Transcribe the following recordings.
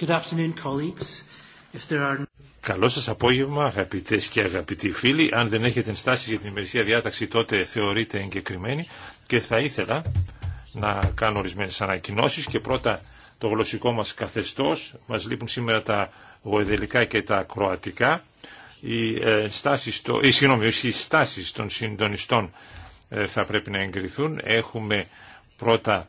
Good Καλό σας απόγευμα αγαπητές και αγαπητοί φίλοι. Αν δεν έχετε ενστάσεις για την ημερησία διάταξη τότε θεωρείτε εγκεκριμένη και θα ήθελα να κάνω ορισμένε ανακοινώσει και πρώτα το γλωσσικό μας καθεστώς. Μας λείπουν σήμερα τα γοεδελικά και τα κροατικά. Οι, ε, στάσεις, το, ε, συγγνώμη, οι των συντονιστών ε, θα πρέπει να εγκριθούν. Έχουμε πρώτα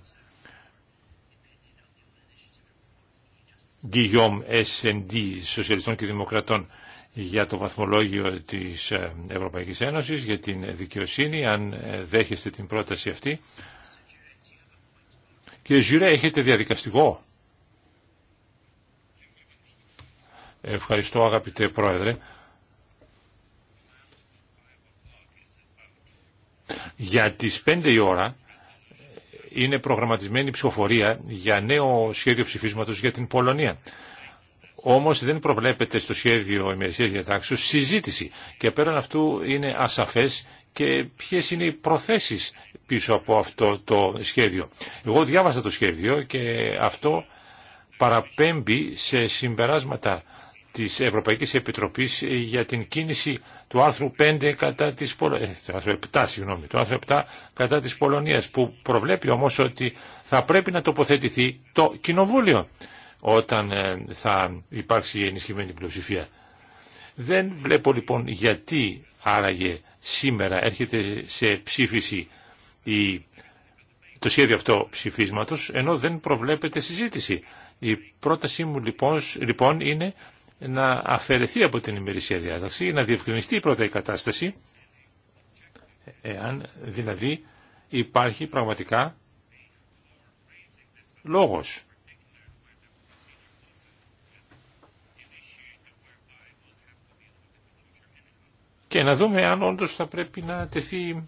Γκυγιόμ S&D Σοσιαλιστών και Δημοκρατών για το βαθμολόγιο της ε, Ευρωπαϊκής Ένωσης, για την δικαιοσύνη, αν ε, δέχεστε την πρόταση αυτή. Κύριε Ζιρέ, έχετε διαδικαστικό. Ευχαριστώ αγαπητέ Πρόεδρε. Για τις 5 η ώρα είναι προγραμματισμένη ψηφοφορία για νέο σχέδιο ψηφίσματο για την Πολωνία. Όμως δεν προβλέπεται στο σχέδιο ημερησία διατάξεω συζήτηση και πέραν αυτού είναι ασαφές και ποιε είναι οι προθέσεις πίσω από αυτό το σχέδιο. Εγώ διάβασα το σχέδιο και αυτό παραπέμπει σε συμπεράσματα της Ευρωπαϊκής Επιτροπής ε, για την κίνηση του άρθρου 5 κατά της 7, ε, κατά της Πολωνίας, που προβλέπει όμως ότι θα πρέπει να τοποθετηθεί το Κοινοβούλιο όταν ε, θα υπάρξει η ενισχυμένη πλειοψηφία. Δεν βλέπω λοιπόν γιατί άραγε σήμερα έρχεται σε ψήφιση η, το σχέδιο αυτό ψηφίσματος, ενώ δεν προβλέπεται συζήτηση. Η πρότασή μου λοιπόν, λοιπόν είναι να αφαιρεθεί από την ημερησία διάταξη, να διευκρινιστεί πρώτα η κατάσταση, εάν δηλαδή υπάρχει πραγματικά λόγος. Και να δούμε αν όντως θα πρέπει να τεθεί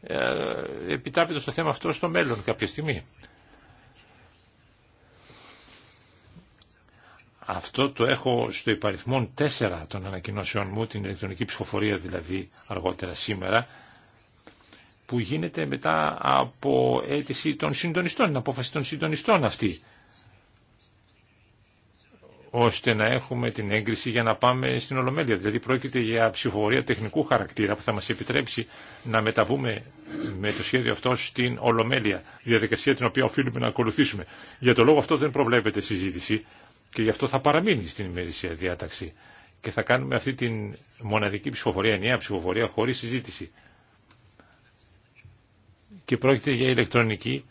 ε, επιτάπητο στο θέμα αυτό στο μέλλον κάποια στιγμή. Αυτό το έχω στο υπαριθμό 4 των ανακοινώσεων μου, την ηλεκτρονική ψηφοφορία δηλαδή αργότερα σήμερα, που γίνεται μετά από αίτηση των συντονιστών, την απόφαση των συντονιστών αυτή, ώστε να έχουμε την έγκριση για να πάμε στην Ολομέλεια. Δηλαδή πρόκειται για ψηφοφορία τεχνικού χαρακτήρα που θα μας επιτρέψει να μεταβούμε με το σχέδιο αυτό στην Ολομέλεια, διαδικασία την οποία οφείλουμε να ακολουθήσουμε. Για το λόγο αυτό δεν προβλέπεται συζήτηση και γι' αυτό θα παραμείνει στην ημερησία διάταξη και θα κάνουμε αυτή την μοναδική ψηφοφορία, ενιαία ψηφοφορία χωρίς συζήτηση. Και πρόκειται για ηλεκτρονική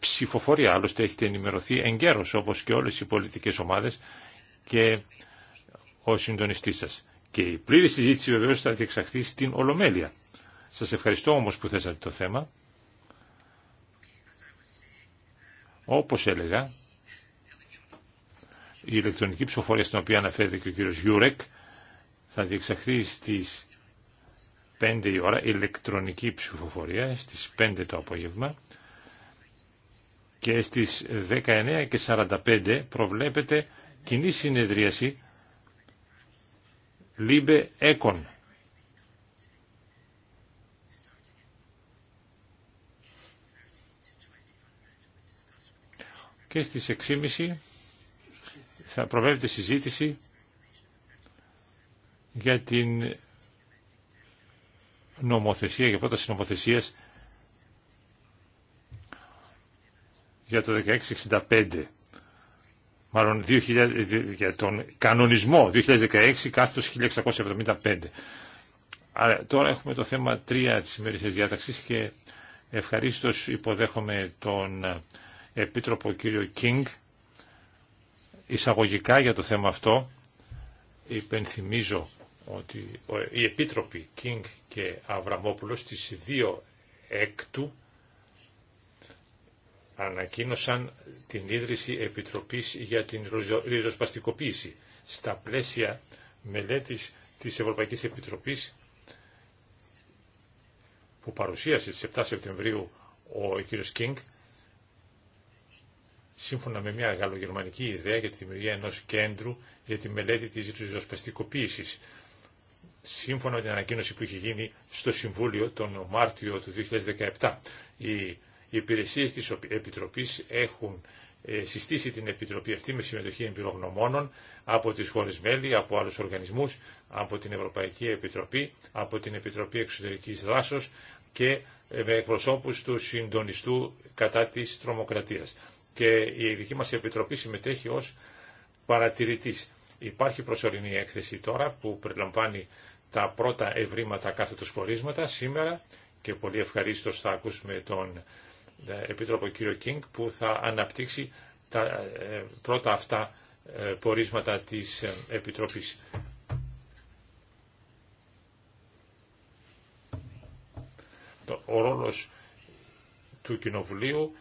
ψηφοφορία. Άλλωστε έχετε ενημερωθεί εγκαίρως όπως και όλες οι πολιτικές ομάδες και ο συντονιστής σας. Και η πλήρη συζήτηση βεβαίως θα διεξαχθεί στην Ολομέλεια. Σας ευχαριστώ όμως που θέσατε το θέμα. Όπως έλεγα, η ηλεκτρονική ψηφοφορία στην οποία αναφέρεται ο κύριος Γιούρεκ θα διεξαχθεί στις 5 η ώρα ηλεκτρονική ψηφοφορία στις 5 το απόγευμα και στις 19 και 45 προβλέπεται κοινή συνεδρίαση Λίμπε Έκον. Και στις 6.30 θα τη συζήτηση για την νομοθεσία, για πρόταση νομοθεσίας για το 1665 μάλλον 2000, για τον κανονισμό 2016 κάθετος 1675. Άρα τώρα έχουμε το θέμα 3 της σημερινής διάταξης και ευχαρίστως υποδέχομαι τον Επίτροπο κύριο Κίνγκ εισαγωγικά για το θέμα αυτό υπενθυμίζω ότι οι επίτροποι Κίνγκ και Αβραμόπουλος στις 2 έκτου ανακοίνωσαν την ίδρυση Επιτροπής για την ριζοσπαστικοποίηση στα πλαίσια μελέτης της Ευρωπαϊκής Επιτροπής που παρουσίασε στις 7 Σεπτεμβρίου ο κ. Κίνγκ σύμφωνα με μια γαλλογερμανική ιδέα για τη δημιουργία ενός κέντρου για τη μελέτη της ριζοσπαστικοποίησης. Σύμφωνα με την ανακοίνωση που είχε γίνει στο Συμβούλιο τον Μάρτιο του 2017, οι υπηρεσίες της Επιτροπής έχουν ε, συστήσει την Επιτροπή αυτή με συμμετοχή εμπειρογνωμόνων από τις χώρες μέλη, από άλλους οργανισμούς, από την Ευρωπαϊκή Επιτροπή, από την Επιτροπή Εξωτερικής Δράσεως και ε, με εκπροσώπους του συντονιστού κατά της τρομοκρατίας και η δική μας επιτροπή συμμετέχει ως παρατηρητής. Υπάρχει προσωρινή έκθεση τώρα που περιλαμβάνει τα πρώτα ευρήματα κάθε του πορίσματα σήμερα και πολύ ευχαρίστως θα ακούσουμε τον ε, Επίτροπο κύριο Κίνγκ που θα αναπτύξει τα ε, πρώτα αυτά ε, πορίσματα της Επιτροπής. Ο ρόλος του Κοινοβουλίου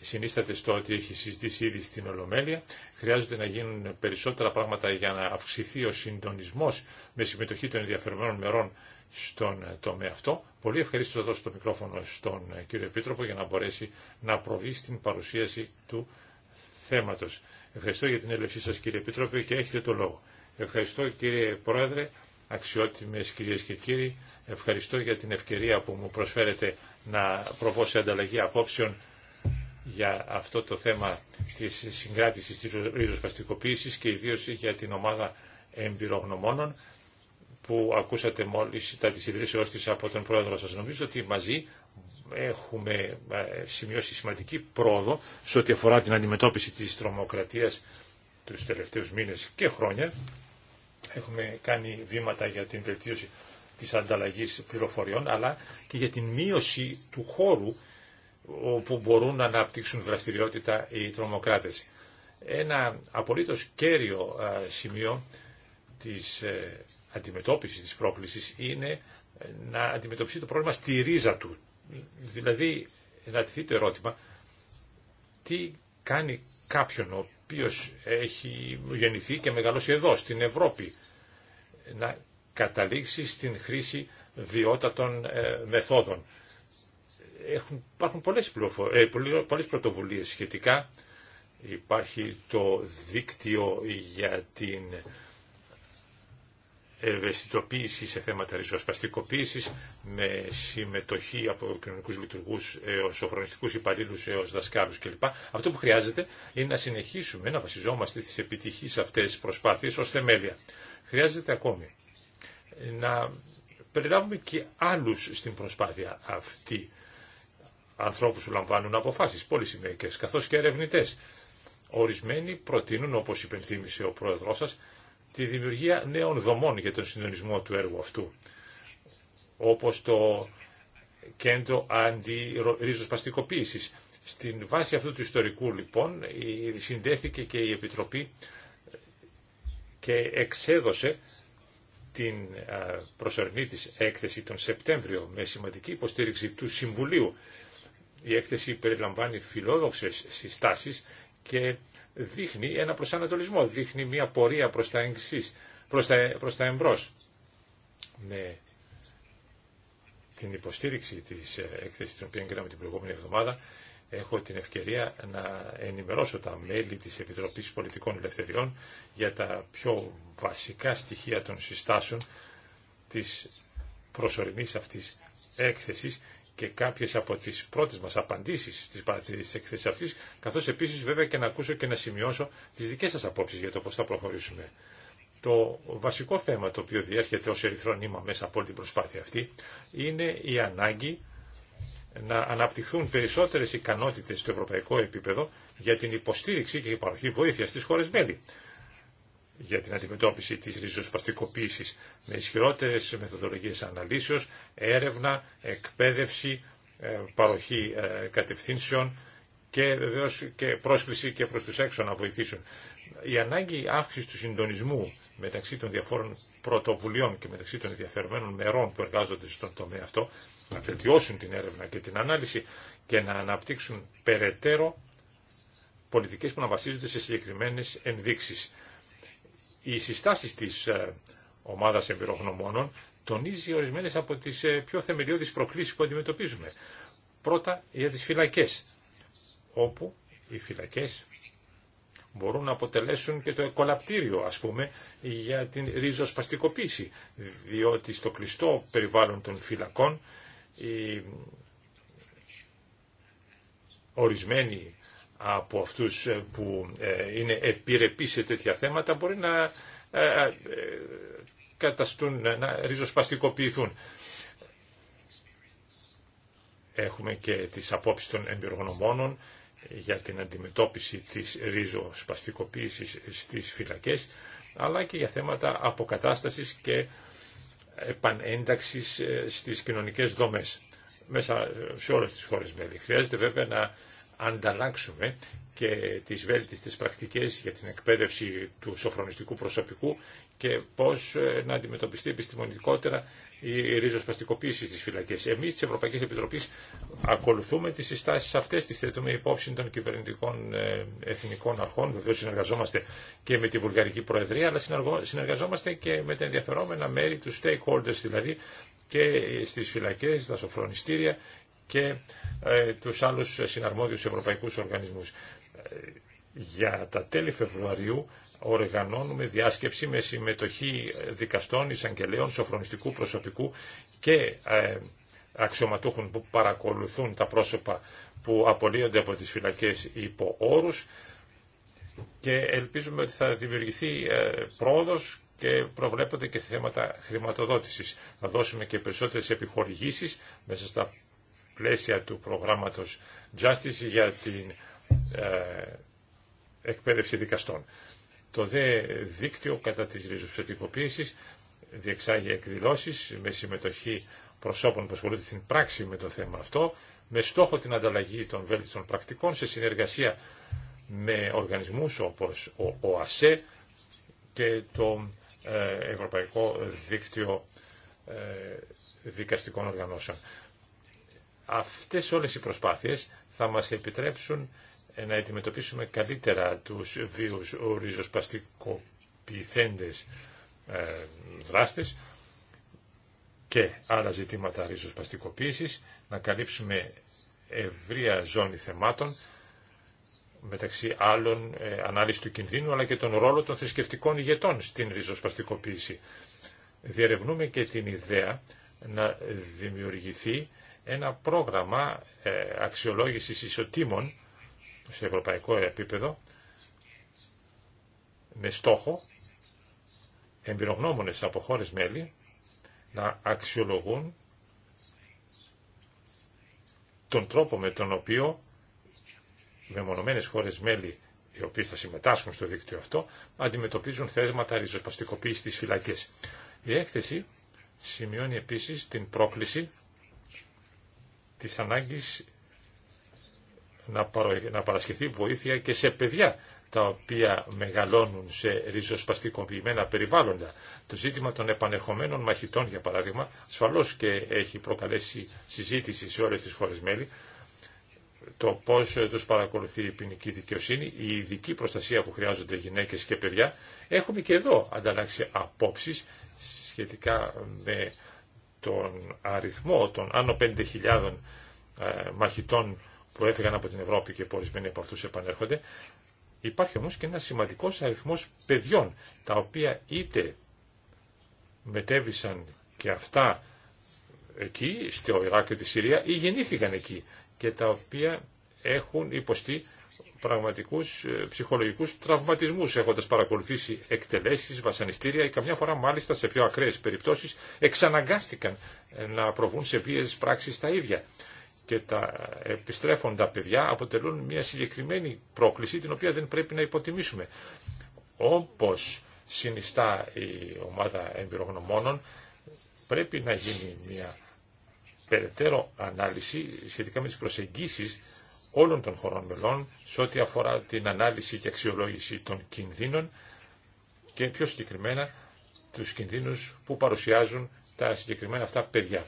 συνίσταται στο ότι έχει συζητήσει ήδη στην Ολομέλεια. Χρειάζονται να γίνουν περισσότερα πράγματα για να αυξηθεί ο συντονισμό με συμμετοχή των ενδιαφερμένων μερών στον τομέα αυτό. Πολύ ευχαρίστω να δώσω το μικρόφωνο στον κύριο Επίτροπο για να μπορέσει να προβεί στην παρουσίαση του θέματος. Ευχαριστώ για την έλευσή σας κύριε Επίτροπε και έχετε το λόγο. Ευχαριστώ κύριε Πρόεδρε, αξιότιμες κυρίες και κύριοι. Ευχαριστώ για την ευκαιρία που μου προσφέρετε να προβώ σε ανταλλαγή απόψεων για αυτό το θέμα της συγκράτησης της ριζοσπαστικοποίησης και ιδίως για την ομάδα εμπειρογνωμόνων που ακούσατε μόλις τα της ιδρύσεώς της από τον πρόεδρο σας. Νομίζω ότι μαζί έχουμε ε, σημειώσει σημαντική πρόοδο σε ό,τι αφορά την αντιμετώπιση της τρομοκρατίας τους τελευταίους μήνες και χρόνια. Έχουμε κάνει βήματα για την βελτίωση της ανταλλαγής πληροφοριών, αλλά και για την μείωση του χώρου όπου μπορούν να αναπτύξουν δραστηριότητα οι τρομοκράτες. Ένα απολύτως κέριο σημείο της ε, αντιμετώπισης της πρόκλησης είναι ε, να αντιμετωπιστεί το πρόβλημα στη ρίζα του. Δηλαδή να τηθεί το ερώτημα τι κάνει κάποιον ο οποίος έχει γεννηθεί και μεγαλώσει εδώ, στην Ευρώπη, να καταλήξει στην χρήση βιώτατων ε, μεθόδων. Έχουν, υπάρχουν πολλές, ε, πολλές πρωτοβουλίες σχετικά. Υπάρχει το δίκτυο για την ευαισθητοποίηση σε θέματα ριζοσπαστικοποίηση με συμμετοχή από κοινωνικού λειτουργού έω οχρονιστικού υπαλλήλου έω δασκάλου κλπ. Αυτό που χρειάζεται είναι να συνεχίσουμε να βασιζόμαστε στι επιτυχεί αυτέ προσπάθειε ω θεμέλια. Χρειάζεται ακόμη να περιλάβουμε και άλλου στην προσπάθεια αυτή ανθρώπους που λαμβάνουν αποφάσεις, σημαντικέ, καθώς και ερευνητές. Ορισμένοι προτείνουν, όπως υπενθύμησε ο πρόεδρός σας, τη δημιουργία νέων δομών για τον συντονισμό του έργου αυτού, όπως το κέντρο αντιρίζοσπαστικοποίησης. Στην βάση αυτού του ιστορικού, λοιπόν, συντέθηκε και η Επιτροπή και εξέδωσε την προσωρινή της έκθεση τον Σεπτέμβριο με σημαντική υποστήριξη του Συμβουλίου η έκθεση περιλαμβάνει φιλόδοξε συστάσεις και δείχνει ένα προσανατολισμό, δείχνει μια πορεία προς τα, εξής, εμπρός. Με την υποστήριξη της έκθεσης την οποία εγκρίναμε την προηγούμενη εβδομάδα, έχω την ευκαιρία να ενημερώσω τα μέλη της Επιτροπής Πολιτικών Ελευθεριών για τα πιο βασικά στοιχεία των συστάσεων της προσωρινής αυτής έκθεσης και κάποιες από τις πρώτες μας απαντήσεις στις παρατηρήσεις της εκθέση αυτής, καθώς επίσης βέβαια και να ακούσω και να σημειώσω τις δικές σας απόψεις για το πώς θα προχωρήσουμε. Το βασικό θέμα το οποίο διέρχεται ως ερυθρό νήμα μέσα από όλη την προσπάθεια αυτή είναι η ανάγκη να αναπτυχθούν περισσότερες ικανότητες στο ευρωπαϊκό επίπεδο για την υποστήριξη και παροχή βοήθεια στις χώρες μέλη για την αντιμετώπιση της ριζοσπαστικοποίησης με ισχυρότερες μεθοδολογίες αναλύσεως, έρευνα, εκπαίδευση, ε, παροχή ε, κατευθύνσεων και βεβαίω και πρόσκληση και προς τους έξω να βοηθήσουν. Η ανάγκη αύξηση του συντονισμού μεταξύ των διαφόρων πρωτοβουλειών και μεταξύ των ενδιαφερμένων μερών που εργάζονται στον τομέα αυτό, να βελτιώσουν την έρευνα και την ανάλυση και να αναπτύξουν περαιτέρω πολιτικές που να βασίζονται σε συγκεκριμένες ενδείξεις οι συστάσεις της ε, ομάδας εμπειρογνωμόνων τονίζει ορισμένες από τις ε, πιο θεμελιώδεις προκλήσεις που αντιμετωπίζουμε. Πρώτα για τις φυλακές, όπου οι φυλακές μπορούν να αποτελέσουν και το εκολαπτήριο, ας πούμε, για την ριζοσπαστικοποίηση, διότι στο κλειστό περιβάλλον των φυλακών οι ορισμένοι από αυτούς ε, που ε, είναι επιρρεπείς σε τέτοια θέματα μπορεί να ε, καταστούν, να ριζοσπαστικοποιηθούν. Έχουμε και τις απόψεις των εμπειρογνωμόνων για την αντιμετώπιση της ριζοσπαστικοποίησης στις φυλακές, αλλά και για θέματα αποκατάστασης και επανένταξης στις κοινωνικές δομές μέσα σε όλες τις χώρες μέλη. Χρειάζεται βέβαια να ανταλλάξουμε και τις βέλτιστες πρακτικές για την εκπαίδευση του σοφρονιστικού προσωπικού και πώς ε, να αντιμετωπιστεί επιστημονικότερα η ριζοσπαστικοποίηση στις φυλακές. Εμείς της Ευρωπαϊκής Επιτροπής ακολουθούμε τις συστάσεις αυτές, τις θέτουμε υπόψη των κυβερνητικών ε, εθνικών αρχών, βεβαίω συνεργαζόμαστε και με τη Βουλγαρική Προεδρία, αλλά συνεργαζόμαστε και με τα ενδιαφερόμενα μέρη, του stakeholders δηλαδή, και στις φυλακές, στα σοφρονιστήρια και ε, τους άλλους συναρμόδιους ευρωπαϊκούς οργανισμούς. Ε, για τα τέλη Φεβρουαρίου οργανώνουμε διάσκεψη με συμμετοχή δικαστών, εισαγγελέων, σοφρονιστικού προσωπικού και ε, αξιωματούχων που παρακολουθούν τα πρόσωπα που απολύονται από τις φυλακές υπό όρους και ελπίζουμε ότι θα δημιουργηθεί πρόοδος και προβλέπονται και θέματα χρηματοδότησης. Θα δώσουμε και περισσότερες επιχορηγήσεις μέσα στα πλαίσια του προγράμματος Justice για την ε, εκπαίδευση δικαστών. Το δε δίκτυο κατά της ριζοσπαστικοποίησης διεξάγει εκδηλώσεις με συμμετοχή προσώπων που ασχολούνται στην πράξη με το θέμα αυτό, με στόχο την ανταλλαγή των βέλτιστων πρακτικών σε συνεργασία με οργανισμούς όπως ο ΟΑΣΕ και το ε, Ευρωπαϊκό Δίκτυο ε, Δικαστικών Οργανώσεων. Αυτές όλες οι προσπάθειες θα μας επιτρέψουν να αντιμετωπίσουμε καλύτερα τους βίους ριζοσπαστικοποιηθέντες ε, δράστες και άλλα ζητήματα ριζοσπαστικοποίησης, να καλύψουμε ευρεία ζώνη θεμάτων, μεταξύ άλλων ε, ανάλυση του κινδύνου, αλλά και τον ρόλο των θρησκευτικών ηγετών στην ριζοσπαστικοποίηση. Διερευνούμε και την ιδέα να δημιουργηθεί ένα πρόγραμμα ε, αξιολόγησης ισοτήμων σε ευρωπαϊκό επίπεδο με στόχο εμπειρογνώμονες από χώρες μέλη να αξιολογούν τον τρόπο με τον οποίο μεμονωμένες χώρες μέλη οι οποίοι θα συμμετάσχουν στο δίκτυο αυτό, αντιμετωπίζουν θέσματα ριζοσπαστικοποίηση της φυλακές. Η έκθεση σημειώνει επίσης την πρόκληση της ανάγκης να παρασχεθεί βοήθεια και σε παιδιά τα οποία μεγαλώνουν σε ριζοσπαστικοποιημένα περιβάλλοντα. Το ζήτημα των επανερχομένων μαχητών, για παράδειγμα, ασφαλώς και έχει προκαλέσει συζήτηση σε όλες τις χώρες μέλη, το πώς τους παρακολουθεί η ποινική δικαιοσύνη, η ειδική προστασία που χρειάζονται γυναίκες και παιδιά. Έχουμε και εδώ ανταλλάξει απόψεις σχετικά με τον αριθμό των άνω 5.000 ε, μαχητών που έφυγαν από την Ευρώπη και που από αυτούς επανέρχονται, υπάρχει όμως και ένα σημαντικός αριθμός παιδιών, τα οποία είτε μετέβησαν και αυτά εκεί, στο Ιράκ και τη Συρία, ή γεννήθηκαν εκεί και τα οποία έχουν υποστεί Πραγματικού ε, ψυχολογικού τραυματισμού, έχοντα παρακολουθήσει εκτελέσει, βασανιστήρια ή καμιά φορά μάλιστα σε πιο ακραίε περιπτώσει, εξαναγκάστηκαν ε, να προβούν σε βίαιε πράξεις τα ίδια. Και τα επιστρέφοντα παιδιά αποτελούν μια συγκεκριμένη πρόκληση την οποία δεν πρέπει να υποτιμήσουμε. Όπω συνιστά η ομάδα εμπειρογνωμόνων πρέπει να γίνει μια περαιτέρω ανάλυση σχετικά με τις προσεγγίσει όλων των χωρών μελών σε ό,τι αφορά την ανάλυση και αξιολόγηση των κινδύνων και πιο συγκεκριμένα τους κινδύνους που παρουσιάζουν τα συγκεκριμένα αυτά παιδιά.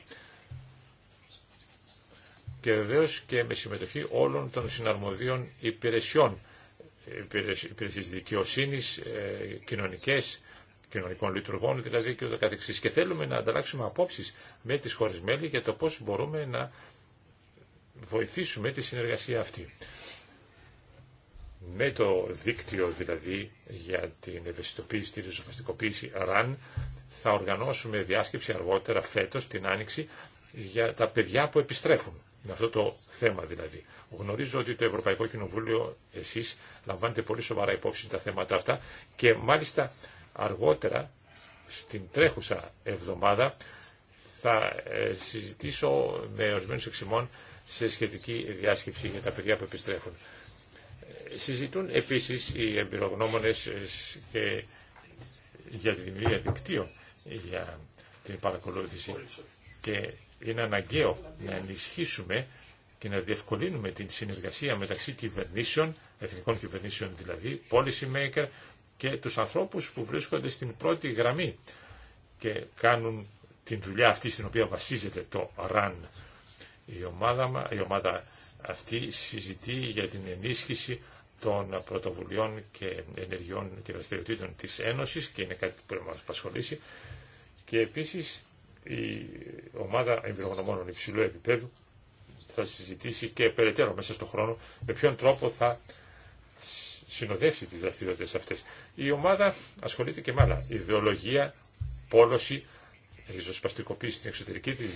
Και βεβαίως και με συμμετοχή όλων των συναρμοδίων υπηρεσιών, υπηρεσίες δικαιοσύνης, ε, κοινωνικές, κοινωνικών λειτουργών δηλαδή και ούτω καθεξής. Και θέλουμε να ανταλλάξουμε απόψεις με τις χώρες μέλη για το πώς μπορούμε να βοηθήσουμε τη συνεργασία αυτή. Με το δίκτυο δηλαδή για την ευαισθητοποίηση, τη ριζοσπαστικοποίηση RAN θα οργανώσουμε διάσκεψη αργότερα φέτος την Άνοιξη για τα παιδιά που επιστρέφουν. Με αυτό το θέμα δηλαδή. Γνωρίζω ότι το Ευρωπαϊκό Κοινοβούλιο εσείς λαμβάνετε πολύ σοβαρά υπόψη τα θέματα αυτά και μάλιστα αργότερα στην τρέχουσα εβδομάδα θα ε, συζητήσω με ορισμένου εξημών σε σχετική διάσκεψη για τα παιδιά που επιστρέφουν. Συζητούν επίσης οι εμπειρογνώμονες ε, και για τη δημιουργία δικτύων για την παρακολούθηση και είναι αναγκαίο να ενισχύσουμε και να διευκολύνουμε την συνεργασία μεταξύ κυβερνήσεων, εθνικών κυβερνήσεων δηλαδή, policy maker και τους ανθρώπους που βρίσκονται στην πρώτη γραμμή και κάνουν την δουλειά αυτή στην οποία βασίζεται το RAN. Η ομάδα, η ομάδα αυτή συζητεί για την ενίσχυση των πρωτοβουλειών και ενεργειών και δραστηριοτήτων της Ένωσης και είναι κάτι που πρέπει να μας απασχολήσει και επίσης η ομάδα εμπειρογνωμόνων υψηλού επίπεδου θα συζητήσει και περαιτέρω μέσα στον χρόνο με ποιον τρόπο θα συνοδεύσει τις δραστηριότητες αυτές. Η ομάδα ασχολείται και με άλλα. Ιδεολογία, πόλωση, ριζοσπαστικοποίηση στην εξωτερική της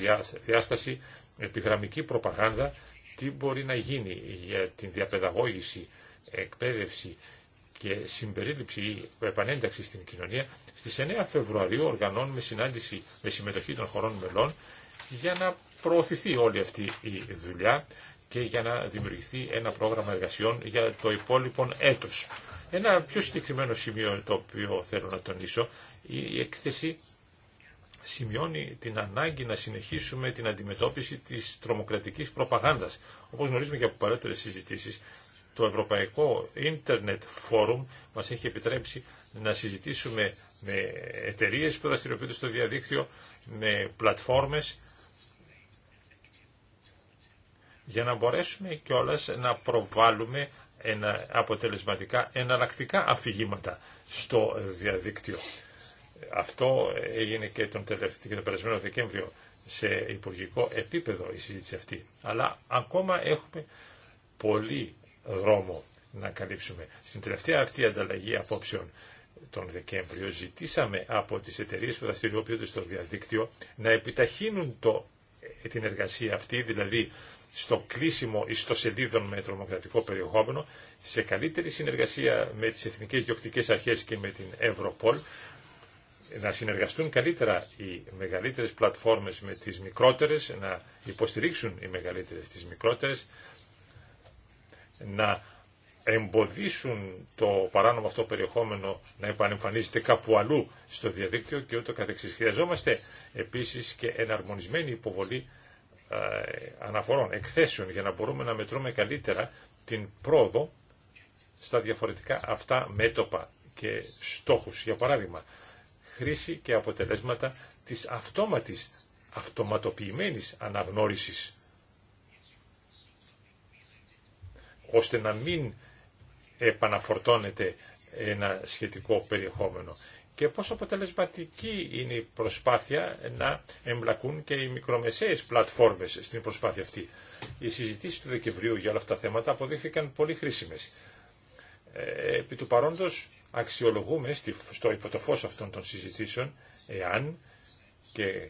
διάσταση, επιγραμμική προπαγάνδα τι μπορεί να γίνει για την διαπαιδαγώγηση, εκπαίδευση και συμπερίληψη ή επανένταξη στην κοινωνία. Στις 9 Φεβρουαρίου οργανώνουμε συνάντηση με συμμετοχή των χωρών μελών για να προωθηθεί όλη αυτή η δουλειά και για να δημιουργηθεί ένα πρόγραμμα εργασιών για το υπόλοιπο έτος. Ένα πιο συγκεκριμένο σημείο το οποίο θέλω να τονίσω, η έκθεση σημειώνει την ανάγκη να συνεχίσουμε την αντιμετώπιση της τρομοκρατικής προπαγάνδας. Όπως γνωρίζουμε και από παλαιότερες συζητήσεις, το Ευρωπαϊκό Ιντερνετ Φόρουμ μας έχει επιτρέψει να συζητήσουμε με εταιρείε που δραστηριοποιούνται στο διαδίκτυο, με πλατφόρμες, για να μπορέσουμε κιόλα να προβάλλουμε αποτελεσματικά εναλλακτικά αφηγήματα στο διαδίκτυο. Αυτό έγινε και τον, και τον περασμένο Δεκέμβριο σε υπουργικό επίπεδο η συζήτηση αυτή. Αλλά ακόμα έχουμε πολύ δρόμο να καλύψουμε. Στην τελευταία αυτή ανταλλαγή απόψεων τον Δεκέμβριο ζητήσαμε από τις εταιρείες που δραστηριοποιούνται στο διαδίκτυο να επιταχύνουν το, ε, την εργασία αυτή, δηλαδή στο κλείσιμο ιστοσελίδων με τρομοκρατικό περιεχόμενο, σε καλύτερη συνεργασία με τις Εθνικές Διοκτικές Αρχές και με την Ευρωπόλ, να συνεργαστούν καλύτερα οι μεγαλύτερες πλατφόρμες με τις μικρότερες, να υποστηρίξουν οι μεγαλύτερες τις μικρότερες, να εμποδίσουν το παράνομο αυτό περιεχόμενο να επανεμφανίζεται κάπου αλλού στο διαδίκτυο και ούτω καθεξής. Χρειαζόμαστε επίσης και εναρμονισμένη υποβολή ε, αναφορών, εκθέσεων για να μπορούμε να μετρούμε καλύτερα την πρόοδο στα διαφορετικά αυτά μέτωπα και στόχους. Για παράδειγμα, χρήση και αποτελέσματα της αυτόματης, αυτοματοποιημένης αναγνώρισης, ώστε να μην επαναφορτώνεται ένα σχετικό περιεχόμενο. Και πόσο αποτελεσματική είναι η προσπάθεια να εμπλακούν και οι μικρομεσαίες πλατφόρμες στην προσπάθεια αυτή. Οι συζητήσεις του Δεκεμβρίου για όλα αυτά τα θέματα αποδείχθηκαν πολύ χρήσιμες. Ε, επί του παρόντος αξιολογούμε στο υποτοφός αυτών των συζητήσεων εάν και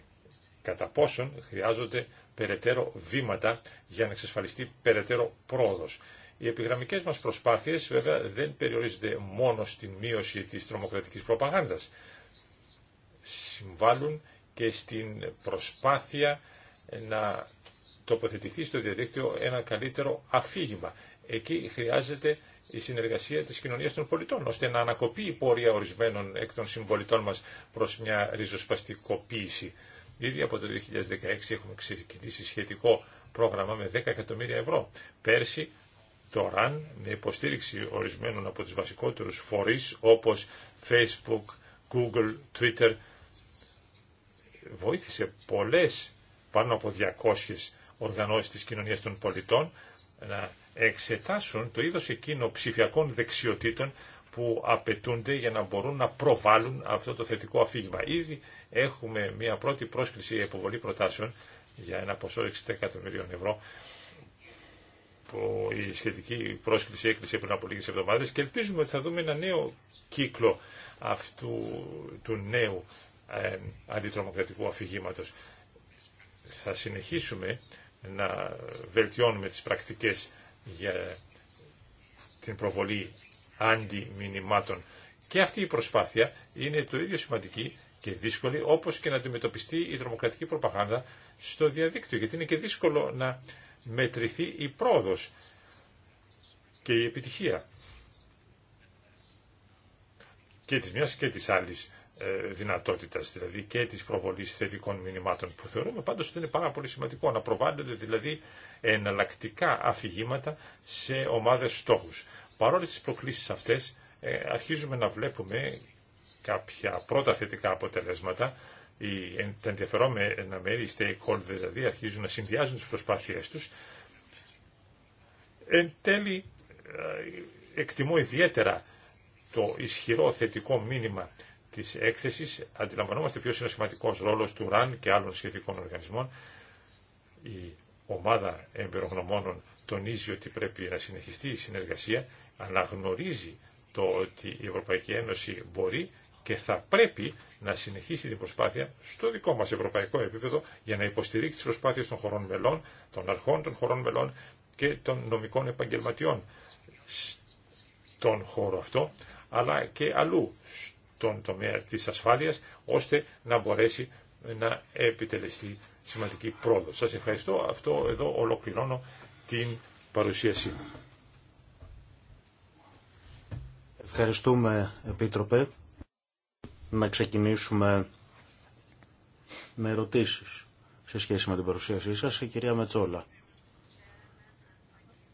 κατά πόσον χρειάζονται περαιτέρω βήματα για να εξασφαλιστεί περαιτέρω πρόοδος. Οι επιγραμμικές μας προσπάθειες βέβαια δεν περιορίζονται μόνο στην μείωση της τρομοκρατικής προπαγάνδας. Συμβάλλουν και στην προσπάθεια να τοποθετηθεί στο διαδίκτυο ένα καλύτερο αφήγημα. Εκεί χρειάζεται η συνεργασία της κοινωνίας των πολιτών, ώστε να ανακοπεί η πορεία ορισμένων εκ των συμπολιτών μας προς μια ριζοσπαστικοποίηση. Ήδη από το 2016 έχουμε ξεκινήσει σχετικό πρόγραμμα με 10 εκατομμύρια ευρώ. Πέρσι το RAN με υποστήριξη ορισμένων από τους βασικότερους φορείς όπως Facebook, Google, Twitter βοήθησε πολλές πάνω από 200 οργανώσεις της κοινωνίας των πολιτών να εξετάσουν το είδος εκείνο ψηφιακών δεξιοτήτων που απαιτούνται για να μπορούν να προβάλλουν αυτό το θετικό αφήγημα. Ήδη έχουμε μια πρώτη πρόσκληση για υποβολή προτάσεων για ένα ποσό 60 εκατομμυρίων ευρώ που η σχετική πρόσκληση έκλεισε πριν από λίγες εβδομάδες και ελπίζουμε ότι θα δούμε ένα νέο κύκλο αυτού του νέου ε, αντιτρομοκρατικού αφηγήματος. Θα συνεχίσουμε να βελτιώνουμε τις πρακτικές για την προβολή αντιμηνυμάτων. Και αυτή η προσπάθεια είναι το ίδιο σημαντική και δύσκολη όπως και να αντιμετωπιστεί η δρομοκρατική προπαγάνδα στο διαδίκτυο γιατί είναι και δύσκολο να μετρηθεί η πρόοδος και η επιτυχία και της μιας και της άλλης ε, δυνατότητας, δηλαδή και της προβολής θετικών μηνυμάτων που θεωρούμε πάντως ότι είναι πάρα πολύ σημαντικό να προβάλλονται δηλαδή εναλλακτικά αφηγήματα σε ομάδες στόχους. Παρόλες τις προκλήσεις αυτές ε, αρχίζουμε να βλέπουμε κάποια πρώτα θετικά αποτελέσματα οι, τα ενδιαφερόμενα μέρη, οι stakeholders δηλαδή αρχίζουν να συνδυάζουν τις προσπάθειές τους εν τέλει ε, εκτιμώ ιδιαίτερα το ισχυρό θετικό μήνυμα Τη έκθεση, αντιλαμβανόμαστε ποιος είναι ο σημαντικός ρόλος του ΡΑΝ και άλλων σχετικών οργανισμών. Η ομάδα εμπειρογνωμόνων τονίζει ότι πρέπει να συνεχιστεί η συνεργασία, αναγνωρίζει το ότι η Ευρωπαϊκή Ένωση μπορεί και θα πρέπει να συνεχίσει την προσπάθεια στο δικό μας ευρωπαϊκό επίπεδο για να υποστηρίξει τις προσπάθειες των χωρών μελών, των αρχών των χωρών μελών και των νομικών επαγγελματιών στον χώρο αυτό, αλλά και αλλού, τον τομέα της ασφάλειας, ώστε να μπορέσει να επιτελεστεί σημαντική πρόοδο. Σας ευχαριστώ. Αυτό εδώ ολοκληρώνω την παρουσίασή μου. Ευχαριστούμε, Επίτροπε. Να ξεκινήσουμε με ερωτήσεις σε σχέση με την παρουσίασή σας, η κυρία Μετσόλα.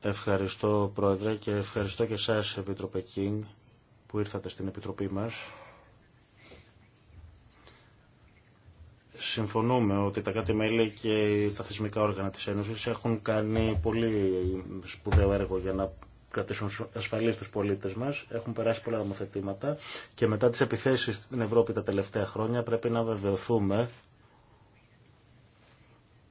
Ευχαριστώ, Πρόεδρε, και ευχαριστώ και εσάς, Επίτροπε Κίνγκ, που ήρθατε στην Επιτροπή μας Συμφωνούμε ότι τα κάτι μέλη και τα θεσμικά όργανα της Ένωσης έχουν κάνει πολύ σπουδαίο έργο για να κρατήσουν ασφαλείς τους πολίτες μας. Έχουν περάσει πολλά νομοθετήματα και μετά τις επιθέσεις στην Ευρώπη τα τελευταία χρόνια πρέπει να βεβαιωθούμε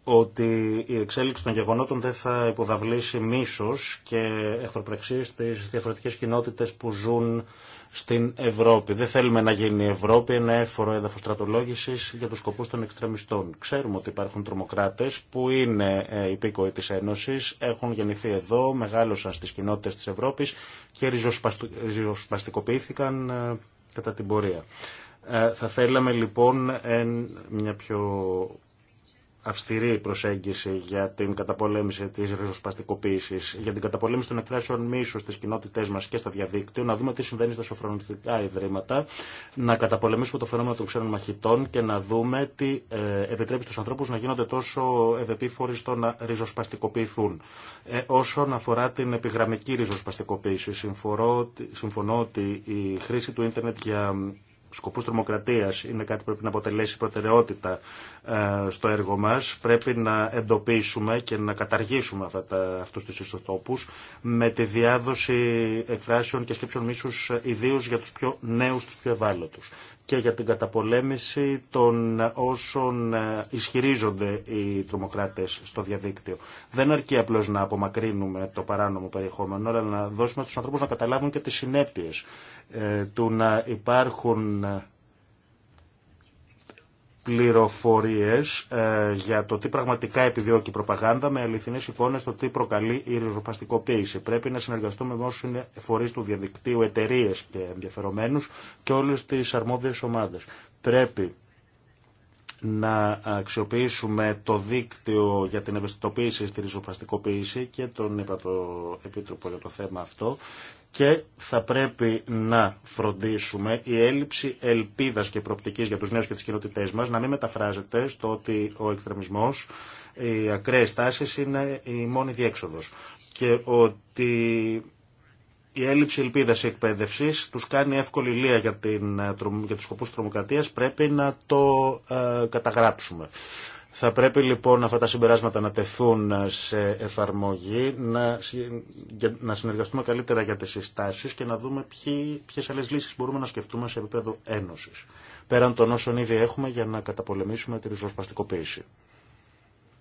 ότι η εξέλιξη των γεγονότων δεν θα υποδαβλήσει μίσος και εχθροπρεξίες στις διαφορετικές κοινότητες που ζουν στην Ευρώπη. Δεν θέλουμε να γίνει η Ευρώπη ένα έφορο έδαφο στρατολόγηση για του σκοπού των εξτρεμιστών. Ξέρουμε ότι υπάρχουν τρομοκράτε που είναι ε, υπήκοοι τη Ένωση, έχουν γεννηθεί εδώ, μεγάλωσαν στι κοινότητε τη Ευρώπη και ριζοσπαστικοποιήθηκαν ε, κατά την πορεία. Ε, θα θέλαμε λοιπόν μια πιο αυστηρή προσέγγιση για την καταπολέμηση τη ριζοσπαστικοποίηση, για την καταπολέμηση των εκφράσεων μίσου στι κοινότητέ μα και στο διαδίκτυο, να δούμε τι συμβαίνει στα σοφρονιστικά ιδρύματα, να καταπολεμήσουμε το φαινόμενο των ξένων μαχητών και να δούμε τι ε, επιτρέπει στου ανθρώπου να γίνονται τόσο ευεπίφοροι στο να ριζοσπαστικοποιηθούν. Ε, όσον αφορά την επιγραμμική ριζοσπαστικοποίηση, συμφωνώ ότι η χρήση του ίντερνετ για σκοπούς τρομοκρατίας είναι κάτι που πρέπει να αποτελέσει προτεραιότητα ε, στο έργο μας. Πρέπει να εντοπίσουμε και να καταργήσουμε αυτά τα, αυτούς τους ιστοτόπους με τη διάδοση εκφράσεων και σκέψεων μίσους ε, ιδίως για τους πιο νέους, τους πιο ευάλωτους και για την καταπολέμηση των όσων ε, ισχυρίζονται οι τρομοκράτες στο διαδίκτυο. Δεν αρκεί απλώς να απομακρύνουμε το παράνομο περιεχόμενο, αλλά να δώσουμε στους ανθρώπους να καταλάβουν και τις συνέπειες ε, του να υπάρχουν ε, πληροφορίες ε, για το τι πραγματικά επιδιώκει η προπαγάνδα με αληθινές εικόνες το τι προκαλεί η ριζοπαστικοποίηση. Πρέπει να συνεργαστούμε με όσους είναι φορείς του διαδικτύου, εταιρείε και ενδιαφερομένους και όλες τις αρμόδιες ομάδες. Πρέπει να αξιοποιήσουμε το δίκτυο για την ευαισθητοποίηση στη ριζοπαστικοποίηση και τον είπα το Επίτροπο για το θέμα αυτό και θα πρέπει να φροντίσουμε η έλλειψη ελπίδα και προοπτική για τους νέους και τι κοινότητές μας να μην μεταφράζεται στο ότι ο εκτρεμισμό, οι ακραίε τάσεις είναι η μόνη διέξοδος και ότι η έλλειψη ελπίδα εκπαίδευση του κάνει εύκολη λία για, την, ε, για του σκοπού τη τρομοκρατία. Πρέπει να το ε, καταγράψουμε. Θα πρέπει λοιπόν αυτά τα συμπεράσματα να τεθούν σε εφαρμογή, να, να συνεργαστούμε καλύτερα για τις συστάσεις και να δούμε ποιοι, ποιες άλλες λύσεις μπορούμε να σκεφτούμε σε επίπεδο ένωσης, πέραν των όσων ήδη έχουμε για να καταπολεμήσουμε τη ριζοσπαστικοποίηση.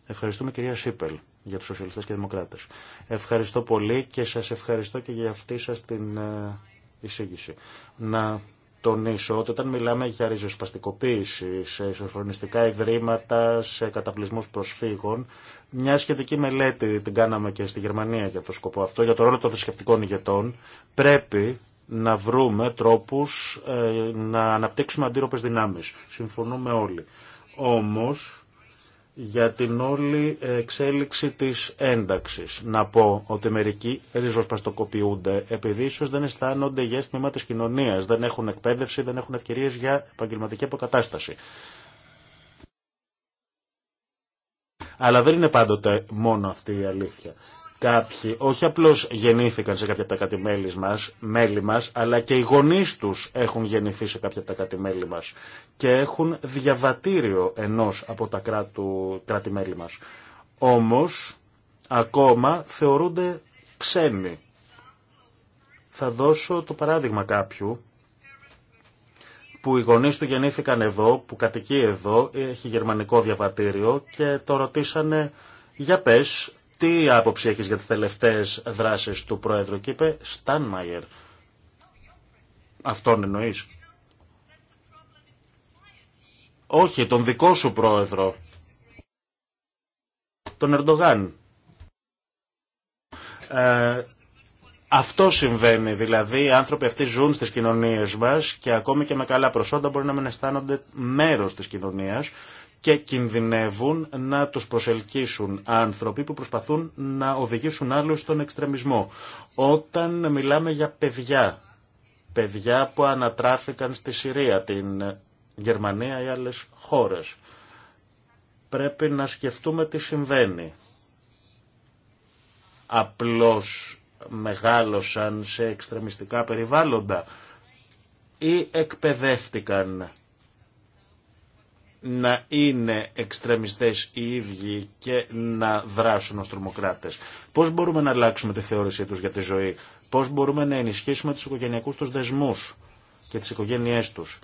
Ευχαριστούμε κυρία Σίπελ για τους σοσιαλιστές και δημοκράτες. Ευχαριστώ πολύ και σας ευχαριστώ και για αυτή σας την ε, εισήγηση. Να τονίσω ότι όταν μιλάμε για ριζοσπαστικοποίηση σε ισοφρονιστικά ιδρύματα, σε καταπλησμούς προσφύγων, μια σχετική μελέτη την κάναμε και στη Γερμανία για το σκοπό αυτό, για το ρόλο των θρησκευτικών ηγετών, πρέπει να βρούμε τρόπους ε, να αναπτύξουμε αντίρροπες δυνάμεις. Συμφωνούμε όλοι. Όμως, για την όλη εξέλιξη της ένταξης. Να πω ότι μερικοί ριζοσπαστοκοποιούνται επειδή ίσω δεν αισθάνονται για αίσθημα της κοινωνίας, δεν έχουν εκπαίδευση, δεν έχουν ευκαιρίες για επαγγελματική αποκατάσταση. Αλλά δεν είναι πάντοτε μόνο αυτή η αλήθεια. Κάποιοι όχι απλώς γεννήθηκαν σε κάποια από τα κατημέλη μέλη μας, αλλά και οι γονείς τους έχουν γεννηθεί σε κάποια από τα κράτη-μέλη μας και έχουν διαβατήριο ενός από τα κράτου, κράτη-μέλη μας. Όμως, ακόμα θεωρούνται ξένοι. Θα δώσω το παράδειγμα κάποιου που οι γονεί του γεννήθηκαν εδώ, που κατοικεί εδώ, έχει γερμανικό διαβατήριο και το ρωτήσανε για πες τι άποψη έχεις για τις τελευταίες δράσεις του Πρόεδρου και είπε «Στάνμαγερ». Αυτόν εννοείς. Όχι, τον δικό σου Πρόεδρο. Τον Ερντογάν. Ε, αυτό συμβαίνει, δηλαδή οι άνθρωποι αυτοί ζουν στις κοινωνίες μας και ακόμη και με καλά προσόντα μπορεί να μην αισθάνονται μέρος της κοινωνίας και κινδυνεύουν να τους προσελκύσουν άνθρωποι που προσπαθούν να οδηγήσουν άλλους στον εξτρεμισμό. Όταν μιλάμε για παιδιά, παιδιά που ανατράφηκαν στη Συρία, την Γερμανία ή άλλες χώρες, πρέπει να σκεφτούμε τι συμβαίνει. Απλώς μεγάλωσαν σε εξτρεμιστικά περιβάλλοντα ή εκπαιδεύτηκαν να είναι εξτρεμιστές οι ίδιοι και να δράσουν ως τρομοκράτες. Πώς μπορούμε να αλλάξουμε τη θεώρησή τους για τη ζωή. Πώς μπορούμε να ενισχύσουμε τους οικογενειακούς τους δεσμούς και τις οικογένειές τους.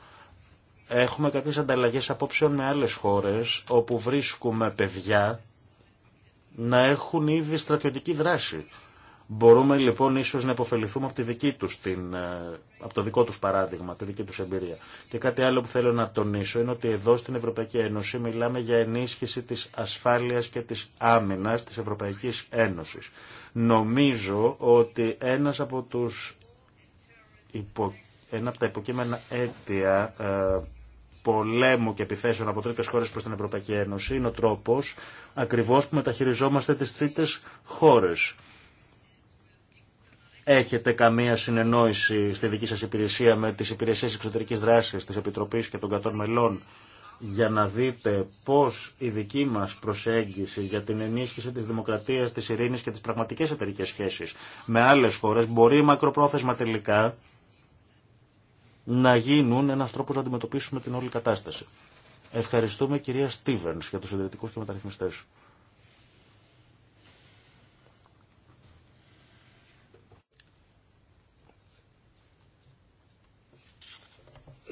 Έχουμε κάποιες ανταλλαγές απόψεων με άλλες χώρες όπου βρίσκουμε παιδιά να έχουν ήδη στρατιωτική δράση Μπορούμε λοιπόν ίσως να υποφεληθούμε από, τη δική τους την, ε, από το δικό τους παράδειγμα, τη δική τους εμπειρία. Και κάτι άλλο που θέλω να τονίσω είναι ότι εδώ στην Ευρωπαϊκή Ένωση μιλάμε για ενίσχυση της ασφάλειας και της άμυνας της Ευρωπαϊκής Ένωσης. Νομίζω ότι ένας από τους υπο, ένα από τα υποκείμενα αίτια ε, πολέμου και επιθέσεων από τρίτες χώρες προς την Ευρωπαϊκή Ένωση είναι ο τρόπος ακριβώς που μεταχειριζόμαστε τις τρίτες χώρες έχετε καμία συνεννόηση στη δική σας υπηρεσία με τις υπηρεσίες εξωτερικής δράσης της Επιτροπής και των κατών μελών για να δείτε πώς η δική μας προσέγγιση για την ενίσχυση της δημοκρατίας, της ειρήνης και της πραγματικές εταιρικές σχέσεις με άλλες χώρες μπορεί μακροπρόθεσμα τελικά να γίνουν ένας τρόπος να αντιμετωπίσουμε την όλη κατάσταση. Ευχαριστούμε κυρία Στίβενς για τους συντηρητικούς και μεταρρυθμιστές.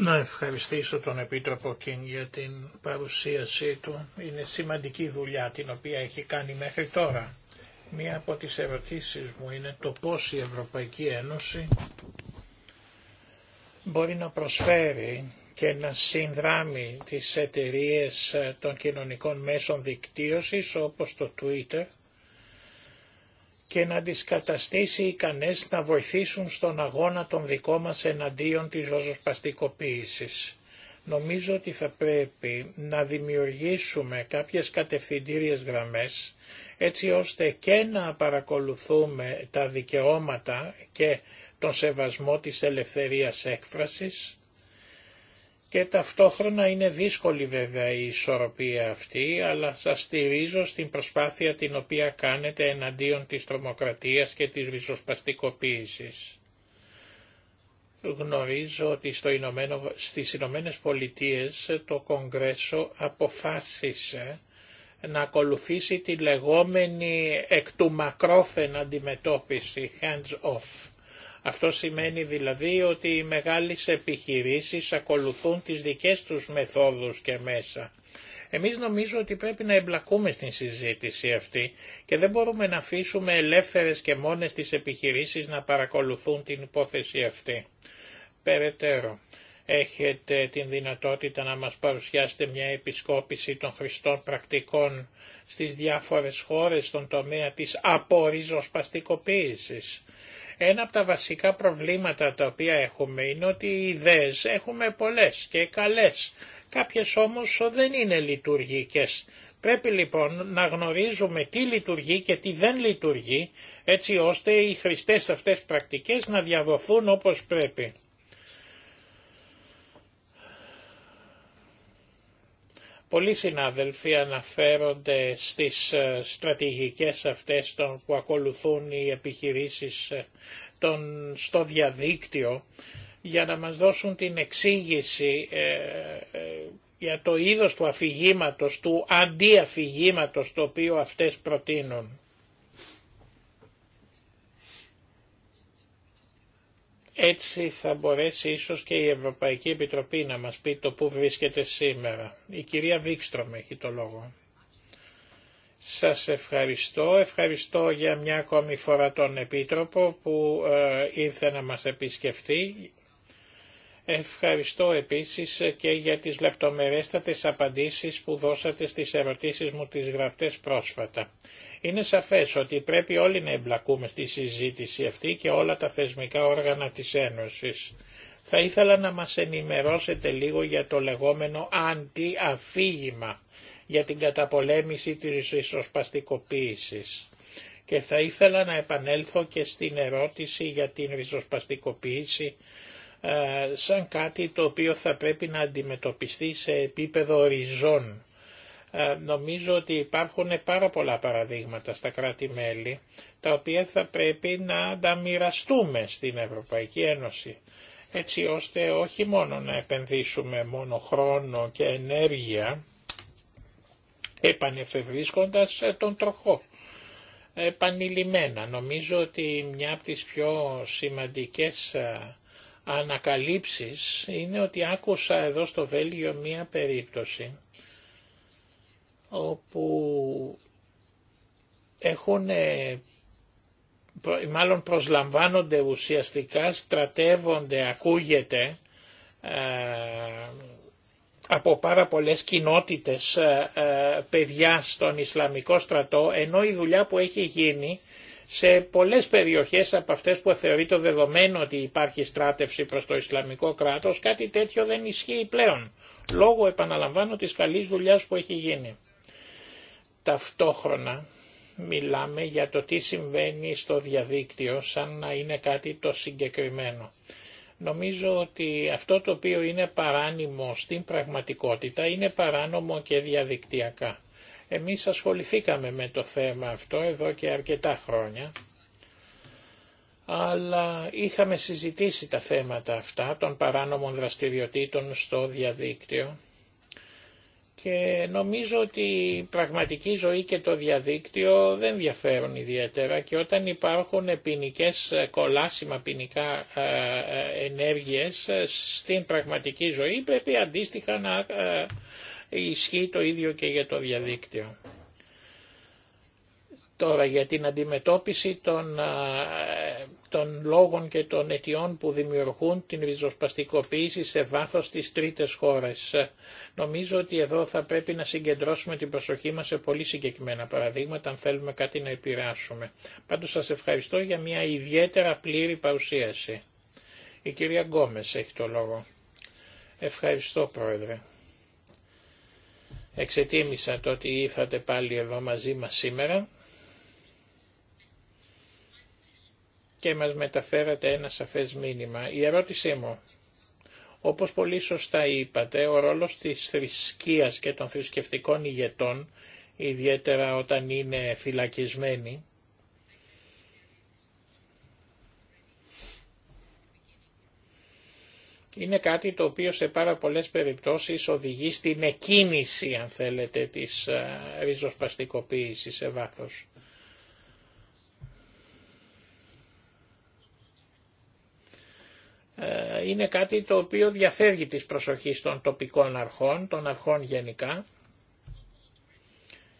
Να ευχαριστήσω τον Επίτροπο Κιν για την παρουσίασή του. Είναι σημαντική δουλειά την οποία έχει κάνει μέχρι τώρα. Μία από τις ερωτήσεις μου είναι το πώς η Ευρωπαϊκή Ένωση μπορεί να προσφέρει και να συνδράμει τις εταιρείες των κοινωνικών μέσων δικτύωσης όπως το Twitter και να τις καταστήσει ικανές να βοηθήσουν στον αγώνα των δικό μας εναντίον της ροζοσπαστικοποίησης. Νομίζω ότι θα πρέπει να δημιουργήσουμε κάποιες κατευθυντήριες γραμμές έτσι ώστε και να παρακολουθούμε τα δικαιώματα και τον σεβασμό της ελευθερίας έκφρασης και ταυτόχρονα είναι δύσκολη βέβαια η ισορροπία αυτή, αλλά σας στηρίζω στην προσπάθεια την οποία κάνετε εναντίον της τρομοκρατίας και της ριζοσπαστικοποίησης. Γνωρίζω ότι στο στις Ηνωμένε Πολιτείες το Κογκρέσο αποφάσισε να ακολουθήσει τη λεγόμενη εκ του μακρόφεν αντιμετώπιση, hands off αυτό σημαίνει δηλαδή ότι οι μεγάλες επιχειρήσεις ακολουθούν τις δικές τους μεθόδους και μέσα. Εμείς νομίζω ότι πρέπει να εμπλακούμε στην συζήτηση αυτή και δεν μπορούμε να αφήσουμε ελεύθερες και μόνες τις επιχειρήσεις να παρακολουθούν την υπόθεση αυτή. Περαιτέρω, έχετε την δυνατότητα να μας παρουσιάσετε μια επισκόπηση των χρηστών πρακτικών στις διάφορες χώρες στον τομέα της απορριζοσπαστικοποίησης. Ένα από τα βασικά προβλήματα τα οποία έχουμε είναι ότι οι ιδέες έχουμε πολλές και καλές. Κάποιες όμως δεν είναι λειτουργικές. Πρέπει λοιπόν να γνωρίζουμε τι λειτουργεί και τι δεν λειτουργεί έτσι ώστε οι χρηστές αυτές πρακτικές να διαδοθούν όπως πρέπει. Πολλοί συνάδελφοι αναφέρονται στις ε, στρατηγικές αυτές των που ακολουθούν οι επιχειρήσεις ε, στο διαδίκτυο για να μας δώσουν την εξήγηση ε, για το είδος του αφηγήματος, του αντιαφηγήματος το οποίο αυτές προτείνουν. Έτσι θα μπορέσει ίσως και η Ευρωπαϊκή Επιτροπή να μας πει το πού βρίσκεται σήμερα. Η κυρία Βίξτρομ έχει το λόγο. Σας ευχαριστώ. Ευχαριστώ για μια ακόμη φορά τον Επίτροπο που ε, ήρθε να μας επισκεφτεί Ευχαριστώ επίσης και για τις λεπτομερέστατες απαντήσεις που δώσατε στις ερωτήσεις μου τις γραπτές πρόσφατα. Είναι σαφές ότι πρέπει όλοι να εμπλακούμε στη συζήτηση αυτή και όλα τα θεσμικά όργανα της Ένωσης. Θα ήθελα να μας ενημερώσετε λίγο για το λεγόμενο αντιαφήγημα για την καταπολέμηση της ριζοσπαστικοποίηση. Και θα ήθελα να επανέλθω και στην ερώτηση για την ριζοσπαστικοποίηση ε, σαν κάτι το οποίο θα πρέπει να αντιμετωπιστεί σε επίπεδο οριζών. Ε, νομίζω ότι υπάρχουν πάρα πολλά παραδείγματα στα κράτη-μέλη, τα οποία θα πρέπει να ανταμοιραστούμε στην Ευρωπαϊκή Ένωση, έτσι ώστε όχι μόνο να επενδύσουμε μόνο χρόνο και ενέργεια, επανεφευρίσκοντας ε, τον τροχό επανειλημμένα. Νομίζω ότι μια από τις πιο σημαντικές ανακαλύψεις είναι ότι άκουσα εδώ στο Βέλγιο μία περίπτωση όπου έχουν ε, μάλλον προσλαμβάνονται ουσιαστικά, στρατεύονται, ακούγεται ε, από πάρα πολλές κοινότητες ε, παιδιά στον Ισλαμικό στρατό, ενώ η δουλειά που έχει γίνει σε πολλές περιοχές από αυτές που θεωρεί το δεδομένο ότι υπάρχει στράτευση προς το Ισλαμικό κράτος, κάτι τέτοιο δεν ισχύει πλέον, λόγω επαναλαμβάνω της καλής δουλειάς που έχει γίνει. Ταυτόχρονα μιλάμε για το τι συμβαίνει στο διαδίκτυο σαν να είναι κάτι το συγκεκριμένο. Νομίζω ότι αυτό το οποίο είναι παράνομο στην πραγματικότητα είναι παράνομο και διαδικτυακά. Εμείς ασχοληθήκαμε με το θέμα αυτό εδώ και αρκετά χρόνια, αλλά είχαμε συζητήσει τα θέματα αυτά των παράνομων δραστηριοτήτων στο διαδίκτυο και νομίζω ότι η πραγματική ζωή και το διαδίκτυο δεν διαφέρουν ιδιαίτερα και όταν υπάρχουν επινικές κολάσιμα ποινικά ε, ε, ενέργειες στην πραγματική ζωή πρέπει αντίστοιχα να ε, Ισχύει το ίδιο και για το διαδίκτυο. Τώρα για την αντιμετώπιση των, των λόγων και των αιτιών που δημιουργούν την ριζοσπαστικοποίηση σε βάθος της τρίτες χώρες. Νομίζω ότι εδώ θα πρέπει να συγκεντρώσουμε την προσοχή μας σε πολύ συγκεκριμένα παραδείγματα αν θέλουμε κάτι να επηρεάσουμε. Πάντως σας ευχαριστώ για μια ιδιαίτερα πλήρη παρουσίαση. Η κυρία Γκόμες έχει το λόγο. Ευχαριστώ πρόεδρε. Εξετίμησα το ότι ήρθατε πάλι εδώ μαζί μας σήμερα και μας μεταφέρατε ένα σαφές μήνυμα. Η ερώτησή μου, όπως πολύ σωστά είπατε, ο ρόλος της θρησκείας και των θρησκευτικών ηγετών, ιδιαίτερα όταν είναι φυλακισμένοι, είναι κάτι το οποίο σε πάρα πολλές περιπτώσεις οδηγεί στην εκκίνηση, αν θέλετε, της ε, ριζοσπαστικοποίησης σε βάθος. Ε, είναι κάτι το οποίο διαφεύγει της προσοχής των τοπικών αρχών, των αρχών γενικά.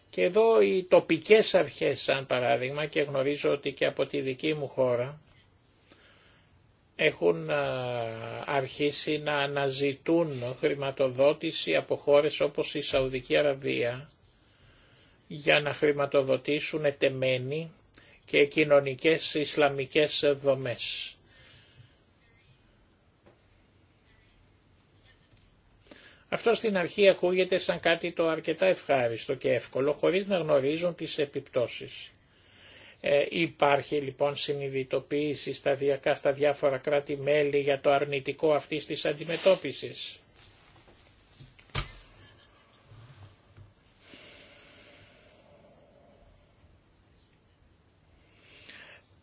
Και εδώ οι τοπικές αρχές, σαν παράδειγμα, και γνωρίζω ότι και από τη δική μου χώρα, έχουν αρχίσει να αναζητούν χρηματοδότηση από χώρες όπως η Σαουδική Αραβία για να χρηματοδοτήσουν ετεμένη και κοινωνικές Ισλαμικές δομές. Αυτό στην αρχή ακούγεται σαν κάτι το αρκετά ευχάριστο και εύκολο, χωρίς να γνωρίζουν τις επιπτώσεις. Ε, υπάρχει λοιπόν συνειδητοποίηση σταδιακά στα διάφορα κράτη-μέλη για το αρνητικό αυτή της αντιμετώπισης.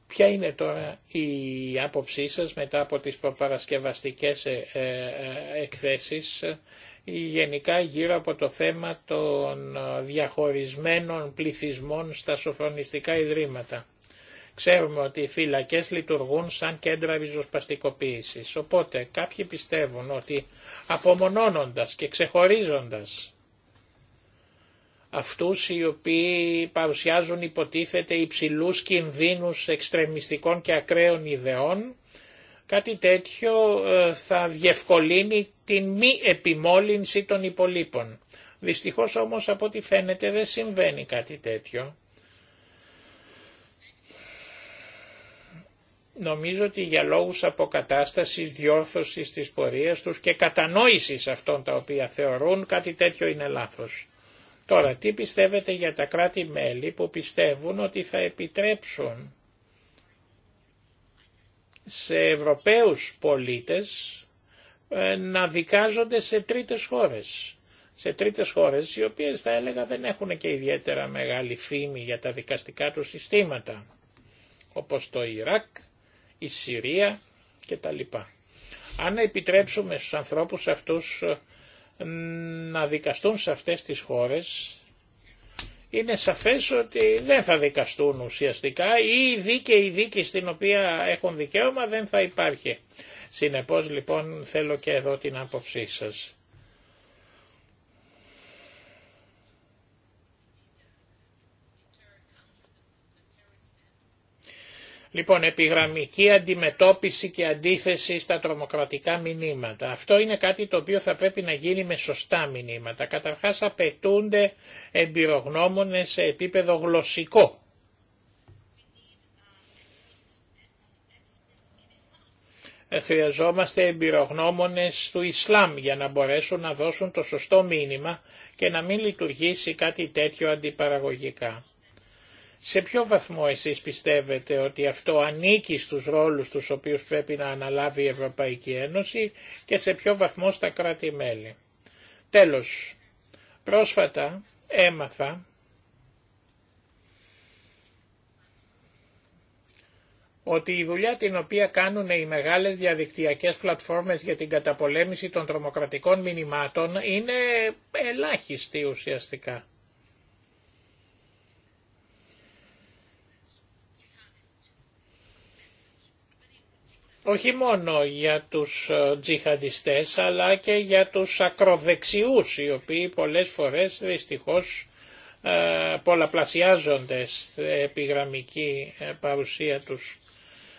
Ποια είναι τώρα η άποψή σας μετά από τις προπαρασκευαστικές ε, ε, εκθέσεις γενικά γύρω από το θέμα των ε, διαχωρισμένων πληθυσμών στα σοφρονιστικά ιδρύματα. Ξέρουμε ότι οι φυλακές λειτουργούν σαν κέντρα ριζοσπαστικοποίησης, οπότε κάποιοι πιστεύουν ότι απομονώνοντας και ξεχωρίζοντας αυτούς οι οποίοι παρουσιάζουν υποτίθεται υψηλούς κινδύνους εξτρεμιστικών και ακραίων ιδεών, Κάτι τέτοιο ε, θα διευκολύνει την μη επιμόλυνση των υπολείπων. Δυστυχώς όμως από ό,τι φαίνεται δεν συμβαίνει κάτι τέτοιο. Νομίζω ότι για λόγους αποκατάστασης, διόρθωσης της πορείας τους και κατανόησης αυτών τα οποία θεωρούν κάτι τέτοιο είναι λάθος. Τώρα, τι πιστεύετε για τα κράτη-μέλη που πιστεύουν ότι θα επιτρέψουν σε Ευρωπαίους πολίτες ε, να δικάζονται σε τρίτες χώρες. Σε τρίτες χώρες οι οποίες θα έλεγα δεν έχουν και ιδιαίτερα μεγάλη φήμη για τα δικαστικά του συστήματα όπως το Ιράκ, η Συρία κτλ. Αν επιτρέψουμε στους ανθρώπους αυτούς ε, να δικαστούν σε αυτές τις χώρες είναι σαφές ότι δεν θα δικαστούν ουσιαστικά ή η δίκαιη δίκη στην οποία έχουν δικαίωμα δεν θα υπάρχει. Συνεπώς λοιπόν θέλω και εδώ την άποψή σας. Λοιπόν, επιγραμμική αντιμετώπιση και αντίθεση στα τρομοκρατικά μηνύματα. Αυτό είναι κάτι το οποίο θα πρέπει να γίνει με σωστά μηνύματα. Καταρχάς απαιτούνται εμπειρογνώμονες σε επίπεδο γλωσσικό. Χρειαζόμαστε εμπειρογνώμονες του Ισλάμ για να μπορέσουν να δώσουν το σωστό μήνυμα και να μην λειτουργήσει κάτι τέτοιο αντιπαραγωγικά. Σε ποιο βαθμό εσείς πιστεύετε ότι αυτό ανήκει στους ρόλους τους οποίους πρέπει να αναλάβει η Ευρωπαϊκή Ένωση και σε ποιο βαθμό στα κράτη-μέλη. Τέλος, πρόσφατα έμαθα ότι η δουλειά την οποία κάνουν οι μεγάλες διαδικτυακές πλατφόρμες για την καταπολέμηση των τρομοκρατικών μηνυμάτων είναι ελάχιστη ουσιαστικά. όχι μόνο για τους ε, τζιχαντιστές αλλά και για τους ακροδεξιούς οι οποίοι πολλές φορές δυστυχώς ε, πολλαπλασιάζονται στην επιγραμμική ε, παρουσία τους.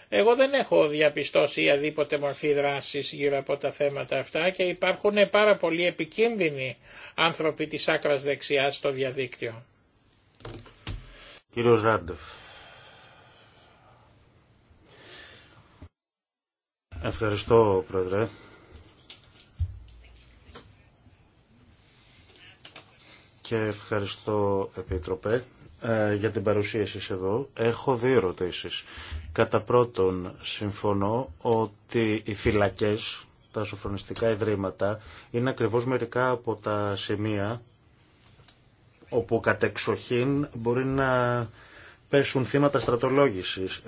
Εγώ δεν έχω διαπιστώσει αδίποτε μορφή δράσης γύρω από τα θέματα αυτά και υπάρχουν πάρα πολλοί επικίνδυνοι άνθρωποι της άκρας δεξιάς στο διαδίκτυο. Κύριο Ευχαριστώ, Πρόεδρε. Και ευχαριστώ, Επίτροπε, ε, για την παρουσίαση εδώ. Έχω δύο ερωτήσεις. Κατά πρώτον, συμφωνώ ότι οι φυλακές, τα σοφρονιστικά ιδρύματα, είναι ακριβώς μερικά από τα σημεία όπου κατεξοχήν μπορεί να πέσουν θύματα στρατολόγησης,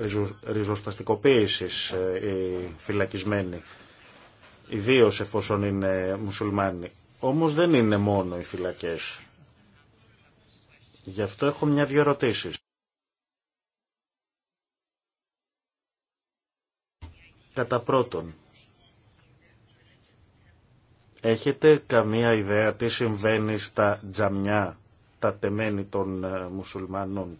ριζοσπαστικοποίησης ε, οι φυλακισμένοι, ιδίω εφόσον είναι μουσουλμάνοι. Όμως δεν είναι μόνο οι φυλακές. Γι' αυτό έχω μια-δυο ερωτήσεις. Κατά πρώτον, έχετε καμία ιδέα τι συμβαίνει στα τζαμιά, τα τεμένη των ε, μουσουλμάνων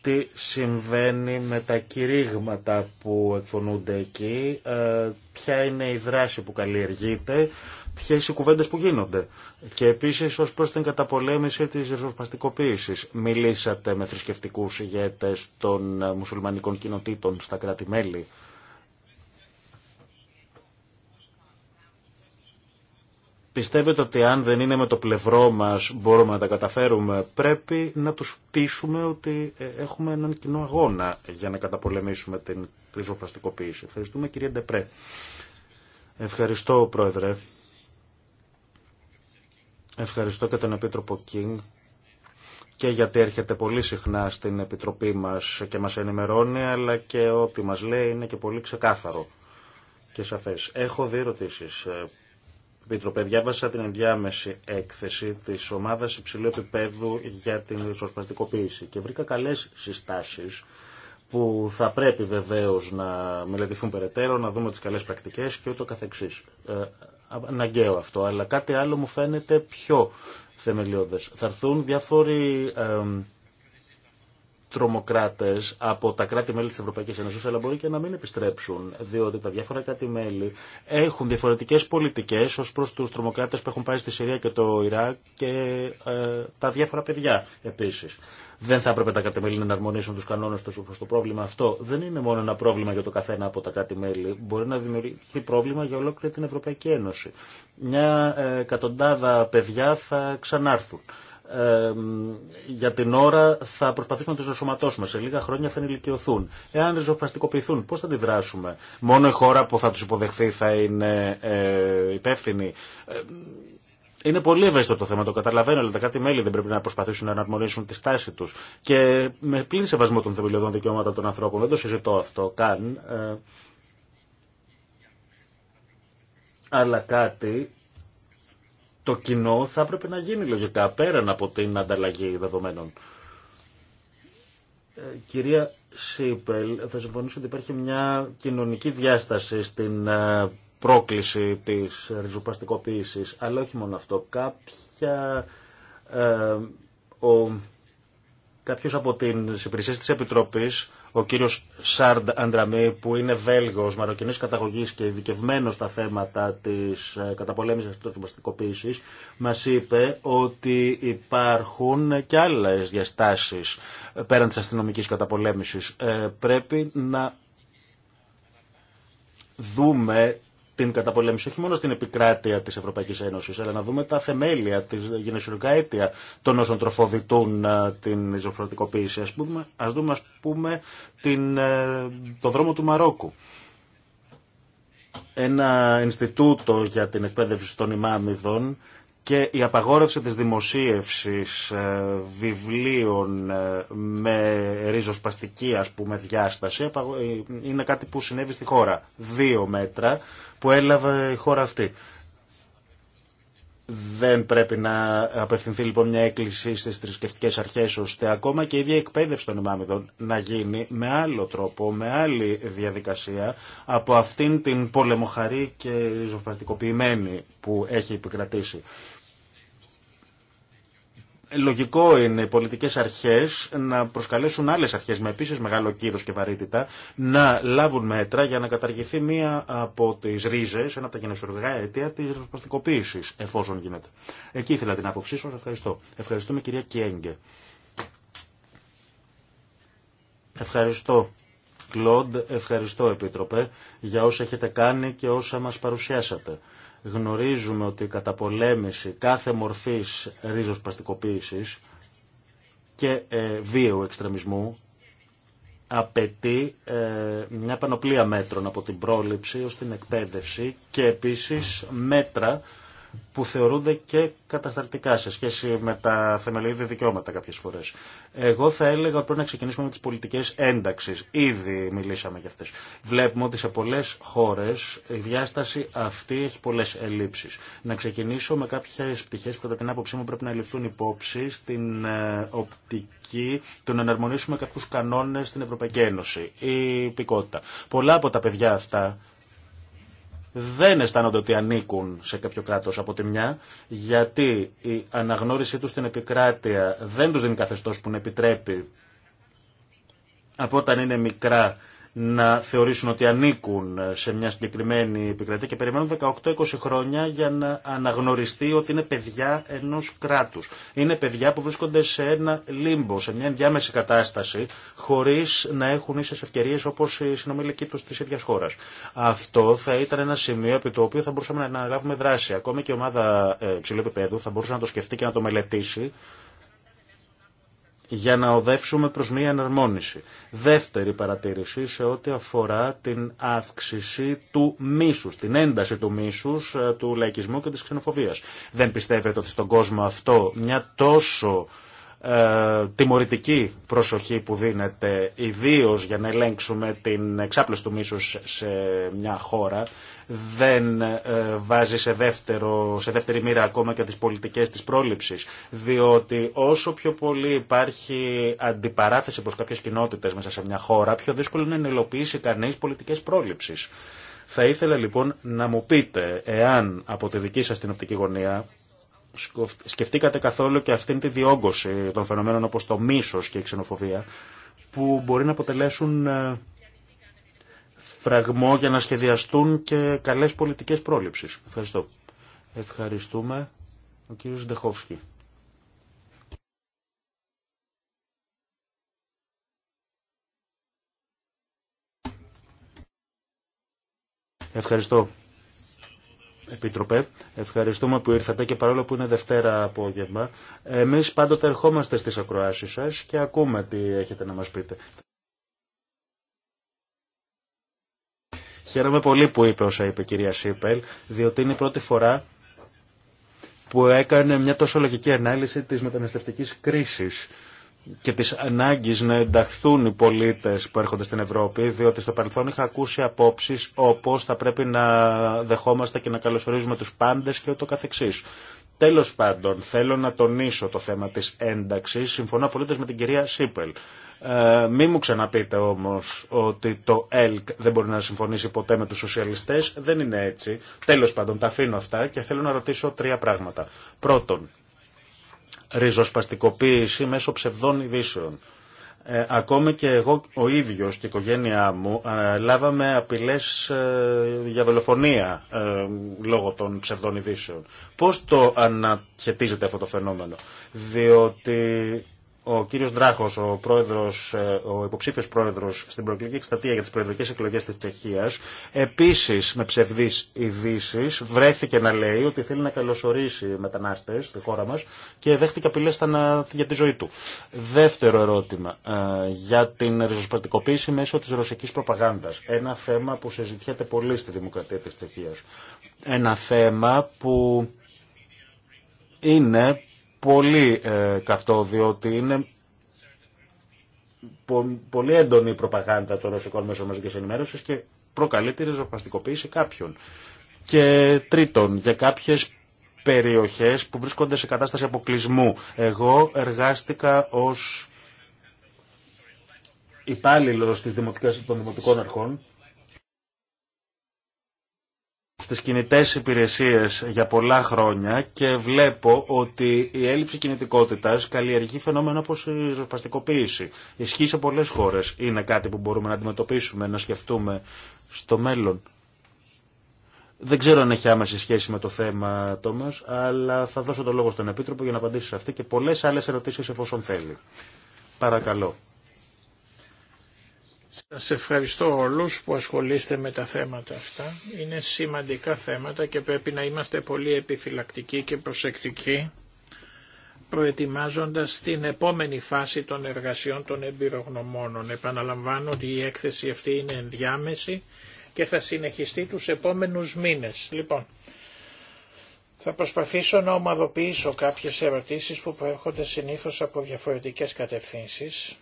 τι συμβαίνει με τα κηρύγματα που εκφωνούνται εκεί, ε, ποια είναι η δράση που καλλιεργείται, ποιε οι κουβέντε που γίνονται. Και επίση ω προ την καταπολέμηση τη ριζοσπαστικοποίηση. Μιλήσατε με θρησκευτικού ηγέτε των μουσουλμανικών κοινοτήτων στα κράτη-μέλη Πιστεύετε ότι αν δεν είναι με το πλευρό μας μπορούμε να τα καταφέρουμε, πρέπει να τους πείσουμε ότι ε, έχουμε έναν κοινό αγώνα για να καταπολεμήσουμε την ριζοπλαστικοποίηση. Ευχαριστούμε κυρία Ντεπρέ. Ευχαριστώ πρόεδρε. Ευχαριστώ και τον Επίτροπο Κίνγκ και γιατί έρχεται πολύ συχνά στην Επιτροπή μας και μας ενημερώνει, αλλά και ό,τι μας λέει είναι και πολύ ξεκάθαρο και σαφές. Έχω δύο ερωτήσει Επιτροπέ, διάβασα την ενδιάμεση έκθεση της ομάδας υψηλού επίπεδου για την σοσπαστικοποίηση και βρήκα καλές συστάσεις που θα πρέπει βεβαίω να μελετηθούν περαιτέρω, να δούμε τις καλές πρακτικές και ούτω καθεξής. Ε, αναγκαίο αυτό, αλλά κάτι άλλο μου φαίνεται πιο θεμελιώδες. Θα έρθουν διάφοροι... Τρομοκράτε από τα κράτη-μέλη της Ευρωπαϊκής Ένωσης, αλλά μπορεί και να μην επιστρέψουν, διότι τα διάφορα κράτη-μέλη έχουν διαφορετικέ πολιτικέ ω προ του τρομοκράτε που έχουν πάει στη Συρία και το Ιράκ και ε, τα διάφορα παιδιά επίση. Δεν θα έπρεπε τα κράτη-μέλη να εναρμονίσουν του κανόνε του προ το πρόβλημα αυτό. Δεν είναι μόνο ένα πρόβλημα για το καθένα από τα κράτη-μέλη. Μπορεί να δημιουργηθεί πρόβλημα για ολόκληρη την Ευρωπαϊκή Ένωση. Μια ε, εκατοντάδα παιδιά θα ξανάρθουν για την ώρα θα προσπαθήσουμε να του ενσωματώσουμε. Σε λίγα χρόνια θα ενηλικιωθούν. Εάν ριζοσπαστικοποιηθούν, πώ θα αντιδράσουμε. Μόνο η χώρα που θα του υποδεχθεί θα είναι ε, υπεύθυνη. είναι πολύ ευαίσθητο το θέμα, το καταλαβαίνω, αλλά τα κράτη-μέλη δεν πρέπει να προσπαθήσουν να αναρμονίσουν τη στάση του. Και με πλήρη σεβασμό των θεμελιωδών δικαιωμάτων των ανθρώπων, δεν το συζητώ αυτό καν. Ε, αλλά κάτι το κοινό θα έπρεπε να γίνει λογικά πέραν από την ανταλλαγή δεδομένων. Ε, κυρία Σίπελ, θα συμφωνήσω ότι υπάρχει μια κοινωνική διάσταση στην ε, πρόκληση της ριζοπαστικοποίηση. αλλά όχι μόνο αυτό. Κάποια, ε, ο, κάποιος από την υπηρεσία της Επιτροπής ο κύριος Σάρντ Αντραμέ που είναι Βέλγος, μαροκινής καταγωγή και ειδικευμένο στα θέματα της ε, καταπολέμησης τη βασιλικοποίησης μα είπε ότι υπάρχουν και άλλες διαστάσεις πέραν της αστυνομικής καταπολέμησης. Ε, πρέπει να δούμε την καταπολέμηση όχι μόνο στην επικράτεια της Ευρωπαϊκής Ένωσης, αλλά να δούμε τα θεμέλια, τη γενεσιουργικά αίτια των όσων τροφοδητούν την ζωοφροντικοποίηση. Α πούμε, ας δούμε, ας πούμε, την, ε, το δρόμο του Μαρόκου. Ένα Ινστιτούτο για την εκπαίδευση των ημάμιδων και η απαγόρευση της δημοσίευσης ε, βιβλίων ε, με ριζοσπαστική ας πούμε διάσταση είναι κάτι που συνέβη στη χώρα. Δύο μέτρα που έλαβε η χώρα αυτή. Δεν πρέπει να απευθυνθεί λοιπόν μια έκκληση στις θρησκευτικέ αρχές ώστε ακόμα και η ίδια εκπαίδευση των ημάμιδων να γίνει με άλλο τρόπο, με άλλη διαδικασία από αυτήν την πολεμοχαρή και ζωοπρακτικοποιημένη που έχει επικρατήσει. Λογικό είναι οι πολιτικέ αρχέ να προσκαλέσουν άλλε αρχέ με επίση μεγάλο κύρο και βαρύτητα να λάβουν μέτρα για να καταργηθεί μία από τι ρίζε, ένα από τα γενεσιουργά αίτια τη ροσπαστικοποίηση, εφόσον γίνεται. Εκεί ήθελα την άποψή σα. Ευχαριστώ. Ευχαριστούμε κυρία Κιέγκε. Ευχαριστώ. Κλοντ, ευχαριστώ Επίτροπε για όσα έχετε κάνει και όσα μας παρουσιάσατε γνωρίζουμε ότι η καταπολέμηση κάθε μορφής ρίζοσπαστικοποίησης και ε, βίαιου εξτρεμισμού απαιτεί ε, μια πανοπλία μέτρων από την πρόληψη ως την εκπαίδευση και επίσης μέτρα που θεωρούνται και κατασταλτικά σε σχέση με τα θεμελιώδη δικαιώματα κάποιες φορές. Εγώ θα έλεγα ότι πρέπει να ξεκινήσουμε με τις πολιτικές ένταξεις. Ήδη μιλήσαμε για αυτές. Βλέπουμε ότι σε πολλές χώρες η διάσταση αυτή έχει πολλές ελλείψεις. Να ξεκινήσω με κάποιες πτυχές που κατά την άποψή μου πρέπει να ληφθούν υπόψη στην ε, οπτική του να εναρμονίσουμε κάποιους κανόνες στην Ευρωπαϊκή Ένωση. Η υπηκότητα. Πολλά από τα παιδιά αυτά δεν αισθάνονται ότι ανήκουν σε κάποιο κράτος από τη μια, γιατί η αναγνώρισή τους στην επικράτεια δεν τους δίνει καθεστώς που να επιτρέπει από όταν είναι μικρά να θεωρήσουν ότι ανήκουν σε μια συγκεκριμένη επικρατεία και περιμένουν 18-20 χρόνια για να αναγνωριστεί ότι είναι παιδιά ενός κράτους. Είναι παιδιά που βρίσκονται σε ένα λίμπο, σε μια ενδιάμεση κατάσταση, χωρίς να έχουν ίσες ευκαιρίες όπως οι συνομιλικοί τους της ίδιας χώρας. Αυτό θα ήταν ένα σημείο επί το οποίο θα μπορούσαμε να αναλάβουμε δράση. Ακόμη και η ομάδα ε, ψηλού επίπεδου θα μπορούσε να το σκεφτεί και να το μελετήσει για να οδεύσουμε προς μία εναρμόνιση. Δεύτερη παρατήρηση σε ό,τι αφορά την αύξηση του μίσους, την ένταση του μίσους, ε, του λαϊκισμού και της ξενοφοβίας. Δεν πιστεύετε ότι στον κόσμο αυτό μια τόσο ε, τιμωρητική προσοχή που δίνεται ιδίω για να ελέγξουμε την εξάπλωση του μίσους σε μια χώρα δεν ε, βάζει σε, δεύτερο, σε δεύτερη μοίρα ακόμα και τις πολιτικές της πρόληψης. Διότι όσο πιο πολύ υπάρχει αντιπαράθεση προς κάποιες κοινότητες μέσα σε μια χώρα, πιο δύσκολο είναι να υλοποιήσει κανείς πολιτικές πρόληψης. Θα ήθελα λοιπόν να μου πείτε, εάν από τη δική σας την οπτική γωνία σκεφτήκατε καθόλου και αυτήν τη διόγκωση των φαινομένων όπως το μίσος και η ξενοφοβία, που μπορεί να αποτελέσουν ε, φραγμό για να σχεδιαστούν και καλές πολιτικές πρόληψεις. Ευχαριστώ. Ευχαριστούμε. Ο κύριος Ντεχόφσκι. Ευχαριστώ. Επίτροπε, ευχαριστούμε που ήρθατε και παρόλο που είναι Δευτέρα απόγευμα, εμείς πάντοτε ερχόμαστε στις ακροάσεις σας και ακούμε τι έχετε να μας πείτε. Χαίρομαι πολύ που είπε όσα είπε η κυρία Σίπελ, διότι είναι η πρώτη φορά που έκανε μια τόσο λογική ανάλυση της μεταναστευτικής κρίσης και της ανάγκης να ενταχθούν οι πολίτες που έρχονται στην Ευρώπη, διότι στο παρελθόν είχα ακούσει απόψεις όπως θα πρέπει να δεχόμαστε και να καλωσορίζουμε τους πάντες και ούτω καθεξής. Τέλος πάντων, θέλω να τονίσω το θέμα της ένταξης. Συμφωνώ απολύτως με την κυρία Σίπελ. Ε, μη μου ξαναπείτε όμως ότι το ΕΛΚ δεν μπορεί να συμφωνήσει ποτέ με τους σοσιαλιστές. Δεν είναι έτσι. Τέλος πάντων, τα αφήνω αυτά και θέλω να ρωτήσω τρία πράγματα. Πρώτον, ριζοσπαστικοποίηση μέσω ψευδών ειδήσεων. Ε, ακόμη και εγώ ο ίδιος και η οικογένειά μου ε, λάβαμε απειλές ε, για δολοφονία ε, λόγω των ψευδών ειδήσεων. Πώς το αναχαιτίζεται αυτό το φαινόμενο. Διότι ο κύριο Ντράχος, ο, πρόεδρος, ε, ο υποψήφιος πρόεδρος στην προεκλογική εκστατεία για τι προεδρικές εκλογέ τη Τσεχίας, επίση με ψευδείς ειδήσει βρέθηκε να λέει ότι θέλει να καλωσορίσει μετανάστε στη χώρα μα και δέχτηκε απειλέ για τη ζωή του. Δεύτερο ερώτημα ε, για την ριζοσπαστικοποίηση μέσω τη ρωσική προπαγάνδα. Ένα θέμα που συζητιέται πολύ στη δημοκρατία τη Τσεχίας. Ένα θέμα που είναι πολύ ε, καυτό, διότι είναι πολύ έντονη η προπαγάνδα των ρωσικών μέσων ενημέρωσης και προκαλεί τη ριζοπαστικοποίηση κάποιων. Και τρίτον, για κάποιες περιοχές που βρίσκονται σε κατάσταση αποκλεισμού. Εγώ εργάστηκα ως υπάλληλο των δημοτικών αρχών στις κινητές υπηρεσίες για πολλά χρόνια και βλέπω ότι η έλλειψη κινητικότητας καλλιεργεί φαινόμενο όπως η ζωσπαστικοποίηση. Ισχύει σε πολλές χώρες. Είναι κάτι που μπορούμε να αντιμετωπίσουμε, να σκεφτούμε στο μέλλον. Δεν ξέρω αν έχει άμεση σχέση με το θέμα, Τόμας, αλλά θα δώσω το λόγο στον Επίτροπο για να απαντήσει σε αυτή και πολλές άλλες ερωτήσεις εφόσον θέλει. Παρακαλώ. Σας ευχαριστώ όλους που ασχολείστε με τα θέματα αυτά. Είναι σημαντικά θέματα και πρέπει να είμαστε πολύ επιφυλακτικοί και προσεκτικοί προετοιμάζοντας την επόμενη φάση των εργασιών των εμπειρογνωμόνων. Επαναλαμβάνω ότι η έκθεση αυτή είναι ενδιάμεση και θα συνεχιστεί τους επόμενους μήνες. Λοιπόν, θα προσπαθήσω να ομαδοποιήσω κάποιες ερωτήσεις που προέρχονται συνήθως από διαφορετικές κατευθύνσεις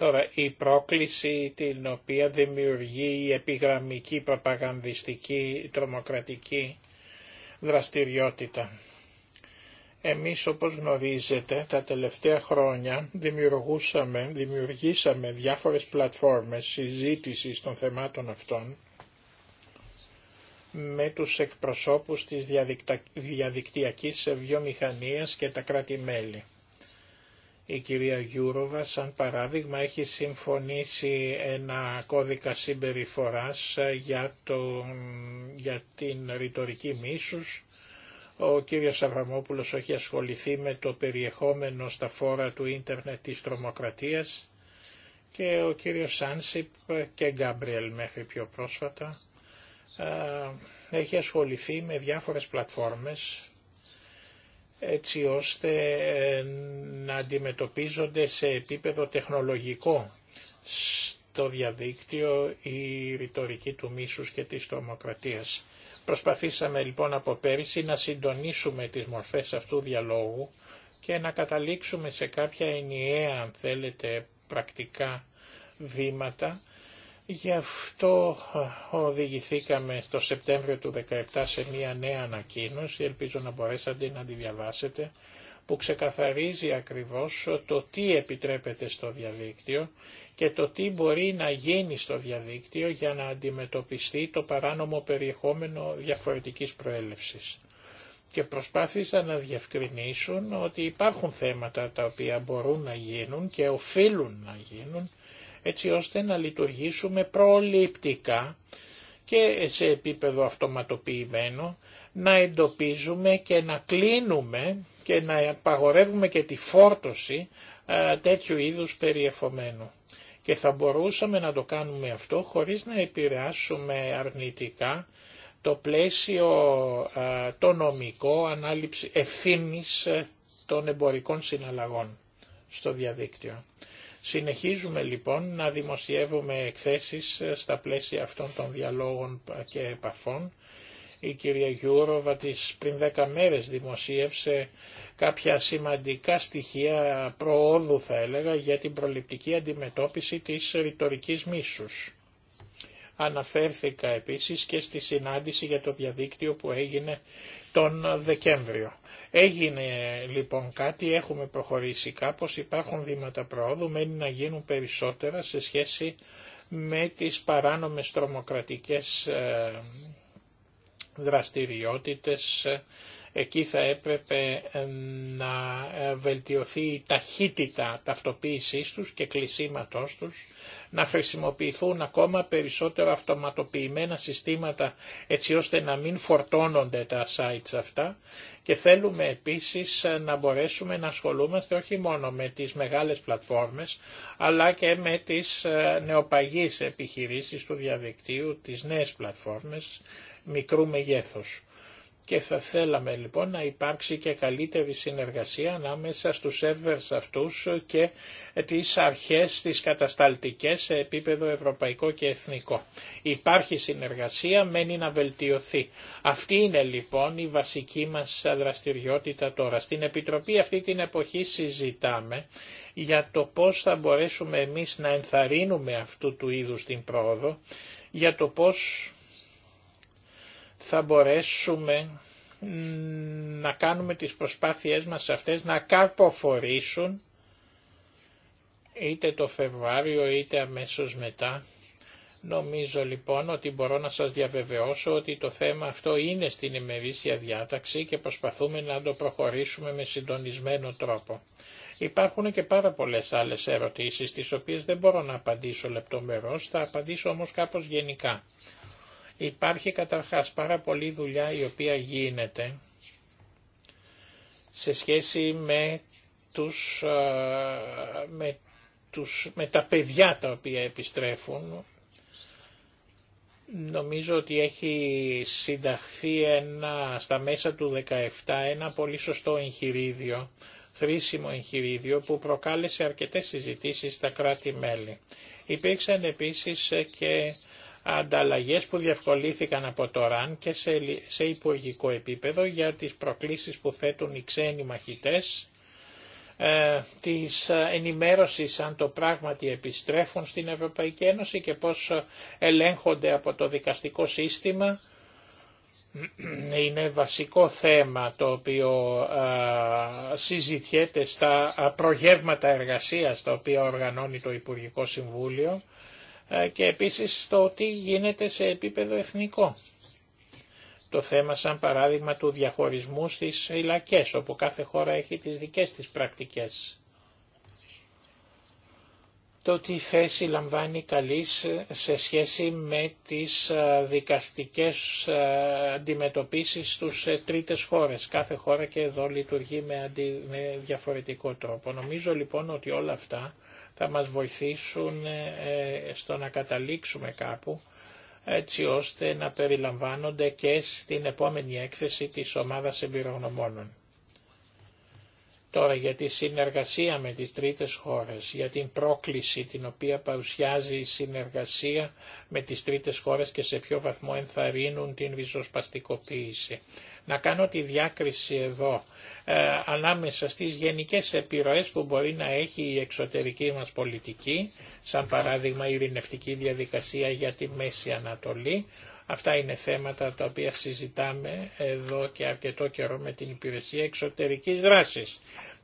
Τώρα η πρόκληση την οποία δημιουργεί η επιγραμμική προπαγανδιστική τρομοκρατική δραστηριότητα. Εμείς όπως γνωρίζετε τα τελευταία χρόνια δημιουργούσαμε, δημιουργήσαμε διάφορες πλατφόρμες συζήτησης των θεμάτων αυτών με τους εκπροσώπους της διαδικτυακής βιομηχανίας και τα κράτη-μέλη. Η κυρία Γιούροβα, σαν παράδειγμα, έχει συμφωνήσει ένα κώδικα συμπεριφοράς ε, για, το, για την ρητορική μίσους. Ο κύριος Αβραμόπουλος έχει ασχοληθεί με το περιεχόμενο στα φόρα του ίντερνετ της τρομοκρατίας και ο κύριος Σάνσιπ και Γκάμπριελ μέχρι πιο πρόσφατα ε, έχει ασχοληθεί με διάφορες πλατφόρμες έτσι ώστε ε, να αντιμετωπίζονται σε επίπεδο τεχνολογικό στο διαδίκτυο η ρητορική του μίσους και της τρομοκρατίας. Προσπαθήσαμε λοιπόν από πέρυσι να συντονίσουμε τις μορφές αυτού διαλόγου και να καταλήξουμε σε κάποια ενιαία, αν θέλετε, πρακτικά βήματα Γι' αυτό οδηγηθήκαμε το Σεπτέμβριο του 2017 σε μια νέα ανακοίνωση, ελπίζω να μπορέσατε να τη διαβάσετε, που ξεκαθαρίζει ακριβώς το τι επιτρέπεται στο διαδίκτυο και το τι μπορεί να γίνει στο διαδίκτυο για να αντιμετωπιστεί το παράνομο περιεχόμενο διαφορετικής προέλευσης. Και προσπάθησαν να διευκρινίσουν ότι υπάρχουν θέματα τα οποία μπορούν να γίνουν και οφείλουν να γίνουν έτσι ώστε να λειτουργήσουμε προληπτικά και σε επίπεδο αυτοματοποιημένο να εντοπίζουμε και να κλείνουμε και να απαγορεύουμε και τη φόρτωση τέτοιου είδους περιεχομένου. Και θα μπορούσαμε να το κάνουμε αυτό χωρίς να επηρεάσουμε αρνητικά το πλαίσιο το νομικό ανάληψη ευθύνης ε, των εμπορικών συναλλαγών στο διαδίκτυο. Συνεχίζουμε λοιπόν να δημοσιεύουμε εκθέσεις ε, στα πλαίσια αυτών των διαλόγων και επαφών. Η κυρία Γιούροβα της πριν δέκα μέρες δημοσίευσε κάποια σημαντικά στοιχεία προόδου θα έλεγα για την προληπτική αντιμετώπιση της ρητορικής μίσους. Αναφέρθηκα επίσης και στη συνάντηση για το διαδίκτυο που έγινε τον Δεκέμβριο. Έγινε λοιπόν κάτι, έχουμε προχωρήσει κάπως, υπάρχουν βήματα προόδου, μένει να γίνουν περισσότερα σε σχέση με τις παράνομες τρομοκρατικές ε, δραστηριότητες Εκεί θα έπρεπε ε, να ε, βελτιωθεί η ταχύτητα ταυτοποίησής τους και κλεισίματός τους, να χρησιμοποιηθούν ακόμα περισσότερο αυτοματοποιημένα συστήματα έτσι ώστε να μην φορτώνονται τα sites αυτά και θέλουμε επίσης ε, να μπορέσουμε να ασχολούμαστε όχι μόνο με τις μεγάλες πλατφόρμες αλλά και με τις νεοπαγείς επιχειρήσεις του διαδικτύου, τις νέες πλατφόρμες μικρού μεγέθους και θα θέλαμε λοιπόν να υπάρξει και καλύτερη συνεργασία ανάμεσα στους σερβερς αυτούς και τις αρχές τις κατασταλτικές σε επίπεδο ευρωπαϊκό και εθνικό. Υπάρχει συνεργασία, μένει να βελτιωθεί. Αυτή είναι λοιπόν η βασική μας δραστηριότητα τώρα. Στην Επιτροπή αυτή την εποχή συζητάμε για το πώς θα μπορέσουμε εμείς να ενθαρρύνουμε αυτού του είδους την πρόοδο, για το πώς θα μπορέσουμε να κάνουμε τις προσπάθειές μας αυτές να καρποφορήσουν είτε το Φεβρουάριο είτε αμέσως μετά. Νομίζω λοιπόν ότι μπορώ να σας διαβεβαιώσω ότι το θέμα αυτό είναι στην ημερήσια διάταξη και προσπαθούμε να το προχωρήσουμε με συντονισμένο τρόπο. Υπάρχουν και πάρα πολλές άλλες ερωτήσεις τις οποίες δεν μπορώ να απαντήσω λεπτομερώς, θα απαντήσω όμως κάπως γενικά. Υπάρχει καταρχάς πάρα πολλή δουλειά η οποία γίνεται σε σχέση με, τους, με, τους, με τα παιδιά τα οποία επιστρέφουν. Νομίζω ότι έχει συνταχθεί ένα, στα μέσα του 17 ένα πολύ σωστό εγχειρίδιο, χρήσιμο εγχειρίδιο που προκάλεσε αρκετές συζητήσεις στα κράτη-μέλη. Υπήρξαν επίσης και ανταλλαγές που διευκολύθηκαν από το ΡΑΝ και σε υπουργικό επίπεδο για τις προκλήσεις που θέτουν οι ξένοι μαχητές, ε, της ενημέρωσης αν το πράγματι επιστρέφουν στην Ευρωπαϊκή Ένωση και πώς ελέγχονται από το δικαστικό σύστημα. Είναι βασικό θέμα το οποίο ε, συζητιέται στα ε, προγεύματα εργασίας τα οποία οργανώνει το Υπουργικό Συμβούλιο ε, και επίσης το τι γίνεται σε επίπεδο εθνικό. Το θέμα σαν παράδειγμα του διαχωρισμού στις φυλακές, όπου κάθε χώρα έχει τις δικές της πρακτικές. Το τι θέση λαμβάνει καλής σε σχέση με τις ε, δικαστικές ε, αντιμετωπίσεις στους τρίτες χώρες. Κάθε χώρα και εδώ λειτουργεί με διαφορετικό τρόπο. Νομίζω λοιπόν ότι όλα αυτά θα μας βοηθήσουν ε, ε, στο να καταλήξουμε κάπου έτσι ώστε να περιλαμβάνονται και στην επόμενη έκθεση της ομάδας εμπειρογνωμόνων. Τώρα για τη συνεργασία με τις τρίτες χώρες, για την πρόκληση την οποία παρουσιάζει η συνεργασία με τις τρίτες χώρες και σε ποιο βαθμό ενθαρρύνουν την ριζοσπαστικοποίηση. Να κάνω τη διάκριση εδώ ε, ανάμεσα στις γενικές επιρροές που μπορεί να έχει η εξωτερική μας πολιτική, σαν παράδειγμα η ειρηνευτική διαδικασία για τη Μέση Ανατολή, Αυτά είναι θέματα τα οποία συζητάμε εδώ και αρκετό καιρό με την Υπηρεσία Εξωτερικής Δράσης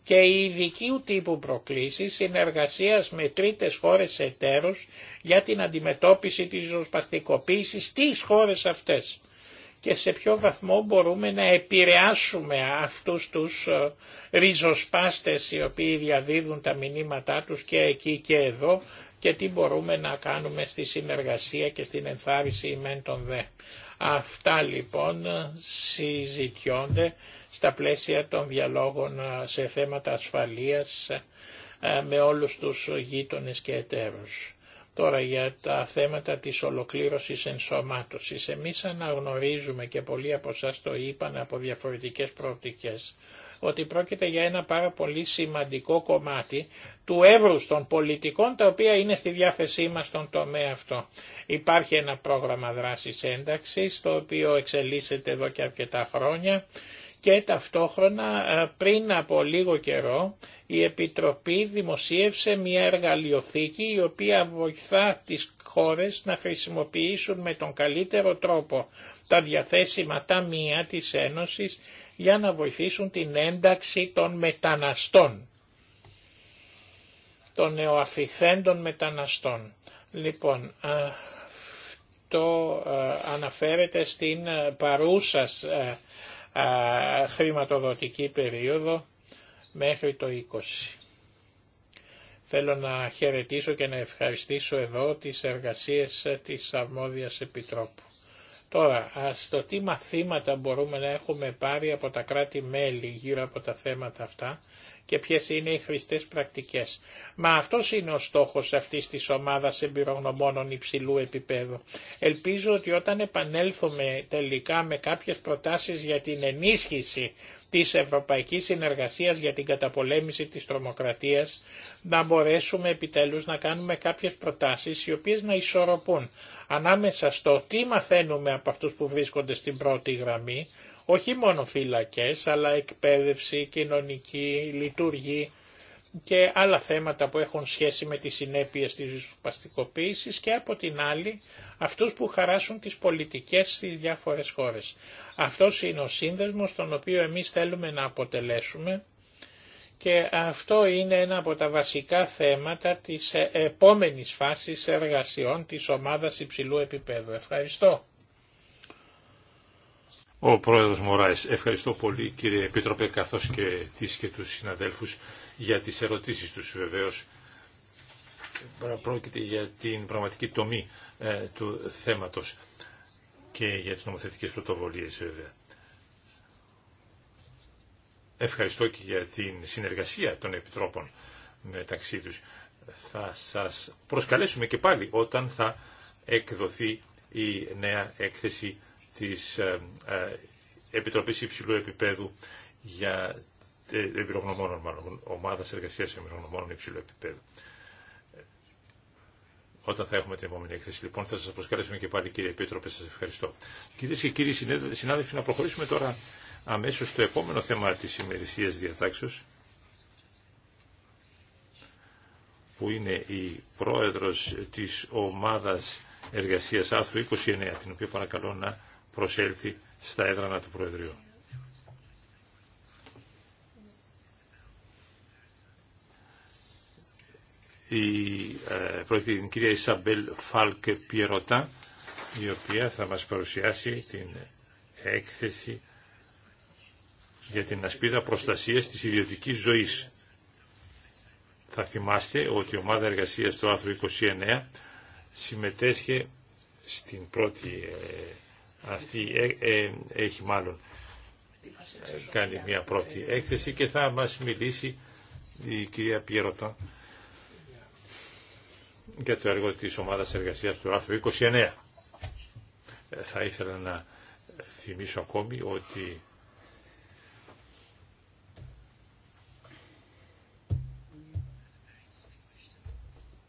και η ειδικού τύπου προκλήσεις συνεργασίας με τρίτες χώρες εταίρους για την αντιμετώπιση της ζωσπαστικοποίησης στις χώρες αυτές και σε ποιο βαθμό μπορούμε να επηρεάσουμε αυτούς τους ε, ριζοσπάστες οι οποίοι διαδίδουν τα μηνύματά τους και εκεί και εδώ και τι μπορούμε να κάνουμε στη συνεργασία και στην ενθάρρυνση με τον δε. Αυτά λοιπόν συζητιώνται στα πλαίσια των διαλόγων ε, σε θέματα ασφαλείας ε, με όλους τους γείτονες και εταίρους. Τώρα για τα θέματα της ολοκλήρωσης ενσωμάτωσης. Εμείς αναγνωρίζουμε και πολλοί από εσά το είπαν από διαφορετικές προοπτικές ότι πρόκειται για ένα πάρα πολύ σημαντικό κομμάτι του εύρους των πολιτικών τα οποία είναι στη διάθεσή μας στον τομέα αυτό. Υπάρχει ένα πρόγραμμα δράσης ένταξης το οποίο εξελίσσεται εδώ και αρκετά χρόνια και ταυτόχρονα ε, πριν από λίγο καιρό η Επιτροπή δημοσίευσε μια εργαλειοθήκη η οποία βοηθά τις χώρες να χρησιμοποιήσουν με τον καλύτερο τρόπο τα διαθέσιμα ταμεία της Ένωσης για να βοηθήσουν την ένταξη των μεταναστών, των νεοαφιχθέντων μεταναστών. Λοιπόν, αυτό αναφέρεται στην παρούσα χρηματοδοτική περίοδο μέχρι το 20. Θέλω να χαιρετήσω και να ευχαριστήσω εδώ τις εργασίες ε, της Αρμόδιας Επιτρόπου. Τώρα, στο τι μαθήματα μπορούμε να έχουμε πάρει από τα κράτη-μέλη γύρω από τα θέματα αυτά και ποιες είναι οι χρηστές πρακτικές. Μα αυτός είναι ο στόχος αυτής της ομάδας εμπειρογνωμόνων υψηλού επίπεδου. Ελπίζω ότι όταν επανέλθουμε τελικά με κάποιες προτάσεις για την ενίσχυση της Ευρωπαϊκής Συνεργασίας για την καταπολέμηση της τρομοκρατίας να μπορέσουμε επιτέλους να κάνουμε κάποιες προτάσεις οι οποίες να ισορροπούν ανάμεσα στο τι μαθαίνουμε από αυτούς που βρίσκονται στην πρώτη γραμμή, όχι μόνο φυλακές αλλά εκπαίδευση, κοινωνική, λειτουργή, και άλλα θέματα που έχουν σχέση με τις συνέπειες της ριζοσπαστικοποίησης και από την άλλη αυτούς που χαράσουν τις πολιτικές στις διάφορες χώρες. Αυτός είναι ο σύνδεσμος τον οποίο εμείς θέλουμε να αποτελέσουμε και αυτό είναι ένα από τα βασικά θέματα της επόμενης φάσης εργασιών της ομάδας υψηλού επίπεδου. Ευχαριστώ. Ο Πρόεδρος Μωράης, ευχαριστώ πολύ κύριε Επίτροπε καθώς και τις και τους συναδέλφους για τις ερωτήσεις τους βεβαίως. Πρόκειται για την πραγματική τομή ε, του θέματος και για τις νομοθετικές πρωτοβολίες βέβαια. Ευχαριστώ και για την συνεργασία των επιτρόπων μεταξύ τους. Θα σας προσκαλέσουμε και πάλι όταν θα εκδοθεί η νέα έκθεση της ε, ε, Επιτροπής Υψηλού Επιπέδου για ε, εμπειρογνωμόνων, μάλλον, ομάδας εργασία, εμπειρογνωμόνων υψηλού επίπεδου. Όταν θα έχουμε την επόμενη έκθεση, λοιπόν, θα σα προσκαλέσουμε και πάλι, κύριε Επίτροπε, σας ευχαριστώ. Κυρίε και κύριοι συνάδελφοι, να προχωρήσουμε τώρα αμέσω στο επόμενο θέμα τη ημερησία διατάξεως, που είναι η πρόεδρος της ομάδας εργασίας άρθρου 29, την οποία παρακαλώ να προσέλθει στα έδρανα του Προεδρείου. η, ε, πρώτη την κυρία Ισαμπέλ Φάλκε Πιερωτά, η οποία θα μας παρουσιάσει την έκθεση για την ασπίδα προστασίας της ιδιωτικής ζωής. Θα θυμάστε ότι η ομάδα εργασίας του άρθρου 29 συμμετέσχε στην πρώτη ε, αυτή, ε, έχει μάλλον κάνει μια πρώτη έκθεση και θα μας μιλήσει η κυρία Πιερωτά για το έργο της ομάδας εργασίας του άρθρου 29. Ε, θα ήθελα να θυμίσω ακόμη ότι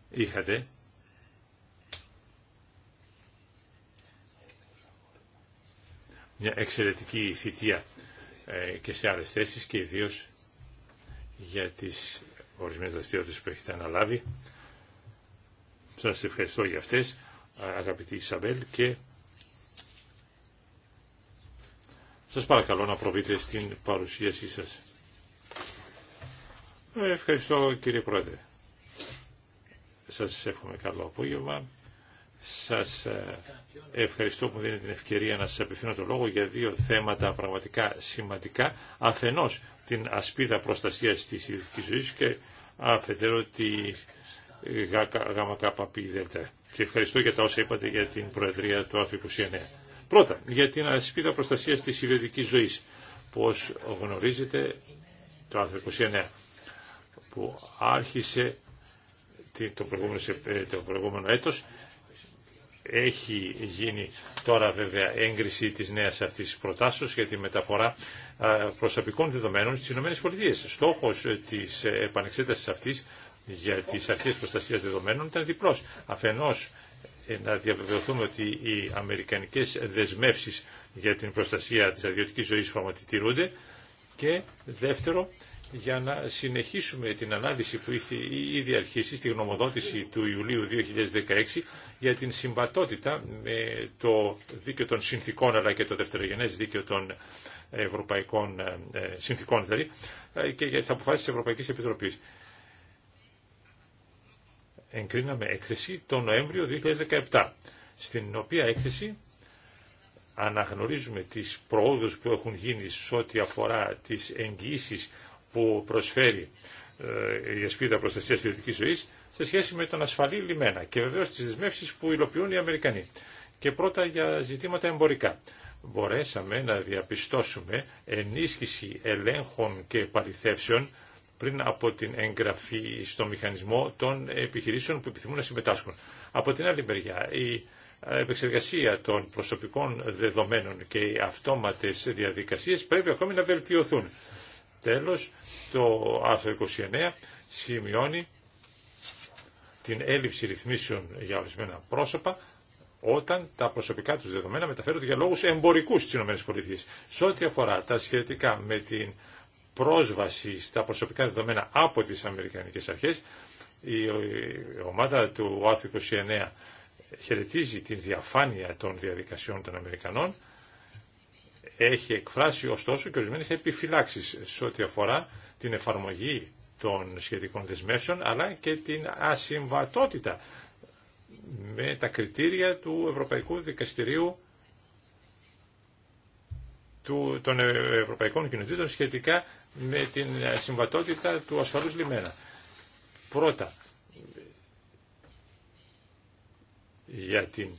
είχατε μια εξαιρετική θητεία ε, και σε άλλες θέσεις και ιδίως για τις ορισμένες δραστηριότητες που έχετε αναλάβει σας ευχαριστώ για αυτές, αγαπητή Ισαμπέλ, και σας παρακαλώ να προβείτε στην παρουσίασή σας. Ε, ευχαριστώ κύριε Πρόεδρε. Σας εύχομαι καλό απόγευμα. Σας ε, ευχαριστώ που μου δίνετε την ευκαιρία να σας απευθύνω το λόγο για δύο θέματα πραγματικά σημαντικά. Αφενός την ασπίδα προστασίας της ιδιωτικής ζωής και αφετέρου τη ΓΚΠΔ. Και ευχαριστώ για τα όσα είπατε για την Προεδρία του άρθρου 29. Πρώτα, για την ασπίδα προστασία της ιδιωτική ζωής. Πώς γνωρίζετε το άρθρο 29 που άρχισε το προηγούμενο, ε, το προηγούμενο έτος έχει γίνει τώρα βέβαια έγκριση της νέας αυτής προτάσεως για τη μεταφορά ε, προσωπικών δεδομένων στις ΗΠΑ. Στόχος της επανεξέτασης αυτής για τις αρχές προστασίας δεδομένων ήταν διπλός. Αφενός ε, να διαβεβαιωθούμε ότι οι αμερικανικές δεσμεύσεις για την προστασία της αδειωτικής ζωής πραγματιτηρούνται και δεύτερο για να συνεχίσουμε την ανάλυση που είχε ήδη αρχίσει στη γνωμοδότηση του Ιουλίου 2016 για την συμβατότητα με το δίκαιο των συνθήκων αλλά και το δευτερογενές δίκαιο των ευρωπαϊκών ε, συνθήκων δηλαδή ε, και για τις αποφάσεις της Ευρωπαϊκής Επιτροπής εγκρίναμε έκθεση τον Νοέμβριο 2017, στην οποία έκθεση αναγνωρίζουμε τις προόδους που έχουν γίνει σε ό,τι αφορά τις εγγυήσεις που προσφέρει ε, η ασπίδα προστασίας ιδιωτικής ζωής σε σχέση με τον ασφαλή λιμένα και βεβαίως τις δεσμεύσεις που υλοποιούν οι Αμερικανοί. Και πρώτα για ζητήματα εμπορικά. Μπορέσαμε να διαπιστώσουμε ενίσχυση ελέγχων και παληθεύσεων πριν από την εγγραφή στο μηχανισμό των επιχειρήσεων που επιθυμούν να συμμετάσχουν. Από την άλλη μεριά, η επεξεργασία των προσωπικών δεδομένων και οι αυτόματες διαδικασίες πρέπει ακόμη να βελτιωθούν. Τέλος, το άρθρο 29 σημειώνει την έλλειψη ρυθμίσεων για ορισμένα πρόσωπα όταν τα προσωπικά τους δεδομένα μεταφέρονται για λόγους εμπορικούς στις ΗΠΑ. Σε ό,τι αφορά τα σχετικά με την πρόσβαση στα προσωπικά δεδομένα από τις Αμερικανικές Αρχές. Η ομάδα του ΟΑΘ 29 χαιρετίζει την διαφάνεια των διαδικασιών των Αμερικανών. Έχει εκφράσει ωστόσο και ορισμένε επιφυλάξεις σε ό,τι αφορά την εφαρμογή των σχετικών δεσμεύσεων αλλά και την ασυμβατότητα με τα κριτήρια του Ευρωπαϊκού Δικαστηρίου των Ευρωπαϊκών Κοινοτήτων σχετικά με την συμβατότητα του ασφαλούς λιμένα. Πρώτα, για την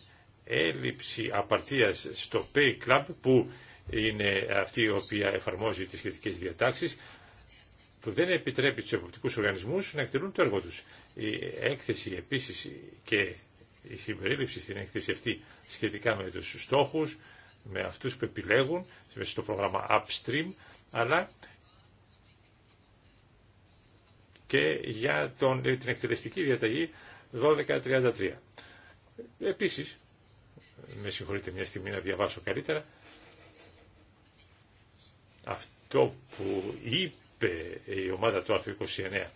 έλλειψη απαρτίας στο Pay Club που είναι αυτή η οποία εφαρμόζει τις σχετικές διατάξεις που δεν επιτρέπει τους εποπτικούς οργανισμούς να εκτελούν το έργο τους. Η έκθεση επίσης και η συμπερίληψη στην έκθεση αυτή σχετικά με τους στόχους, με αυτούς που επιλέγουν, στο πρόγραμμα Upstream, αλλά και για τον, ε, την εκτελεστική διαταγή 1233. Επίσης, με συγχωρείτε μια στιγμή να διαβάσω καλύτερα, αυτό που είπε η ομάδα του άρθρου 29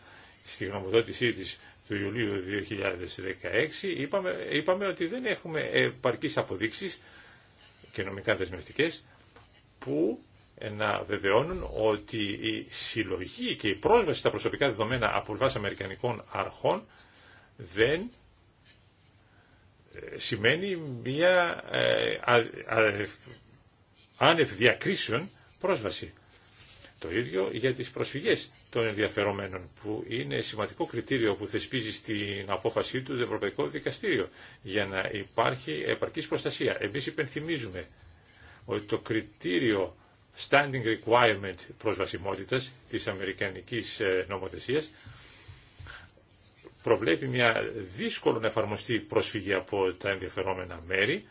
στη γνωμοδότησή της του Ιουλίου 2016 είπαμε, είπαμε ότι δεν έχουμε επαρκείς αποδείξεις και νομικά δεσμευτικές που ε, να βεβαιώνουν ότι η συλλογή και η πρόσβαση στα προσωπικά δεδομένα από βάση Αμερικανικών αρχών δεν ε, σημαίνει μια ε, άνευ διακρίσεων πρόσβαση. Το ίδιο για τις προσφυγές των ενδιαφερομένων, που είναι σημαντικό κριτήριο που θεσπίζει στην απόφασή του το Ευρωπαϊκό Δικαστήριο, για να υπάρχει επαρκής προστασία. Εμείς υπενθυμίζουμε ότι το κριτήριο standing requirement προσβασιμότητας της Αμερικανικής ε, νομοθεσίας προβλέπει μια δύσκολο να εφαρμοστεί προσφυγή από τα ενδιαφερόμενα μέρη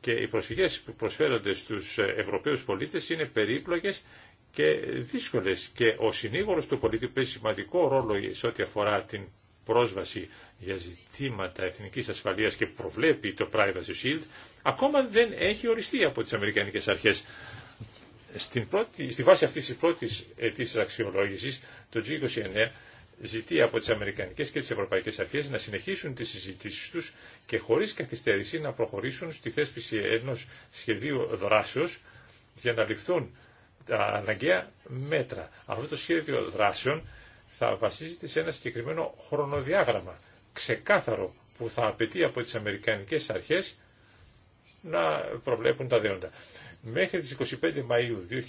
και οι προσφυγές που προσφέρονται στους ε, Ευρωπαίους πολίτες είναι περίπλοκες και δύσκολες και ο συνήγορος του πολίτη παίζει σημαντικό ρόλο σε ό,τι αφορά την πρόσβαση για ζητήματα εθνικής ασφαλείας και προβλέπει το Privacy Shield, ακόμα δεν έχει οριστεί από τις Αμερικανικές Αρχές. Στην στη βάση αυτής της πρώτης ετήσης αξιολόγησης, το G29 ζητεί από τις Αμερικανικές και τις Ευρωπαϊκές Αρχές να συνεχίσουν τις συζητήσεις τους και χωρίς καθυστέρηση να προχωρήσουν στη θέσπιση ενός σχεδίου δράσεως για να ληφθούν τα αναγκαία μέτρα. Αυτό το σχέδιο δράσεων θα βασίζεται σε ένα συγκεκριμένο χρονοδιάγραμμα, ξεκάθαρο, που θα απαιτεί από τις Αμερικανικές αρχές να προβλέπουν τα δέοντα. Μέχρι τις 25 Μαΐου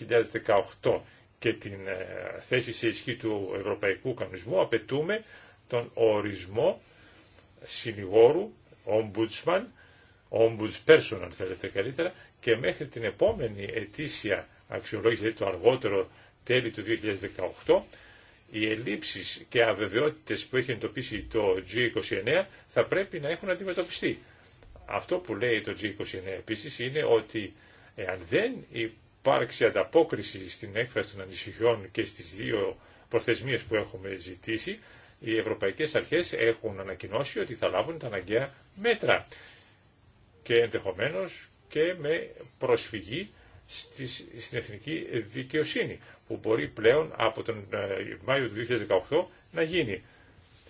2018 και την ε, θέση σε ισχύ του Ευρωπαϊκού Κανονισμού απαιτούμε τον ορισμό συνηγόρου, ombudsman, ombudsperson αν θέλετε καλύτερα, και μέχρι την επόμενη ετήσια αξιολόγηση, δηλαδή το αργότερο τέλη του 2018, οι ελλείψεις και αβεβαιότητες που έχει εντοπίσει το G29 θα πρέπει να έχουν αντιμετωπιστεί. Αυτό που λέει το G29 επίσης είναι ότι εάν δεν υπάρξει ανταπόκριση στην έκφραση των ανησυχιών και στις δύο προθεσμίες που έχουμε ζητήσει, οι ευρωπαϊκές αρχές έχουν ανακοινώσει ότι θα λάβουν τα αναγκαία μέτρα και ενδεχομένως και με προσφυγή στην εθνική δικαιοσύνη, που μπορεί πλέον από τον ε, Μάιο του 2018 να γίνει.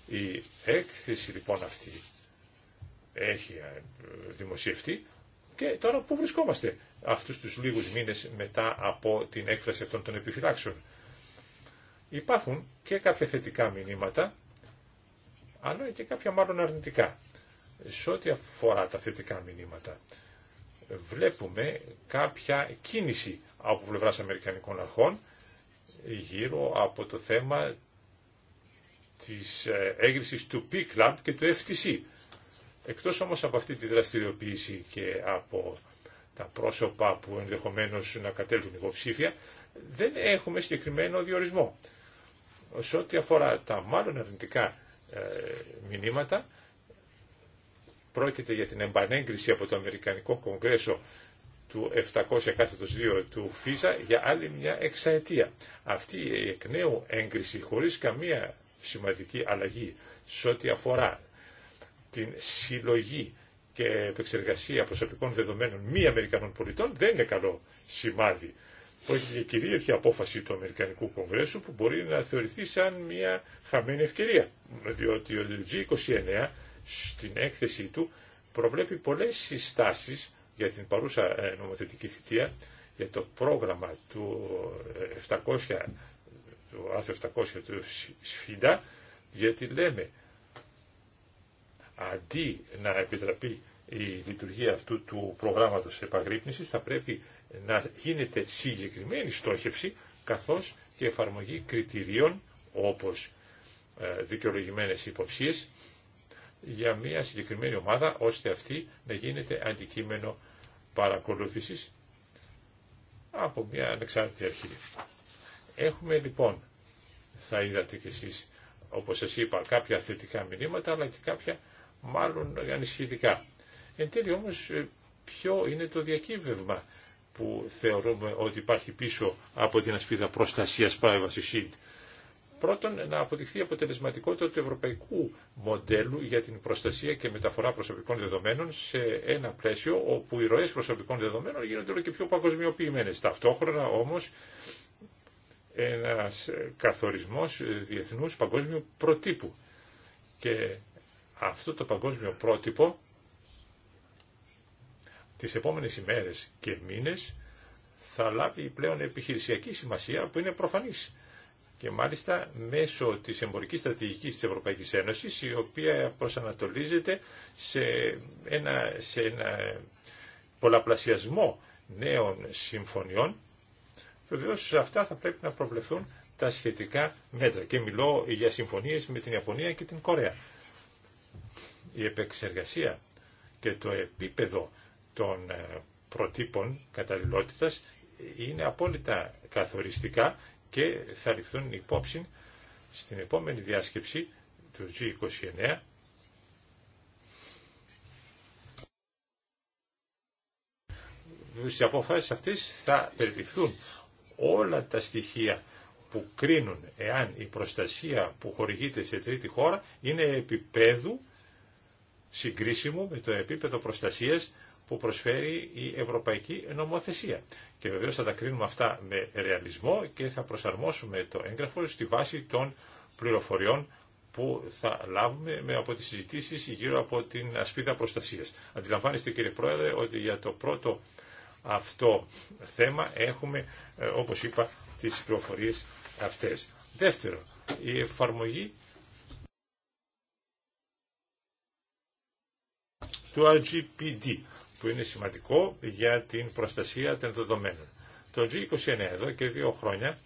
Η έκθεση λοιπόν αυτή έχει ε, δημοσιευτεί και τώρα πού βρισκόμαστε αυτούς τους λίγους μήνες μετά από την έκφραση αυτών των επιφυλάξεων. Υπάρχουν και κάποια θετικά μηνύματα, αλλά και κάποια μάλλον αρνητικά. Σε ό,τι αφορά τα θετικά μηνύματα, βλέπουμε κάποια κίνηση από πλευράς Αμερικανικών αρχών γύρω από το θέμα της ε, έγκρισης του P-Club και του FTC. Εκτός όμως από αυτή τη δραστηριοποίηση και από τα πρόσωπα που ενδεχομένως να κατέλθουν υποψήφια, δεν έχουμε συγκεκριμένο διορισμό. Σε ό,τι αφορά τα μάλλον αρνητικά ε, μηνύματα, πρόκειται για την επανέγκριση από το Αμερικανικό Κογκρέσο του 700 2 του ΦΙΖΑ για άλλη μια εξαετία. Αυτή η εκ νέου έγκριση χωρίς καμία σημαντική αλλαγή σε ό,τι αφορά την συλλογή και επεξεργασία προσωπικών δεδομένων μη Αμερικανών πολιτών δεν είναι καλό σημάδι. Πρόκειται για κυρίαρχη απόφαση του Αμερικανικού Κογκρέσου που μπορεί να θεωρηθεί σαν μια χαμένη ευκαιρία. Διότι ο G29 στην έκθεσή του προβλέπει πολλές συστάσεις για την παρούσα ε, νομοθετική θητεία, για το πρόγραμμα του 700, ε, του άρθρου 700 του ΣΦΙΝΤΑ, γιατί λέμε αντί να επιτραπεί η λειτουργία αυτού του προγράμματος επαγρύπνησης θα πρέπει να γίνεται συγκεκριμένη στόχευση καθώς και εφαρμογή κριτηρίων όπως ε, δικαιολογημένες υποψίες για μια συγκεκριμένη ομάδα, ώστε αυτή να γίνεται αντικείμενο παρακολούθησης από μια ανεξάρτητη αρχή. Έχουμε λοιπόν, θα είδατε κι εσείς, όπως σας είπα, κάποια θετικά μηνύματα, αλλά και κάποια μάλλον ανησυχητικά. Εν τέλει όμως, ε, ποιο είναι το διακύβευμα που θεωρούμε ότι υπάρχει πίσω από την ασπίδα προστασίας Privacy Shield. Πρώτον, να αποδειχθεί αποτελεσματικότητα του ευρωπαϊκού μοντέλου για την προστασία και μεταφορά προσωπικών δεδομένων σε ένα πλαίσιο όπου οι ροές προσωπικών δεδομένων γίνονται όλο και πιο παγκοσμιοποιημένες. Ταυτόχρονα όμως ένας καθορισμός διεθνούς παγκόσμιου προτύπου. Και αυτό το παγκόσμιο πρότυπο τις επόμενες ημέρες και μήνες θα λάβει πλέον επιχειρησιακή σημασία που είναι προφανής και μάλιστα μέσω της εμπορικής στρατηγικής της Ευρωπαϊκής Ένωσης η οποία προσανατολίζεται σε ένα, σε ένα πολλαπλασιασμό νέων συμφωνιών βεβαίως σε αυτά θα πρέπει να προβλεφθούν τα σχετικά μέτρα και μιλώ για συμφωνίες με την Ιαπωνία και την Κορέα. Η επεξεργασία και το επίπεδο των ε, προτύπων καταλληλότητας είναι απόλυτα καθοριστικά και θα ληφθούν υπόψη στην επόμενη διάσκεψη του G29 Στι αποφάσεις αυτές θα περιληφθούν όλα τα στοιχεία που κρίνουν εάν η προστασία που χορηγείται σε τρίτη χώρα είναι επίπεδου συγκρίσιμου με το επίπεδο προστασίας που προσφέρει η Ευρωπαϊκή Νομοθεσία. Και βεβαίω θα τα κρίνουμε αυτά με ρεαλισμό και θα προσαρμόσουμε το έγγραφο στη βάση των πληροφοριών που θα λάβουμε με, από τις συζητήσεις γύρω από την ασπίδα προστασίας. Αντιλαμβάνεστε κύριε Πρόεδρε ότι για το πρώτο αυτό θέμα έχουμε, ε, όπως είπα, τις πληροφορίες αυτές. Δεύτερο, η εφαρμογή του RGPD που είναι σημαντικό για την προστασία των δεδομένων. Το G29 εδώ και δύο χρόνια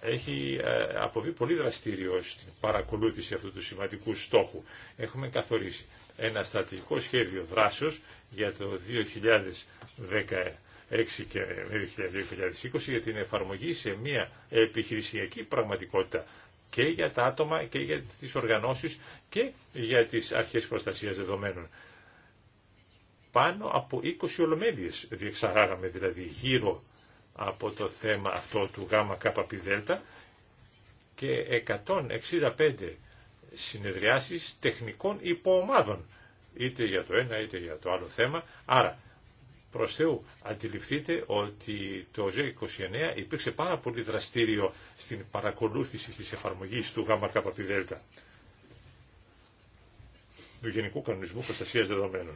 έχει ε, αποβεί πολύ δραστήριο στην παρακολούθηση αυτού του σημαντικού στόχου. Έχουμε καθορίσει ένα στρατηγικό σχέδιο δράσεως για το 2016 και 2020 για την εφαρμογή σε μια επιχειρησιακή πραγματικότητα και για τα άτομα και για τις οργανώσεις και για τις αρχές προστασίας δεδομένων. Πάνω από 20 ολομέλειες διεξαγάγαμε δηλαδή γύρω από το θέμα αυτό του γάμα δέλτα και 165 συνεδριάσεις τεχνικών υποομάδων είτε για το ένα είτε για το άλλο θέμα. Άρα, προς Θεού, αντιληφθείτε ότι το G29 υπήρξε πάρα πολύ δραστήριο στην παρακολούθηση της εφαρμογής του ΓΚΠΔ, του Γενικού Κανονισμού Προστασίας Δεδομένων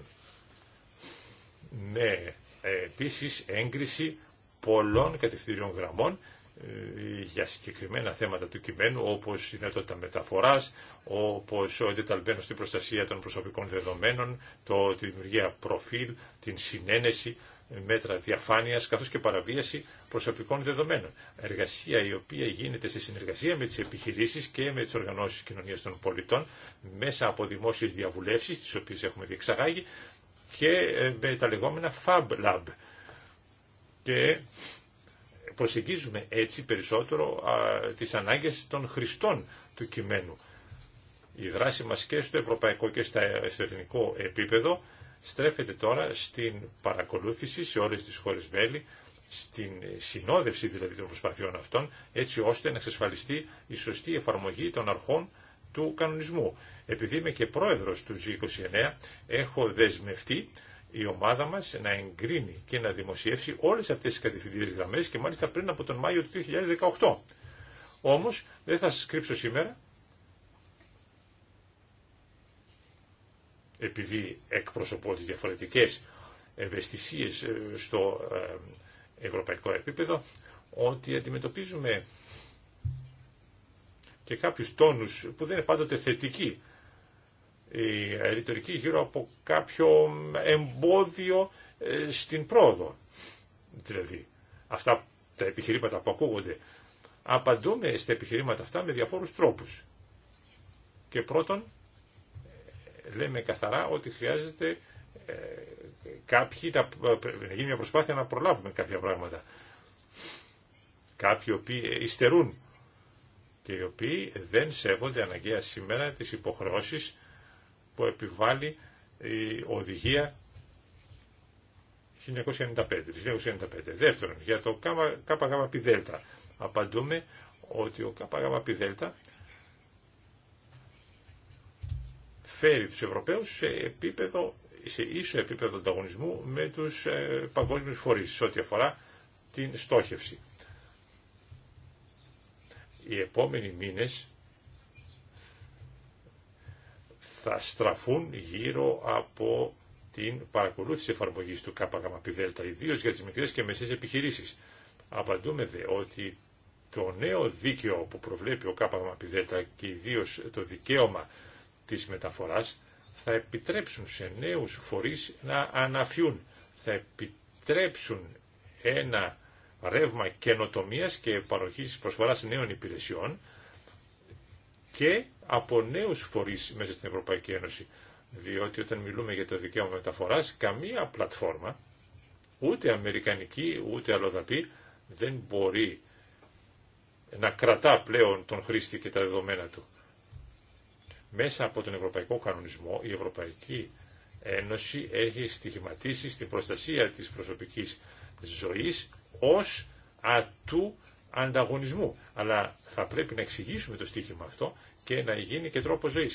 με ναι, επίση έγκριση πολλών κατευθυντήριων γραμμών ε, για συγκεκριμένα θέματα του κειμένου όπως η δυνατότητα μεταφοράς, όπως ο εντεταλμένο στην προστασία των προσωπικών δεδομένων, το, τη δημιουργία προφίλ, την συνένεση, μέτρα διαφάνειας καθώς και παραβίαση προσωπικών δεδομένων. Εργασία η οποία γίνεται σε συνεργασία με τις επιχειρήσεις και με τις οργανώσεις κοινωνίας των πολιτών μέσα από δημόσιες διαβουλεύσεις τις οποίες έχουμε διεξαγάγει και ε, με τα λεγόμενα Fab Lab. Και προσεγγίζουμε έτσι περισσότερο α, τις ανάγκες των χρηστών του κειμένου. Η δράση μας και στο ευρωπαϊκό και στο εθνικό επίπεδο στρέφεται τώρα στην παρακολούθηση σε όλες τις χώρες μέλη, στην συνόδευση δηλαδή των προσπαθειών αυτών, έτσι ώστε να εξασφαλιστεί η σωστή εφαρμογή των αρχών του κανονισμού. Επειδή είμαι και πρόεδρος του G29, έχω δεσμευτεί η ομάδα μας να εγκρίνει και να δημοσιεύσει όλες αυτές τις κατευθυντήριες γραμμές και μάλιστα πριν από τον Μάιο του 2018. Όμως δεν θα σας κρύψω σήμερα, επειδή εκπροσωπώ τις διαφορετικές ευαισθησίες ε, στο ε, ευρωπαϊκό επίπεδο, ότι αντιμετωπίζουμε και κάποιους τόνους που δεν είναι πάντοτε θετικοί η ρητορική γύρω από κάποιο εμπόδιο ε, στην πρόοδο. Δηλαδή, αυτά τα επιχειρήματα που ακούγονται. Απαντούμε στα επιχειρήματα αυτά με διαφόρους τρόπους. Και πρώτον, λέμε καθαρά ότι χρειάζεται ε, κάποιοι ε, να, γίνει μια προσπάθεια να προλάβουμε κάποια πράγματα. Κάποιοι οποίοι υστερούν και οι οποίοι δεν σέβονται αναγκαία σήμερα τις υποχρεώσεις που επιβάλλει η οδηγία 1995, 1995. Δεύτερον, για το ΚΚΠΔ. Απαντούμε ότι ο ΚΚΠΔ φέρει τους Ευρωπαίους σε, επίπεδο, σε ίσο επίπεδο ανταγωνισμού με τους ε, παγκόσμιους φορείς σε ό,τι αφορά την στόχευση. Οι επόμενοι μήνες θα στραφούν γύρω από την παρακολούθηση εφαρμογής του ΚΚΠΔ, ιδίως για τις μικρές και μεσαίες επιχειρήσεις. Απαντούμε δε ότι το νέο δίκαιο που προβλέπει ο ΚΚΠΔ και ιδίως το δικαίωμα της μεταφοράς θα επιτρέψουν σε νέους φορείς να αναφιούν, θα επιτρέψουν ένα ρεύμα καινοτομίας και παροχής προσφοράς νέων υπηρεσιών και από νέους φορείς μέσα στην Ευρωπαϊκή Ένωση. Διότι όταν μιλούμε για το δικαίωμα μεταφοράς, καμία πλατφόρμα, ούτε αμερικανική, ούτε αλλοδαπή, δεν μπορεί να κρατά πλέον τον χρήστη και τα δεδομένα του. Μέσα από τον Ευρωπαϊκό Κανονισμό, η Ευρωπαϊκή Ένωση έχει στοιχηματίσει στην προστασία της προσωπικής ζωής ως ατού ανταγωνισμού. Αλλά θα πρέπει να εξηγήσουμε το στοίχημα αυτό και να γίνει και τρόπο ζωή.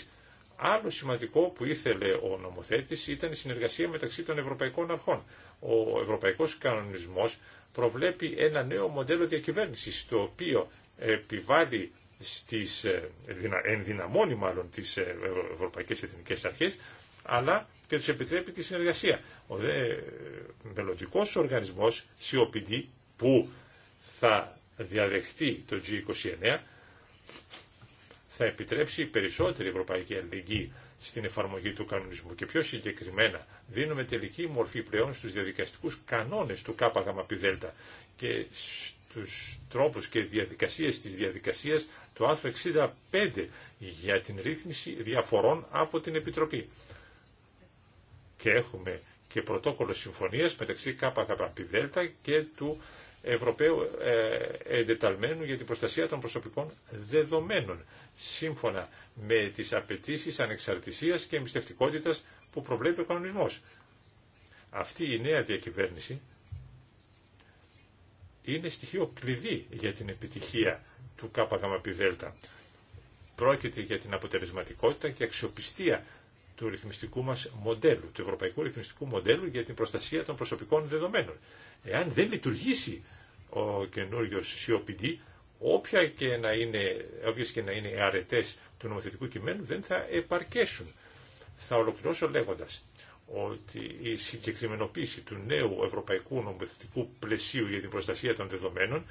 Άλλο σημαντικό που ήθελε ο νομοθέτης ήταν η συνεργασία μεταξύ των ευρωπαϊκών αρχών. Ο Ευρωπαϊκό Κανονισμό προβλέπει ένα νέο μοντέλο διακυβέρνηση, το οποίο επιβάλλει στις, ε, ενδυναμώνει μάλλον τις ε, ευρωπαϊκές εθνικές αρχές, αλλά και τους επιτρέπει τη συνεργασία. Ο δε ε, μελλοντικός COPD που θα διαδεχτεί το G29 θα επιτρέψει περισσότερη ευρωπαϊκή αλληλεγγύη στην εφαρμογή του κανονισμού και πιο συγκεκριμένα δίνουμε τελική μορφή πλέον στους διαδικαστικούς κανόνες του ΚΚΠΔ και στους τρόπους και διαδικασίες της διαδικασίας του άρθρου 65 για την ρύθμιση διαφορών από την Επιτροπή. Και έχουμε και πρωτόκολλο συμφωνίας μεταξύ ΚΚΠΔ και του Ευρωπαίου ε, εντεταλμένου για την προστασία των προσωπικών δεδομένων, σύμφωνα με τις απαιτήσει ανεξαρτησίας και εμπιστευτικότητας που προβλέπει ο κανονισμός. Αυτή η νέα διακυβέρνηση είναι στοιχείο κλειδί για την επιτυχία του ΚΚΠΔ. Πρόκειται για την αποτελεσματικότητα και αξιοπιστία του ρυθμιστικού μας μοντέλου, του ευρωπαϊκού ρυθμιστικού μοντέλου για την προστασία των προσωπικών δεδομένων. Εάν δεν λειτουργήσει ο καινούριο COPD, όποια και να είναι, όποιες και να είναι οι αρετές του νομοθετικού κειμένου δεν θα επαρκέσουν. Θα ολοκληρώσω λέγοντας ότι η συγκεκριμενοποίηση του νέου ευρωπαϊκού νομοθετικού πλαισίου για την προστασία των δεδομένων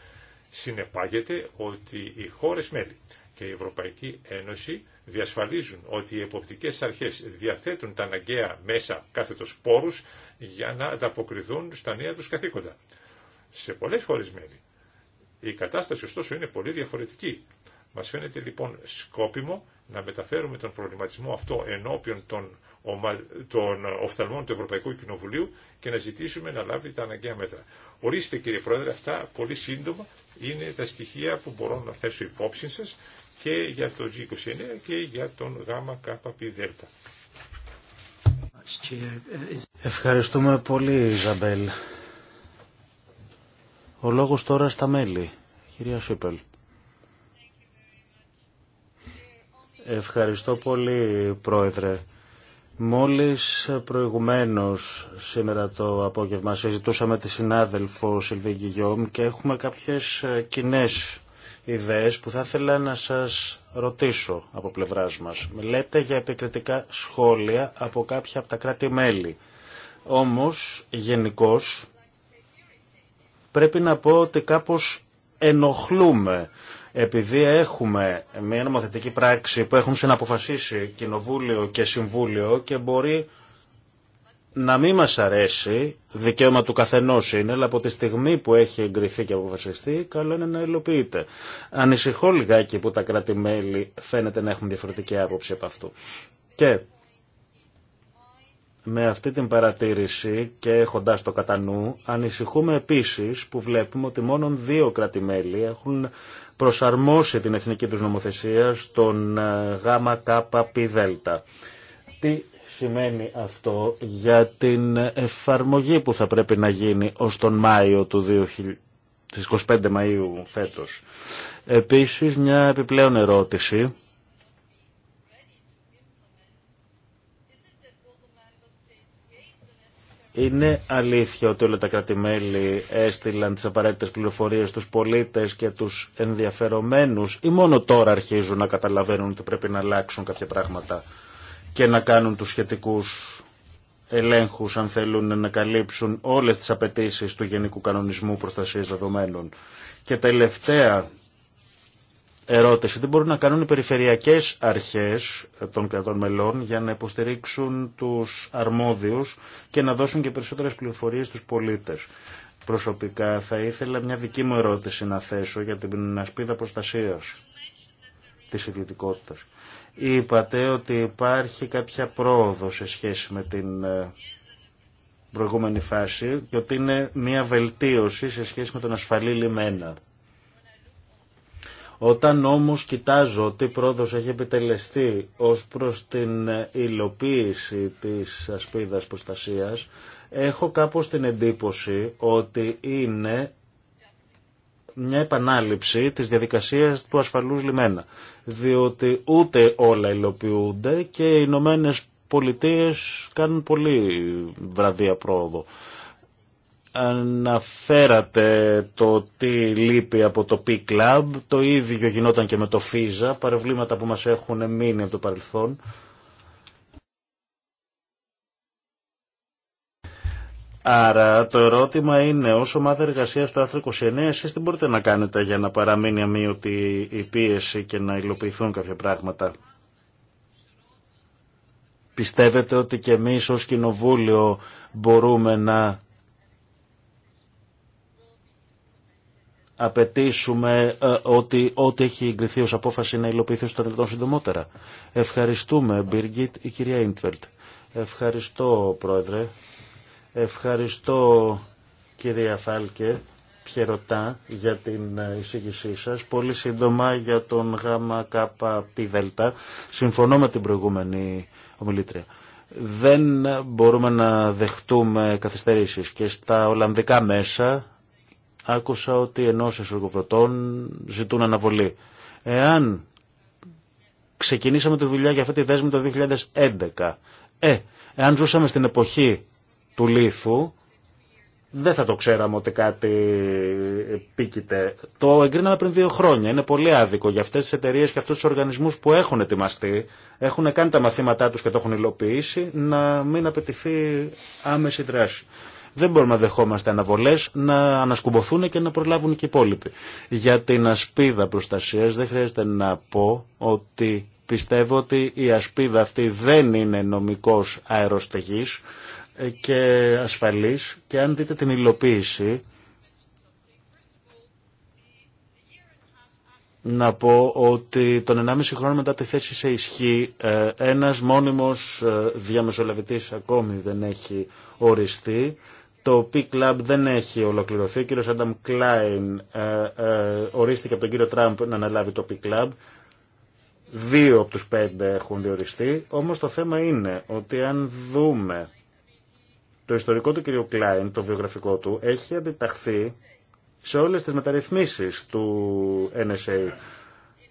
συνεπάγεται ότι οι χώρες μέλη και η Ευρωπαϊκή Ένωση διασφαλίζουν ότι οι εποπτικές αρχές διαθέτουν τα αναγκαία μέσα κάθετος πόρους για να ανταποκριθούν στα νέα τους καθήκοντα σε πολλές χώρες Η κατάσταση ωστόσο είναι πολύ διαφορετική. Μας φαίνεται λοιπόν σκόπιμο να μεταφέρουμε τον προβληματισμό αυτό ενώπιον των, των οφθαλμών του Ευρωπαϊκού Κοινοβουλίου και να ζητήσουμε να λάβει τα αναγκαία μέτρα. Ορίστε κύριε Πρόεδρε, αυτά πολύ σύντομα είναι τα στοιχεία που μπορώ να θέσω υπόψη σας και για το G29 και για τον ΓΚΠΔ. Ευχαριστούμε πολύ Ιζαμπέλ. Ο λόγος τώρα στα μέλη. Κυρία Σίπελ. Ευχαριστώ πολύ, Πρόεδρε. Μόλις προηγουμένως σήμερα το απόγευμα συζητούσαμε τη συνάδελφο Σιλβίγκη και έχουμε κάποιες ε, κοινέ ιδέες που θα ήθελα να σας ρωτήσω από πλευράς μας. Λέτε για επικριτικά σχόλια από κάποια από τα κράτη-μέλη. Όμως, γενικώς, πρέπει να πω ότι κάπως ενοχλούμε επειδή έχουμε μια νομοθετική πράξη που έχουν συναποφασίσει κοινοβούλιο και συμβούλιο και μπορεί να μην μας αρέσει, δικαίωμα του καθενός είναι, αλλά από τη στιγμή που έχει εγκριθεί και αποφασιστεί, καλό είναι να υλοποιείται. Ανησυχώ λιγάκι που τα κράτη-μέλη φαίνεται να έχουν διαφορετική άποψη από αυτού. Και με αυτή την παρατήρηση και έχοντα το κατά νου, ανησυχούμε επίσης που βλέπουμε ότι μόνο δύο κρατημέλη έχουν προσαρμόσει την εθνική τους νομοθεσία στον ε, γάμα κάπα Τι σημαίνει αυτό για την εφαρμογή που θα πρέπει να γίνει ως τον Μάιο του 2025 Μαΐου φέτος. Επίσης μια επιπλέον ερώτηση Είναι αλήθεια ότι όλα τα κρατημέλη έστειλαν τις απαραίτητες πληροφορίες στους πολίτες και τους ενδιαφερομένους ή μόνο τώρα αρχίζουν να καταλαβαίνουν ότι πρέπει να αλλάξουν κάποια πράγματα και να κάνουν τους σχετικούς ελέγχους αν θέλουν να καλύψουν όλες τις απαιτήσεις του Γενικού Κανονισμού Προστασίας Δεδομένων. Και τελευταία ερώτηση. Τι μπορούν να κάνουν οι περιφερειακές αρχές των κρατών μελών για να υποστηρίξουν τους αρμόδιους και να δώσουν και περισσότερες πληροφορίες στους πολίτες. Προσωπικά θα ήθελα μια δική μου ερώτηση να θέσω για την ασπίδα προστασία της ιδιωτικότητας. Είπατε ότι υπάρχει κάποια πρόοδο σε σχέση με την ε, προηγούμενη φάση και ότι είναι μια βελτίωση σε σχέση με τον ασφαλή λιμένα όταν όμως κοιτάζω τι πρόοδος έχει επιτελεστεί ως προς την υλοποίηση της ασπίδας προστασίας, έχω κάπως την εντύπωση ότι είναι μια επανάληψη της διαδικασίας του ασφαλούς λιμένα. Διότι ούτε όλα υλοποιούνται και οι Ηνωμένε Πολιτείες κάνουν πολύ βραδία πρόοδο. Αναφέρατε το τι λείπει από το P-Club, το ίδιο γινόταν και με το FISA, παρευλήματα που μας έχουν μείνει από το παρελθόν. Άρα το ερώτημα είναι όσο ομάδα εργασία του άρθρου 29 εσείς τι μπορείτε να κάνετε για να παραμείνει αμύωτη η πίεση και να υλοποιηθούν κάποια πράγματα. Πιστεύετε ότι και εμείς ως κοινοβούλιο μπορούμε να απαιτήσουμε ε, ότι ό,τι έχει εγκριθεί ως απόφαση να υλοποιηθεί στο συντομότερα. Ευχαριστούμε, Μπίργκιτ, η κυρία Ιντβελτ. Ευχαριστώ, Πρόεδρε. Ευχαριστώ, κυρία Φάλκε, Πιερωτά, για την ε, εισήγησή σας. Πολύ σύντομα για τον γάμα κάπα πι Συμφωνώ με την προηγούμενη ομιλήτρια. Δεν μπορούμε να δεχτούμε καθυστερήσεις και στα Ολλανδικά μέσα Άκουσα ότι οι ενώσεις ζητούν αναβολή. Εάν ξεκινήσαμε τη δουλειά για αυτή τη δέσμη το 2011, ε, εάν ζούσαμε στην εποχή του λίθου, δεν θα το ξέραμε ότι κάτι πήκεται. Το εγκρίναμε πριν δύο χρόνια. Είναι πολύ άδικο για αυτές τις εταιρείες και αυτούς τους οργανισμούς που έχουν ετοιμαστεί, έχουν κάνει τα μαθήματά τους και το έχουν υλοποιήσει, να μην απαιτηθεί άμεση δράση. Δεν μπορούμε να δεχόμαστε αναβολέ να ανασκουμποθούν και να προλάβουν και οι υπόλοιποι. Για την ασπίδα προστασία δεν χρειάζεται να πω ότι πιστεύω ότι η ασπίδα αυτή δεν είναι νομικός αεροστεγής και ασφαλής και αν δείτε την υλοποίηση να πω ότι τον 1,5 χρόνο μετά τη θέση σε ισχύ ε, ένας μόνιμος ε, διαμεσολαβητής ακόμη δεν έχει οριστεί το P-Club δεν έχει ολοκληρωθεί. Ο κύριος Άνταμ Κλάιν ε, ε, ορίστηκε από τον κύριο Τραμπ να αναλάβει το P-Club. Δύο από τους πέντε έχουν διοριστεί. Όμως το θέμα είναι ότι αν δούμε το ιστορικό του κύριου Κλάιν, το βιογραφικό του, έχει αντιταχθεί σε όλες τις μεταρρυθμίσεις του NSA.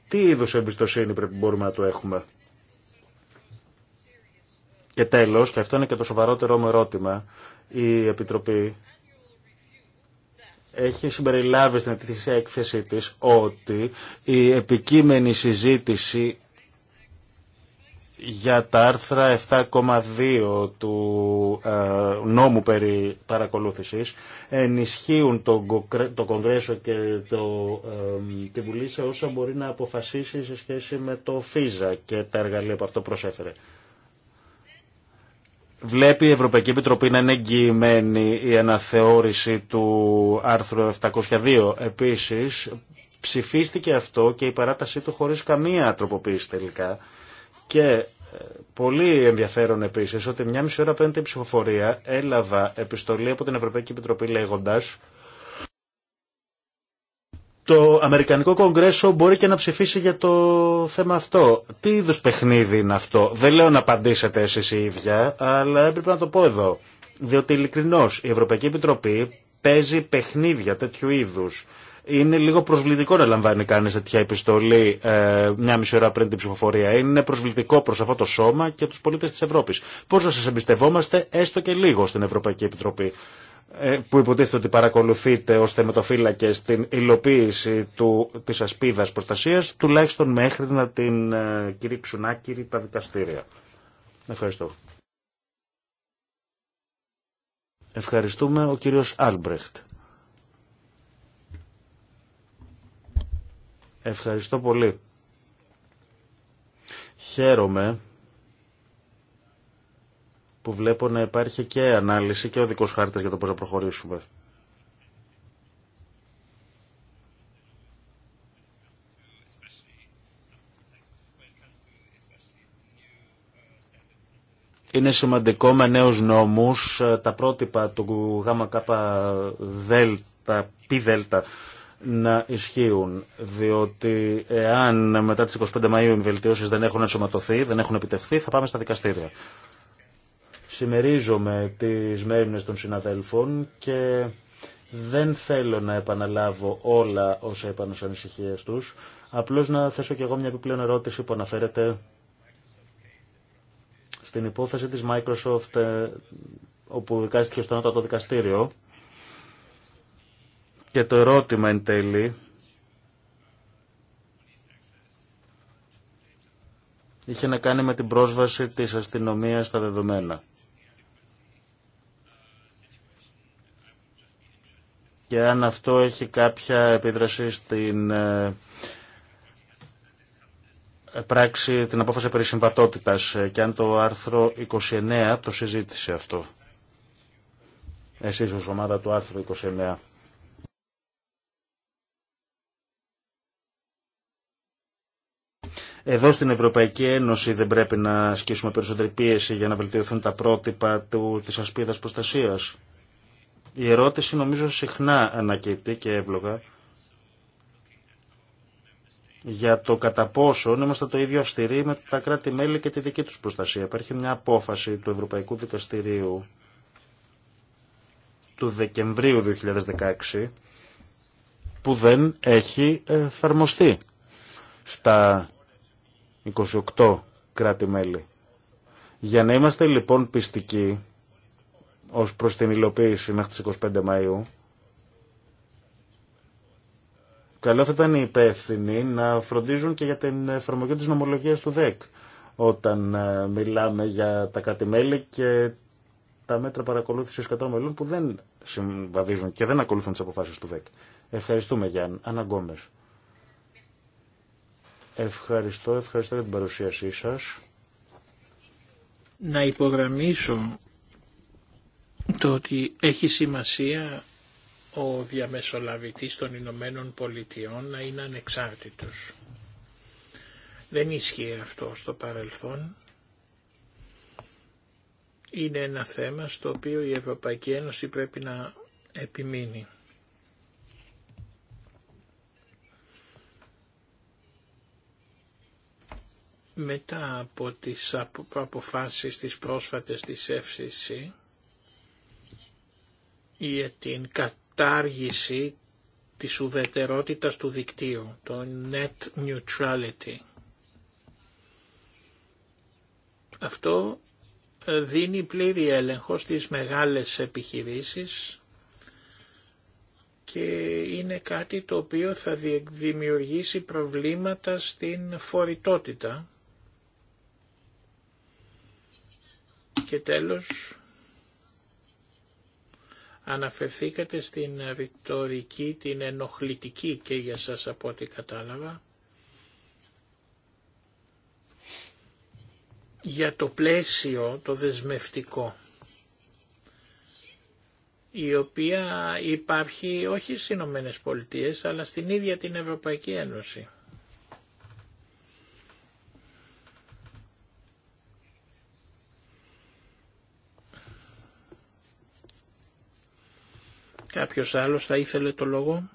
Τι είδους εμπιστοσύνη πρέπει μπορούμε να του έχουμε. Και τέλος, και αυτό είναι και το σοβαρότερό μου ερώτημα, η Επιτροπή έχει συμπεριλάβει στην ετήσια έκθεσή της ότι η επικείμενη συζήτηση για τα άρθρα 7,2 του ε, νόμου περί παρακολούθησης ενισχύουν το Κογκρέσο και το, ε, τη Βουλή σε όσα μπορεί να αποφασίσει σε σχέση με το ΦΙΖΑ και τα εργαλεία που αυτό προσέφερε βλέπει η Ευρωπαϊκή Επιτροπή να είναι εγγυημένη η αναθεώρηση του άρθρου 702. Επίσης, ψηφίστηκε αυτό και η παράτασή του χωρίς καμία τροποποίηση τελικά. Και ε, πολύ ενδιαφέρον επίσης ότι μια μισή ώρα πέντε την ψηφοφορία έλαβα επιστολή από την Ευρωπαϊκή Επιτροπή λέγοντας το Αμερικανικό Κογκρέσο μπορεί και να ψηφίσει για το θέμα αυτό. Τι είδου παιχνίδι είναι αυτό. Δεν λέω να απαντήσετε εσεί οι ίδια, αλλά έπρεπε να το πω εδώ. Διότι ειλικρινώ η Ευρωπαϊκή Επιτροπή παίζει παιχνίδια τέτοιου είδου. Είναι λίγο προσβλητικό να λαμβάνει κανεί τέτοια επιστολή ε, μια μισή ώρα πριν την ψηφοφορία. Είναι προσβλητικό προ αυτό το σώμα και του πολίτε τη Ευρώπη. Πώ να σα εμπιστευόμαστε έστω και λίγο στην Ευρωπαϊκή Επιτροπή. Ε, που υποτίθεται ότι παρακολουθείτε ως θεματοφύλακες την υλοποίηση του, της ασπίδας προστασίας, τουλάχιστον μέχρι να την ε, κηρύξουν άκυρη τα δικαστήρια. Ευχαριστώ. Ευχαριστούμε ο κύριος Άλμπρεχτ. Ευχαριστώ πολύ. Χαίρομαι που βλέπω να υπάρχει και ανάλυση και ο δικός χάρτης για το πώς θα προχωρήσουμε. Είναι σημαντικό με νέους νόμους ε, τα πρότυπα του ΓΚ δέλτα, πι δέλτα να ισχύουν, διότι εάν μετά τις 25 Μαΐου οι βελτιώσεις δεν έχουν ενσωματωθεί, δεν έχουν επιτευχθεί, θα πάμε στα δικαστήρια. Συμμερίζομαι τις μέρημνες των συναδέλφων και δεν θέλω να επαναλάβω όλα όσα είπαν ως ανησυχίες τους. Απλώς να θέσω κι εγώ μια επιπλέον ερώτηση που αναφέρεται στην υπόθεση της Microsoft ε, όπου δικάστηκε στο το Δικαστήριο και το ερώτημα εν τέλει είχε να κάνει με την πρόσβαση της αστυνομίας στα δεδομένα. και αν αυτό έχει κάποια επίδραση στην ε, πράξη, την απόφαση περί ε, και αν το άρθρο 29 το συζήτησε αυτό. Εσείς ως ομάδα του άρθρου 29. Εδώ στην Ευρωπαϊκή Ένωση δεν πρέπει να ασκήσουμε περισσότερη πίεση για να βελτιωθούν τα πρότυπα του, της ασπίδας προστασίας. Η ερώτηση νομίζω συχνά ανακαιτεί και εύλογα για το κατά πόσο είμαστε το ίδιο αυστηροί με τα κράτη-μέλη και τη δική τους προστασία. Υπάρχει μια απόφαση του Ευρωπαϊκού Δικαστηρίου του Δεκεμβρίου 2016 που δεν έχει εφαρμοστεί στα 28 κράτη-μέλη. Για να είμαστε λοιπόν πιστικοί ως προς την υλοποίηση μέχρι τις 25 Μαΐου. Καλό θα ήταν οι υπεύθυνοι να φροντίζουν και για την εφαρμογή της νομολογίας του ΔΕΚ όταν ε, μιλάμε για τα κρατη και τα μέτρα παρακολούθησης κατά μελών που δεν συμβαδίζουν και δεν ακολουθούν τις αποφάσεις του ΔΕΚ. Ευχαριστούμε Γιάννη. Αναγκόμες. Ευχαριστώ, ευχαριστώ για την παρουσίασή σας. Να υπογραμμίσω το ότι έχει σημασία ο διαμεσολαβητής των Ηνωμένων Πολιτειών να είναι ανεξάρτητος. Δεν ισχύει αυτό στο παρελθόν. Είναι ένα θέμα στο οποίο η Ευρωπαϊκή Ένωση πρέπει να επιμείνει. Μετά από τις αποφάσεις της πρόσφατες της FCC, για την κατάργηση της ουδετερότητας του δικτύου, το net neutrality. Αυτό δίνει πλήρη έλεγχο στις μεγάλες επιχειρήσεις και είναι κάτι το οποίο θα δημιουργήσει προβλήματα στην φορητότητα. Και τέλος, Αναφερθήκατε στην ρητορική, την ενοχλητική και για σας από ό,τι κατάλαβα. Για το πλαίσιο, το δεσμευτικό, η οποία υπάρχει όχι στις Ηνωμένε Πολιτείες, αλλά στην ίδια την Ευρωπαϊκή Ένωση. Κάποιος άλλος θα ήθελε το λόγο.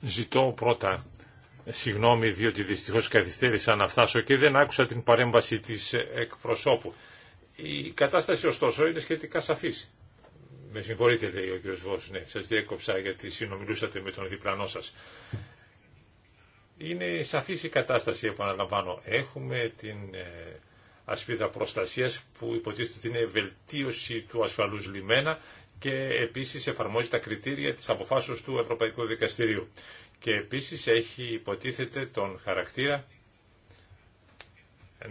Ζητώ πρώτα συγγνώμη διότι δυστυχώς καθυστέρησα να φτάσω και δεν άκουσα την παρέμβαση της εκπροσώπου. Η κατάσταση ωστόσο είναι σχετικά σαφής. Με συγχωρείτε λέει ο κ. Βόσνε, ναι, σας διέκοψα γιατί συνομιλούσατε με τον διπλανό σας. Είναι σαφής η κατάσταση, επαναλαμβάνω. Έχουμε την ε, ασπίδα προστασίας που υποτίθεται ότι είναι βελτίωση του ασφαλούς λιμένα και επίσης εφαρμόζει τα κριτήρια της αποφάσεως του Ευρωπαϊκού Δικαστηρίου. Και επίσης έχει υποτίθεται τον χαρακτήρα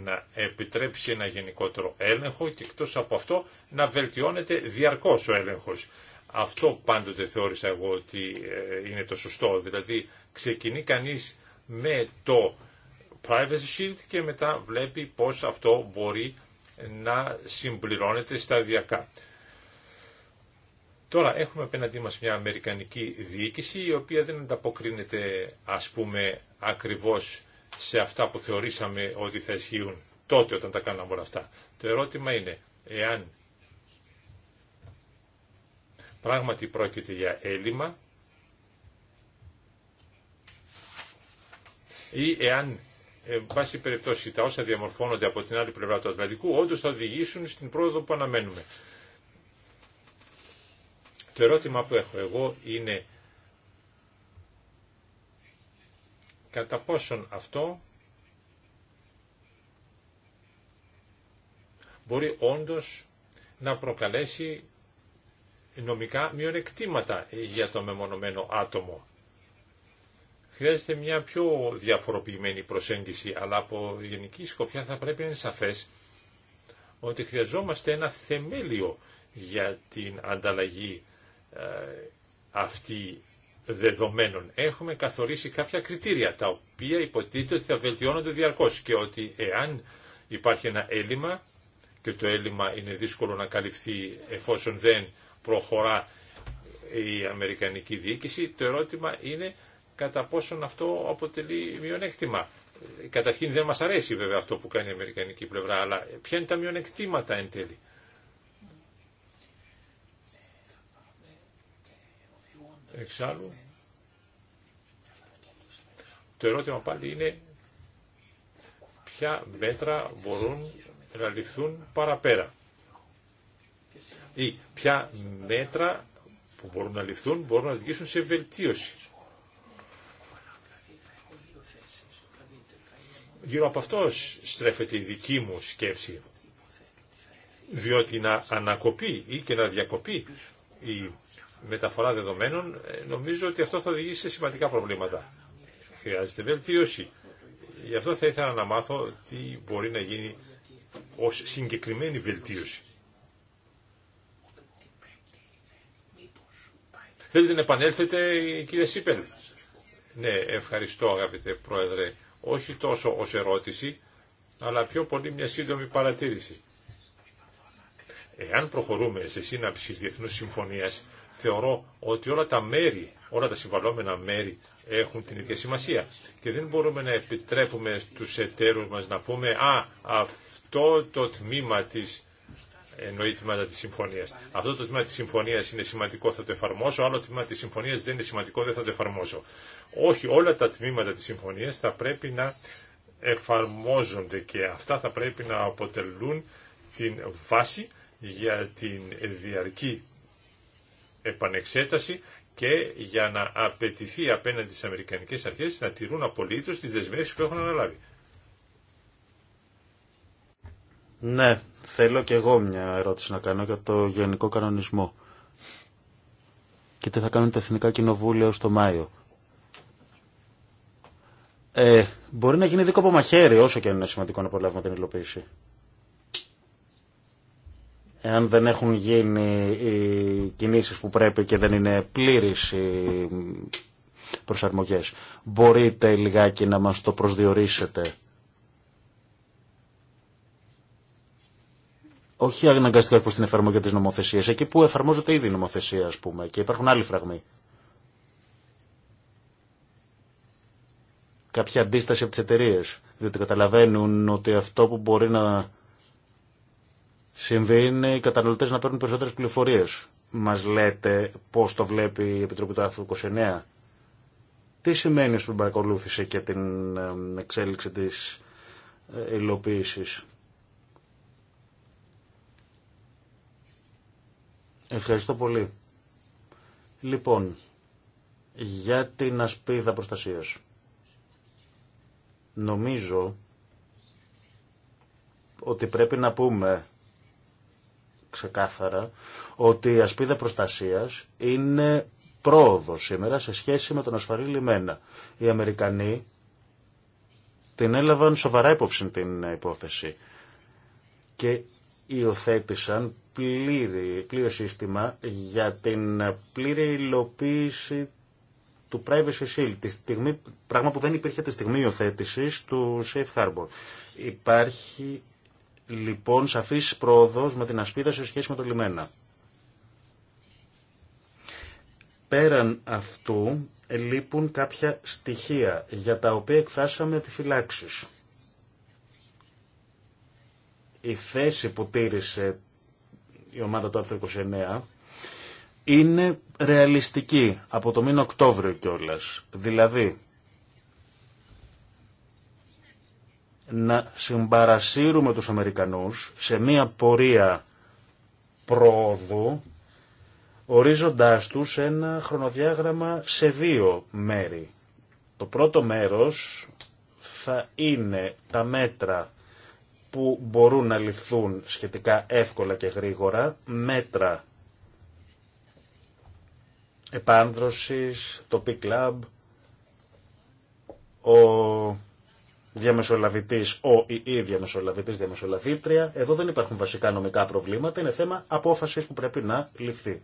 να επιτρέψει ένα γενικότερο έλεγχο και εκτός από αυτό να βελτιώνεται διαρκώς ο έλεγχος. Αυτό πάντοτε θεώρησα εγώ ότι ε, είναι το σωστό. Δηλαδή ξεκινεί κανείς με το Privacy Shield και μετά βλέπει πώς αυτό μπορεί να συμπληρώνεται σταδιακά. Τώρα έχουμε απέναντί μας μια Αμερικανική διοίκηση η οποία δεν ανταποκρίνεται ας πούμε ακριβώς σε αυτά που θεωρήσαμε ότι θα ισχύουν τότε όταν τα κάναμε όλα αυτά. Το ερώτημα είναι εάν πράγματι πρόκειται για έλλειμμα ή εάν εν πάση περιπτώσει τα όσα διαμορφώνονται από την άλλη πλευρά του Ατλαντικού όντως θα οδηγήσουν στην πρόοδο που αναμένουμε. Το ερώτημα που έχω εγώ είναι κατά πόσον αυτό μπορεί όντως να προκαλέσει νομικά μειονεκτήματα για το μεμονωμένο άτομο. Χρειάζεται μια πιο διαφοροποιημένη προσέγγιση, αλλά από γενική σκοπιά θα πρέπει να είναι σαφές ότι χρειαζόμαστε ένα θεμέλιο για την ανταλλαγή ε, αυτή δεδομένων. Έχουμε καθορίσει κάποια κριτήρια, τα οποία υποτίθεται ότι θα βελτιώνονται διαρκώς και ότι εάν υπάρχει ένα έλλειμμα, και το έλλειμμα είναι δύσκολο να καλυφθεί εφόσον δεν προχωρά η Αμερικανική διοίκηση, το ερώτημα είναι κατά πόσον αυτό αποτελεί μειονέκτημα. Καταρχήν δεν μας αρέσει βέβαια αυτό που κάνει η Αμερικανική πλευρά, αλλά ποια είναι τα μειονεκτήματα εν τέλει. Εξάλλου, το ερώτημα πάλι είναι ποια μέτρα μπορούν να ληφθούν παραπέρα ή ποια μέτρα που μπορούν να ληφθούν μπορούν να δημιουργήσουν σε βελτίωση γύρω από αυτό στρέφεται η δική μου σκέψη. Διότι να ανακοπεί ή και να διακοπεί η μεταφορά δεδομένων, ε, νομίζω ότι αυτό θα οδηγήσει σε σημαντικά προβλήματα. Χρειάζεται βελτίωση. Γι' αυτό θα ήθελα να μάθω τι μπορεί να γίνει ως συγκεκριμένη βελτίωση. Θέλετε να επανέλθετε, κύριε Σίπελ. Ναι, ευχαριστώ αγαπητέ Πρόεδρε όχι τόσο ως ερώτηση, αλλά πιο πολύ μια σύντομη παρατήρηση. Εάν προχωρούμε σε σύναψη διεθνούς συμφωνίας, θεωρώ ότι όλα τα μέρη, όλα τα συμβαλόμενα μέρη έχουν την ίδια σημασία και δεν μπορούμε να επιτρέπουμε στους εταίρους μας να πούμε «Α, αυτό το τμήμα της εννοεί τμήματα τη Αυτό το τμήμα της συμφωνία είναι σημαντικό, θα το εφαρμόσω. Άλλο τμήμα της συμφωνίας δεν είναι σημαντικό, δεν θα το εφαρμόσω. Όχι, όλα τα τμήματα της συμφωνίας θα πρέπει να εφαρμόζονται και αυτά θα πρέπει να αποτελούν την βάση για την διαρκή επανεξέταση και για να απαιτηθεί απέναντι στις Αμερικανικές Αρχές να τηρούν απολύτως τις δεσμεύσεις που έχουν αναλάβει. Ναι, θέλω και εγώ μια ερώτηση να κάνω για το γενικό κανονισμό. Και τι θα κάνουν τα εθνικά κοινοβούλια στο Μάιο. Ε, μπορεί να γίνει δίκοπο μαχαίρι όσο και αν είναι σημαντικό να προλάβουμε την υλοποίηση. Εάν δεν έχουν γίνει οι κινήσεις που πρέπει και δεν είναι πλήρης οι προσαρμογές. Μπορείτε λιγάκι να μας το προσδιορίσετε. Όχι αναγκαστικά προς την εφαρμογή της νομοθεσίας. Εκεί που εφαρμόζεται ήδη η νομοθεσία, ας πούμε, και υπάρχουν άλλοι φραγμοί. κάποια αντίσταση από τις εταιρείε, διότι καταλαβαίνουν ότι αυτό που μπορεί να συμβεί είναι οι καταναλωτές να παίρνουν περισσότερες πληροφορίε. Μας λέτε πώς το βλέπει η Επιτροπή του Άρθρου 29. Τι σημαίνει στην παρακολούθηση και την εξέλιξη της ε, υλοποίηση. Ευχαριστώ πολύ. Λοιπόν, για την ασπίδα προστασίας. Νομίζω ότι πρέπει να πούμε ξεκάθαρα ότι η ασπίδα προστασίας είναι πρόοδο σήμερα σε σχέση με τον ασφαλή λιμένα. Οι Αμερικανοί την έλαβαν σοβαρά υπόψη την υπόθεση και υιοθέτησαν πλήρη, πλήρη σύστημα για την πλήρη υλοποίηση του Privacy Shield, τη στιγμή, πράγμα που δεν υπήρχε τη στιγμή υιοθέτηση του Safe Harbor. Υπάρχει λοιπόν σαφής πρόοδος με την ασπίδα σε σχέση με το λιμένα. Πέραν αυτού λείπουν κάποια στοιχεία για τα οποία εκφράσαμε επιφυλάξεις. Η θέση που τήρησε η ομάδα του άρθρου 29 είναι ρεαλιστική από το μήνα Οκτώβριο κιόλα. Δηλαδή, να συμπαρασύρουμε τους Αμερικανούς σε μία πορεία προόδου, ορίζοντάς τους ένα χρονοδιάγραμμα σε δύο μέρη. Το πρώτο μέρος θα είναι τα μέτρα που μπορούν να ληφθούν σχετικά εύκολα και γρήγορα, μέτρα επάνδρωσης, το P-Club, ο διαμεσολαβητής, ο ή η διαμεσολαβητής, διαμεσολαβήτρια. Εδώ δεν υπάρχουν βασικά νομικά προβλήματα, είναι θέμα απόφασης που πρέπει να ληφθεί.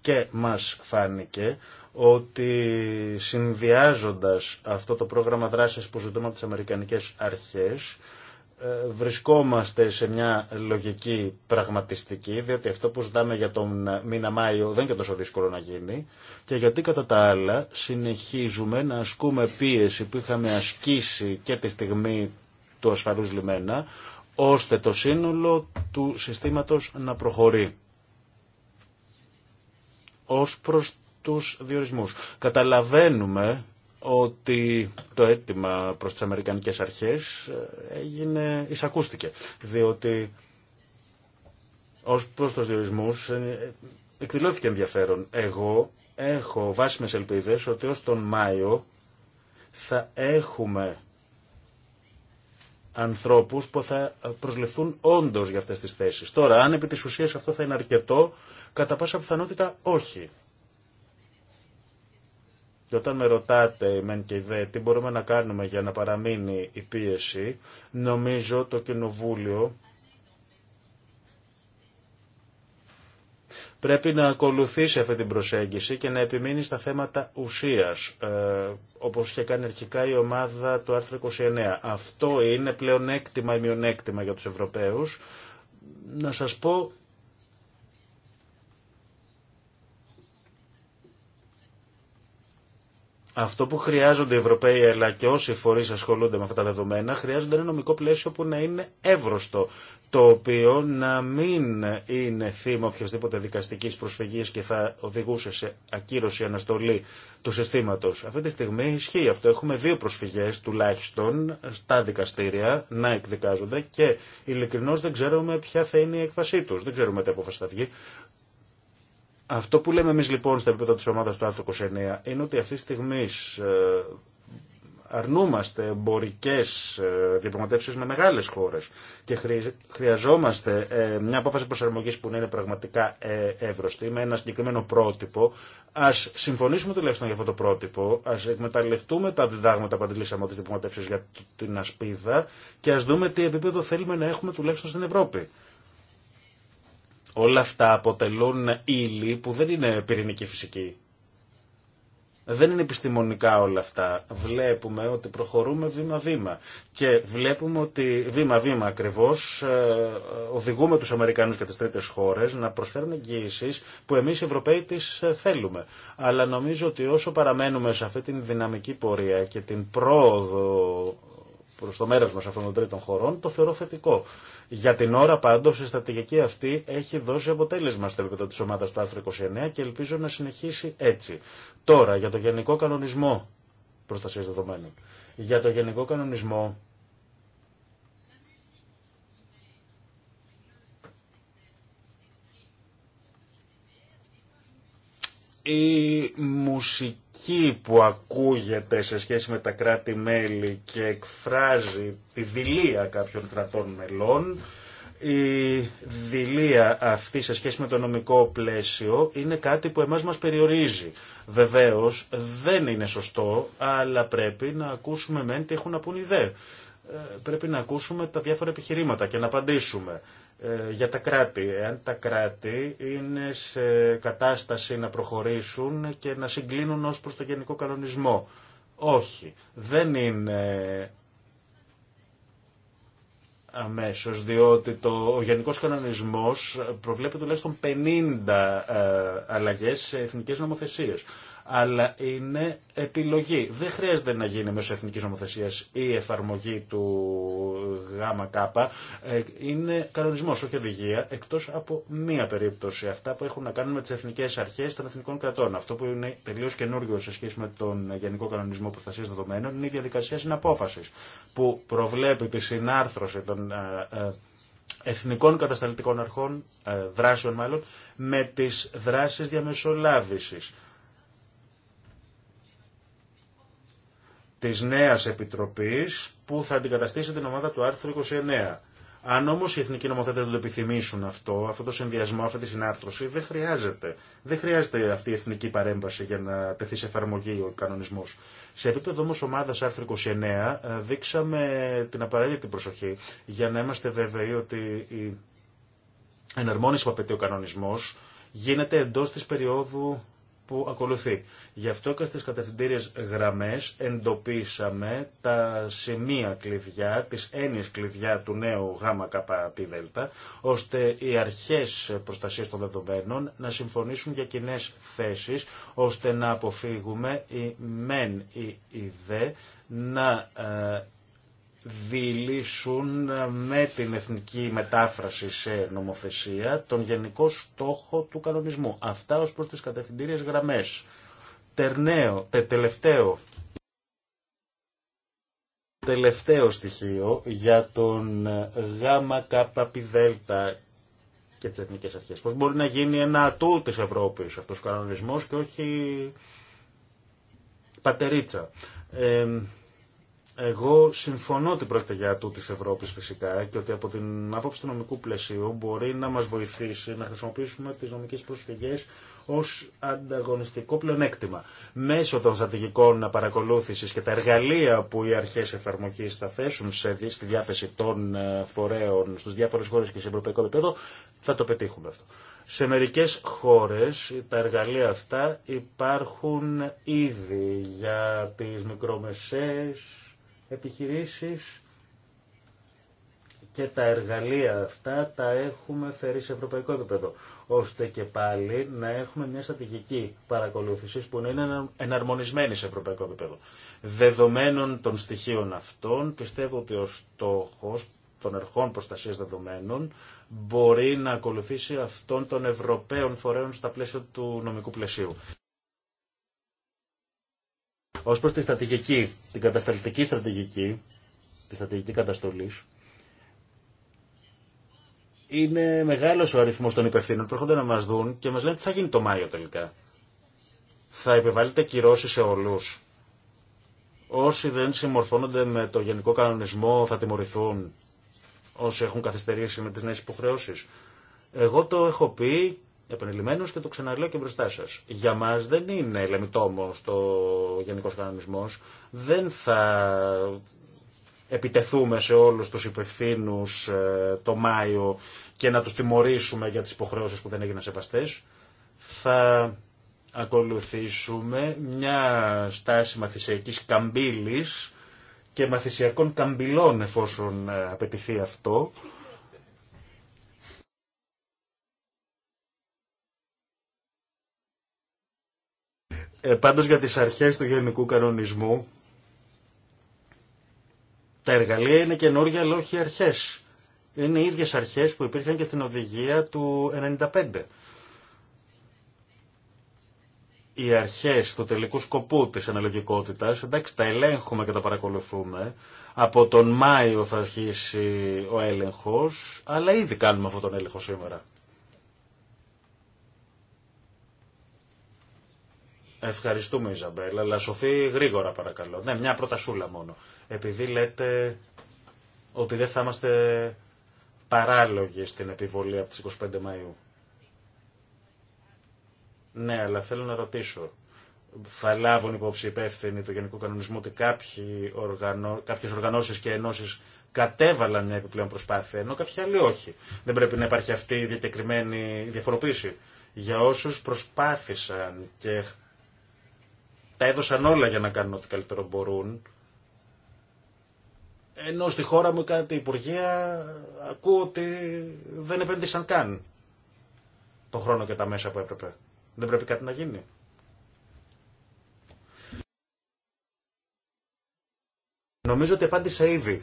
Και μας φάνηκε ότι συνδυάζοντας αυτό το πρόγραμμα δράσης που ζητούμε από τις Αμερικανικές Αρχές, ε, βρισκόμαστε σε μια λογική πραγματιστική, διότι αυτό που ζητάμε για τον μήνα Μάιο δεν είναι τόσο δύσκολο να γίνει και γιατί κατά τα άλλα συνεχίζουμε να ασκούμε πίεση που είχαμε ασκήσει και τη στιγμή του ασφαλούς λιμένα, ώστε το σύνολο του συστήματος να προχωρεί ως προς τους διορισμούς. Καταλαβαίνουμε ότι το αίτημα προς τις Αμερικανικές αρχές ε, έγινε, εισακούστηκε, διότι ως προς τους διορισμούς ε, εκδηλώθηκε ενδιαφέρον. Εγώ έχω βάσιμες ελπίδες ότι ως τον Μάιο θα έχουμε ανθρώπους που θα προσληφθούν όντως για αυτές τις θέσεις. Τώρα, αν επί της ουσίας αυτό θα είναι αρκετό, κατά πάσα πιθανότητα όχι. Και όταν με ρωτάτε, μεν και δε, τι μπορούμε να κάνουμε για να παραμείνει η πίεση, νομίζω το Κοινοβούλιο πρέπει να ακολουθήσει αυτή την προσέγγιση και να επιμείνει στα θέματα ουσίας, ε, όπως είχε κάνει αρχικά η ομάδα του άρθρου 29. Αυτό είναι πλέον έκτημα ή μειονέκτημα για τους Ευρωπαίους. Να σας πω Αυτό που χρειάζονται οι Ευρωπαίοι αλλά και όσοι φορεί ασχολούνται με αυτά τα δεδομένα χρειάζονται ένα νομικό πλαίσιο που να είναι εύρωστο, το οποίο να μην είναι θύμα οποιασδήποτε δικαστική προσφυγή και θα οδηγούσε σε ακύρωση, αναστολή του συστήματο. Αυτή τη στιγμή ισχύει αυτό. Έχουμε δύο προσφυγέ τουλάχιστον στα δικαστήρια να εκδικάζονται και ειλικρινώ δεν ξέρουμε ποια θα είναι η έκβασή του. Δεν ξέρουμε τι απόφαση αυτό που λέμε εμείς λοιπόν στο επίπεδο της ομάδας του άρθρου 29 είναι ότι αυτή τη στιγμή ε, αρνούμαστε εμπορικέ ε, διαπραγματεύσεις με μεγάλες χώρες και χρειαζόμαστε ε, μια απόφαση προσαρμογής που να είναι πραγματικά εύρωστη με ένα συγκεκριμένο πρότυπο. Ας συμφωνήσουμε τουλάχιστον για αυτό το πρότυπο, ας εκμεταλλευτούμε τα διδάγματα που αντιλήσαμε από τις διαπραγματεύσεις για την ασπίδα και ας δούμε τι επίπεδο θέλουμε να έχουμε τουλάχιστον στην Ευρώπη. Όλα αυτά αποτελούν ύλη που δεν είναι πυρηνική φυσική. Δεν είναι επιστημονικά όλα αυτά. Βλέπουμε ότι προχωρούμε βήμα-βήμα. Και βλέπουμε ότι βήμα-βήμα ακριβώς ε, οδηγούμε τους Αμερικανούς και τις τρίτες χώρες να προσφέρουν εγγύησει που εμείς οι Ευρωπαίοι τις ε, θέλουμε. Αλλά νομίζω ότι όσο παραμένουμε σε αυτή την δυναμική πορεία και την πρόοδο προ το μέρο μα αυτών των τρίτων χωρών, το θεωρώ θετικό. Για την ώρα πάντω η στρατηγική αυτή έχει δώσει αποτέλεσμα στο επίπεδο τη ομάδα του άρθρου 29 και ελπίζω να συνεχίσει έτσι. Τώρα για το Γενικό Κανονισμό Προστασία Δεδομένων. Για το Γενικό Κανονισμό. Η μουσική κριτική που ακούγεται σε σχέση με τα κράτη-μέλη και εκφράζει τη δηλία κάποιων κρατών μελών, η δηλία αυτή σε σχέση με το νομικό πλαίσιο είναι κάτι που εμάς μας περιορίζει. Βεβαίως δεν είναι σωστό, αλλά πρέπει να ακούσουμε μεν τι έχουν να πούν ε, Πρέπει να ακούσουμε τα διάφορα επιχειρήματα και να απαντήσουμε. Ε, για τα κράτη. Εάν τα κράτη είναι σε κατάσταση να προχωρήσουν και να συγκλίνουν ως προς το γενικό κανονισμό. Όχι. Δεν είναι αμέσως, διότι το, ο γενικός κανονισμός προβλέπει τουλάχιστον 50 ε, αλλαγές σε εθνικές νομοθεσίες αλλά είναι επιλογή. Δεν χρειάζεται να γίνει μέσω εθνικής νομοθεσίας η εφαρμογή του ΓΚ. Ε, είναι κανονισμός, όχι οδηγία, εκτός από μία περίπτωση. Αυτά που έχουν να κάνουν με τις εθνικές αρχές των εθνικών κρατών. Αυτό που είναι τελείως καινούργιο σε σχέση με τον Γενικό Κανονισμό Προστασία Δεδομένων είναι η διαδικασία συναπόφαση που προβλέπει τη συνάρθρωση των ε, ε, εθνικών κατασταλτικών αρχών, δράσεων μάλλον, με τις δράσεις διαμεσολάβησης της νέας επιτροπής που θα αντικαταστήσει την ομάδα του άρθρου 29. Αν όμω οι εθνικοί νομοθέτε δεν το επιθυμήσουν αυτό, αυτό το συνδυασμό, αυτή τη συνάρθρωση, δεν χρειάζεται. Δεν χρειάζεται αυτή η εθνική παρέμβαση για να τεθεί σε εφαρμογή ο κανονισμό. Σε επίπεδο όμω ομάδα άρθρου 29, ε, δείξαμε την απαραίτητη προσοχή για να είμαστε βέβαιοι ότι η εναρμόνιση που απαιτεί ο κανονισμό γίνεται εντό τη περίοδου που ακολουθεί. Γι' αυτό και στις κατευθυντήριες γραμμές εντοπίσαμε τα σημεία κλειδιά, τις έννοιες κλειδιά του νέου ΓΚΠΔ, ώστε οι αρχές προστασίας των δεδομένων να συμφωνήσουν για κοινέ θέσεις, ώστε να αποφύγουμε η μεν ή η δε να ε, Δηλήσουν ε, με την εθνική μετάφραση σε νομοθεσία τον γενικό στόχο του κανονισμού. Αυτά ως προς τις κατευθυντήριες γραμμές. Τερναίο, τε, τελευταίο, τελευταίο στοιχείο για τον ε, γάμα πιδέλτα και τις εθνικές αρχές. Πώς μπορεί να γίνει ένα ατού της Ευρώπης αυτός ο κανονισμός και όχι πατερίτσα. Ε, εγώ συμφωνώ ότι πρόκειται για τούτη τη Ευρώπη φυσικά και ότι από την άποψη του νομικού πλαισίου μπορεί να μα βοηθήσει να χρησιμοποιήσουμε τι νομικέ προσφυγέ ω ανταγωνιστικό πλεονέκτημα. Μέσω των στρατηγικών παρακολούθηση και τα εργαλεία που οι αρχέ εφαρμογή θα θέσουν στη διάθεση των ε, φορέων στου διάφορε χώρε και σε ευρωπαϊκό επίπεδο θα το πετύχουμε αυτό. Σε μερικέ χώρε, τα εργαλεία αυτά υπάρχουν ήδη για τι μικρομεσαίε επιχειρήσεις και τα εργαλεία αυτά τα έχουμε φέρει σε ευρωπαϊκό επίπεδο, ώστε και πάλι να έχουμε μια στρατηγική παρακολούθησης που να είναι εναρμονισμένη σε ευρωπαϊκό επίπεδο. Δεδομένων των στοιχείων αυτών, πιστεύω ότι ο στόχος των ερχών προστασίας δεδομένων μπορεί να ακολουθήσει αυτών των Ευρωπαίων φορέων στα πλαίσια του νομικού πλαισίου. Ω προ τη στρατηγική, την κατασταλτική στρατηγική, τη στρατηγική καταστολής, είναι μεγάλο ο αριθμό των υπευθύνων που έρχονται να μα δουν και μα λένε τι θα γίνει το Μάιο τελικά. Θα επιβάλλεται κυρώσει σε όλου. Όσοι δεν συμμορφώνονται με το γενικό κανονισμό θα τιμωρηθούν. Όσοι έχουν καθυστερήσει με τι νέε υποχρεώσει. Εγώ το έχω πει επανειλημμένω και το ξαναλέω και μπροστά σα. Για μα δεν είναι λεμιτόμο το γενικό κανονισμό. Δεν θα επιτεθούμε σε όλου του υπευθύνου ε, το Μάιο και να του τιμωρήσουμε για τι υποχρεώσει που δεν έγιναν σεβαστέ. Θα ακολουθήσουμε μια στάση μαθησιακής καμπύλης και μαθησιακών καμπυλών εφόσον ε, απαιτηθεί αυτό Ε, πάντως για τις αρχές του γενικού κανονισμού, τα εργαλεία είναι καινούργια αλλά όχι αρχές. Είναι οι ίδιες αρχές που υπήρχαν και στην οδηγία του 95. Οι αρχές του τελικού σκοπού της αναλογικότητας, εντάξει τα ελέγχουμε και τα παρακολουθούμε, από τον Μάιο θα αρχίσει ο έλεγχος, αλλά ήδη κάνουμε αυτόν τον έλεγχο σήμερα. Ευχαριστούμε Ιζαμπέλα, αλλά σοφή γρήγορα παρακαλώ. Ναι, μια πρωτασούλα μόνο. Επειδή λέτε ότι δεν θα είμαστε παράλογοι στην επιβολή από τις 25 Μαΐου. Ναι, αλλά θέλω να ρωτήσω. Θα λάβουν υπόψη υπεύθυνοι του Γενικού Κανονισμού ότι κάποιοι οργανώ... κάποιες οργανώσεις και ενώσεις κατέβαλαν μια επιπλέον προσπάθεια, ενώ κάποιοι άλλοι όχι. Δεν πρέπει να υπάρχει αυτή η διακεκριμένη διαφοροποίηση. Για όσους προσπάθησαν και τα έδωσαν όλα για να κάνουν ό,τι καλύτερο μπορούν. Ενώ στη χώρα μου κάτι υπουργεία ακούω ότι δεν επένδυσαν καν το χρόνο και τα μέσα που έπρεπε. Δεν πρέπει κάτι να γίνει. Νομίζω ότι απάντησα ήδη.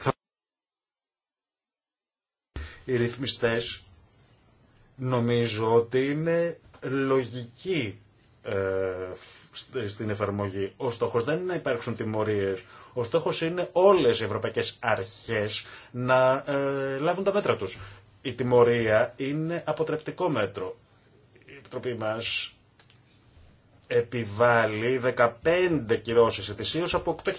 Οι ρυθμιστές νομίζω ότι είναι λογική ε, στην εφαρμογή. Ο στόχος δεν είναι να υπάρξουν τιμωρίες. Ο στόχος είναι όλες οι ευρωπαϊκές αρχές να ε, λάβουν τα μέτρα τους. Η τιμωρία είναι αποτρεπτικό μέτρο. Η Επιτροπή μας επιβάλλει 15 κυρώσεις ετησίως από 8.000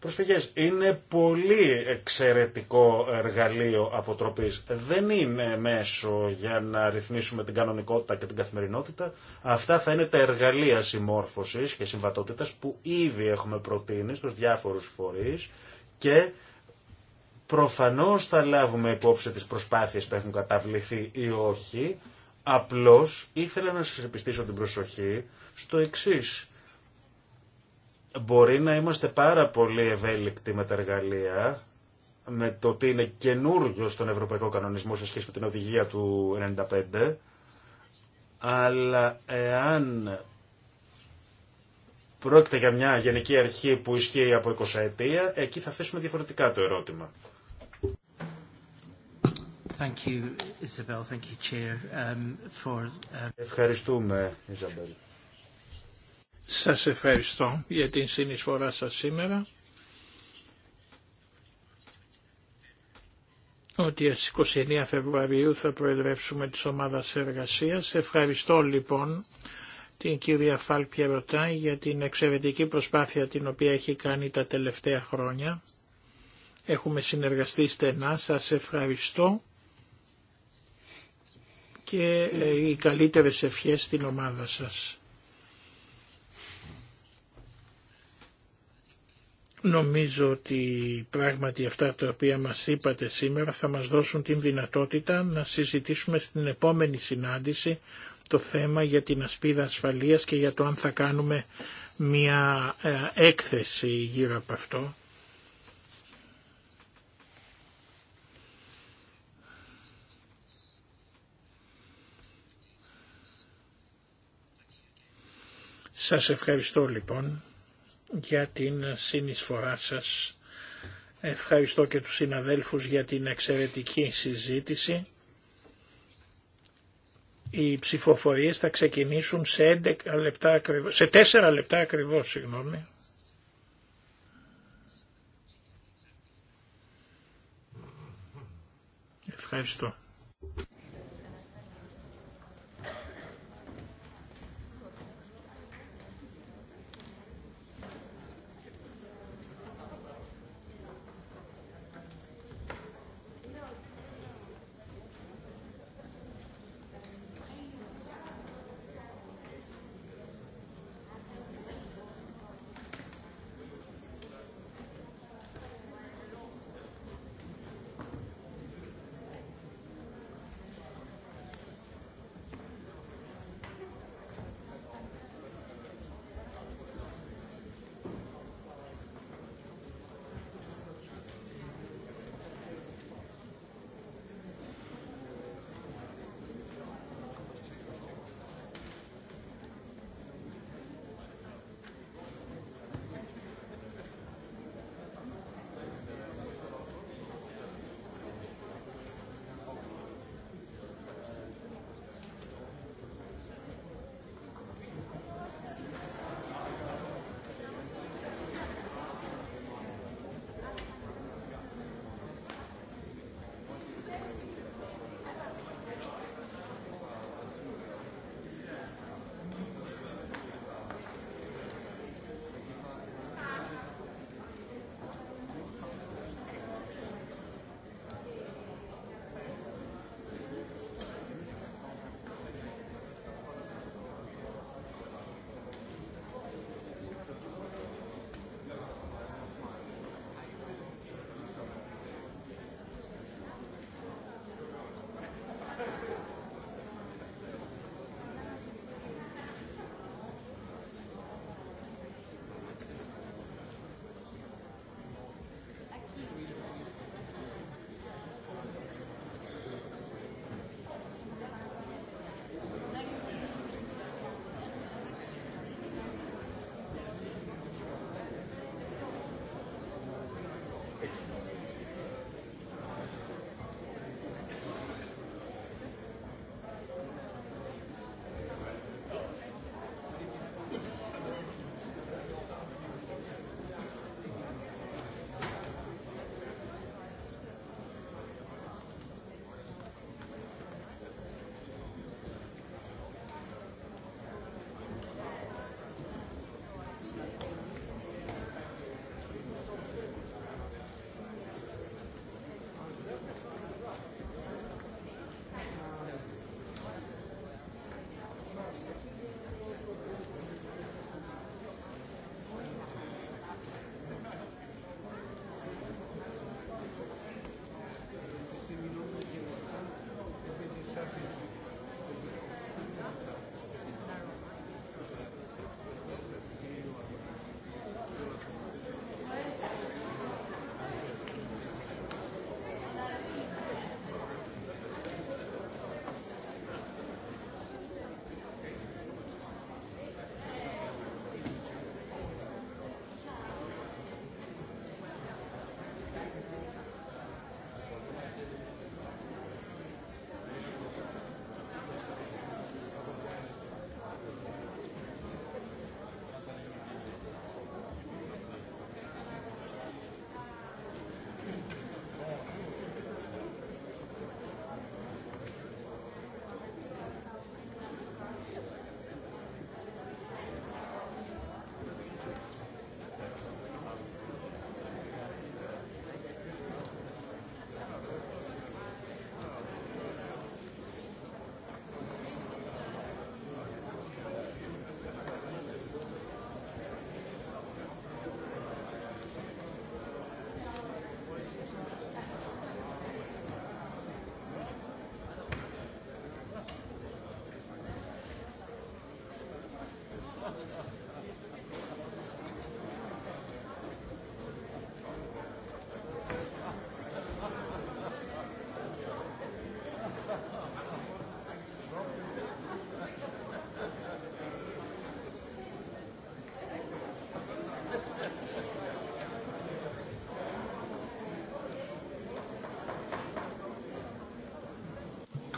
προσφυγές. Είναι πολύ εξαιρετικό εργαλείο αποτροπής. Δεν είναι μέσο για να ρυθμίσουμε την κανονικότητα και την καθημερινότητα. Αυτά θα είναι τα εργαλεία συμμόρφωσης και συμβατότητας που ήδη έχουμε προτείνει στους διάφορους φορείς και προφανώς θα λάβουμε υπόψη τις προσπάθειες που έχουν καταβληθεί ή όχι. Απλώς ήθελα να σας επιστήσω την προσοχή στο εξής Μπορεί να είμαστε πάρα πολύ ευέλικτοι με τα εργαλεία, με το ότι είναι καινούργιο στον Ευρωπαϊκό Κανονισμό σε σχέση με την οδηγία του 1995 αλλά εάν πρόκειται για μια γενική αρχή που ισχύει από 20 ετία, εκεί θα θέσουμε διαφορετικά το ερώτημα. Thank you, Isabel. Thank you, um, for... Uh, Ευχαριστούμε, Ιζαμπέλ. Σας ευχαριστώ για την συνεισφορά σας σήμερα. Ότι στις 29 Φεβρουαρίου θα προεδρεύσουμε της ομάδας εργασίας. Ευχαριστώ λοιπόν την κυρία Φάλ Πιερωτά για την εξαιρετική προσπάθεια την οποία έχει κάνει τα τελευταία χρόνια. Έχουμε συνεργαστεί στενά, σας ευχαριστώ και ε, οι καλύτερες ευχές στην ομάδα σας. Νομίζω ότι πράγματι αυτά τα οποία μας είπατε σήμερα θα μας δώσουν την δυνατότητα να συζητήσουμε στην επόμενη συνάντηση το θέμα για την ασπίδα ασφαλείας και για το αν θα κάνουμε μια ε, έκθεση γύρω από αυτό. Σας ευχαριστώ λοιπόν για την συνεισφορά σας. Ευχαριστώ και τους συναδέλφους για την εξαιρετική συζήτηση. Οι ψηφοφορίες θα ξεκινήσουν σε, 11 λεπτά ακριβώς, σε 4 λεπτά ακριβώς. Συγγνώμη. Ευχαριστώ.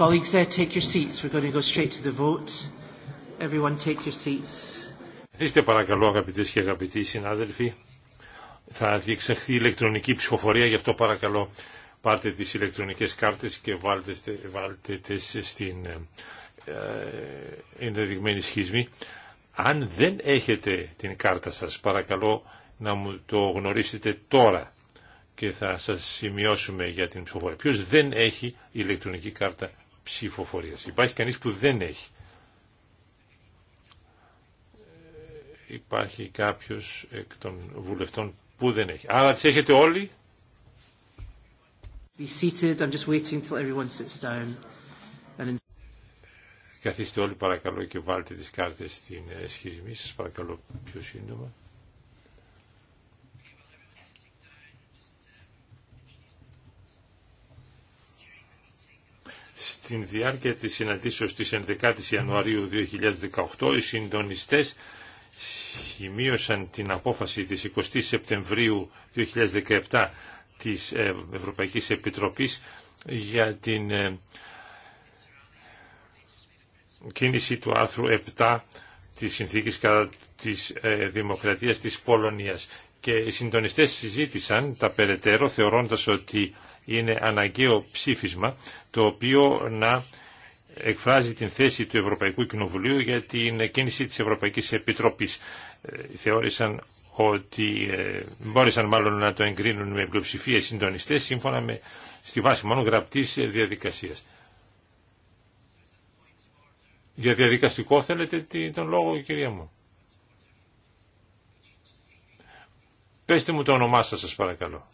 Colleagues, uh, take your seats. We're going to go straight to the vote. Everyone take your seats. Καθίστε παρακαλώ αγαπητές και αγαπητοί συνάδελφοι. Θα διεξαχθεί ηλεκτρονική ψηφοφορία, γι' αυτό παρακαλώ πάρτε τις ηλεκτρονικές κάρτες και βάλτε, τις στην ε, ε, ενδεδειγμένη σχισμή. Αν δεν έχετε την κάρτα σας, παρακαλώ να μου το γνωρίσετε τώρα και θα σας σημειώσουμε για την ψηφοφορία. Ποιος δεν έχει ηλεκτρονική κάρτα ψηφοφορία. Υπάρχει κανείς που δεν έχει. Υπάρχει κάποιος εκ των βουλευτών που δεν έχει. Άρα τις έχετε όλοι. Καθίστε όλοι παρακαλώ και βάλτε τις κάρτες στην ε, σχισμή σας παρακαλώ πιο σύντομα. τη διάρκεια της συναντήσεως της 11ης Ιανουαρίου 2018 οι συντονιστές σημείωσαν την απόφαση της 20ης Σεπτεμβρίου 2017 της ε, Ευρωπαϊκής Επιτροπής για την ε, κίνηση του άρθρου 7 της συνθήκης κατά της ε, δημοκρατίας της Πολωνίας. Και οι συντονιστές συζήτησαν τα περαιτέρω θεωρώντας ότι είναι αναγκαίο ψήφισμα το οποίο να εκφράζει την θέση του Ευρωπαϊκού Κοινοβουλίου για την κίνηση της Ευρωπαϊκής Επιτροπής. Ε, θεώρησαν ότι ε, μπόρεσαν μάλλον να το εγκρίνουν με πλειοψηφία οι συντονιστές σύμφωνα με στη βάση μόνο γραπτής διαδικασίας. Για διαδικαστικό θέλετε τον λόγο κυρία μου. Πέστε μου το όνομά σας σας παρακαλώ.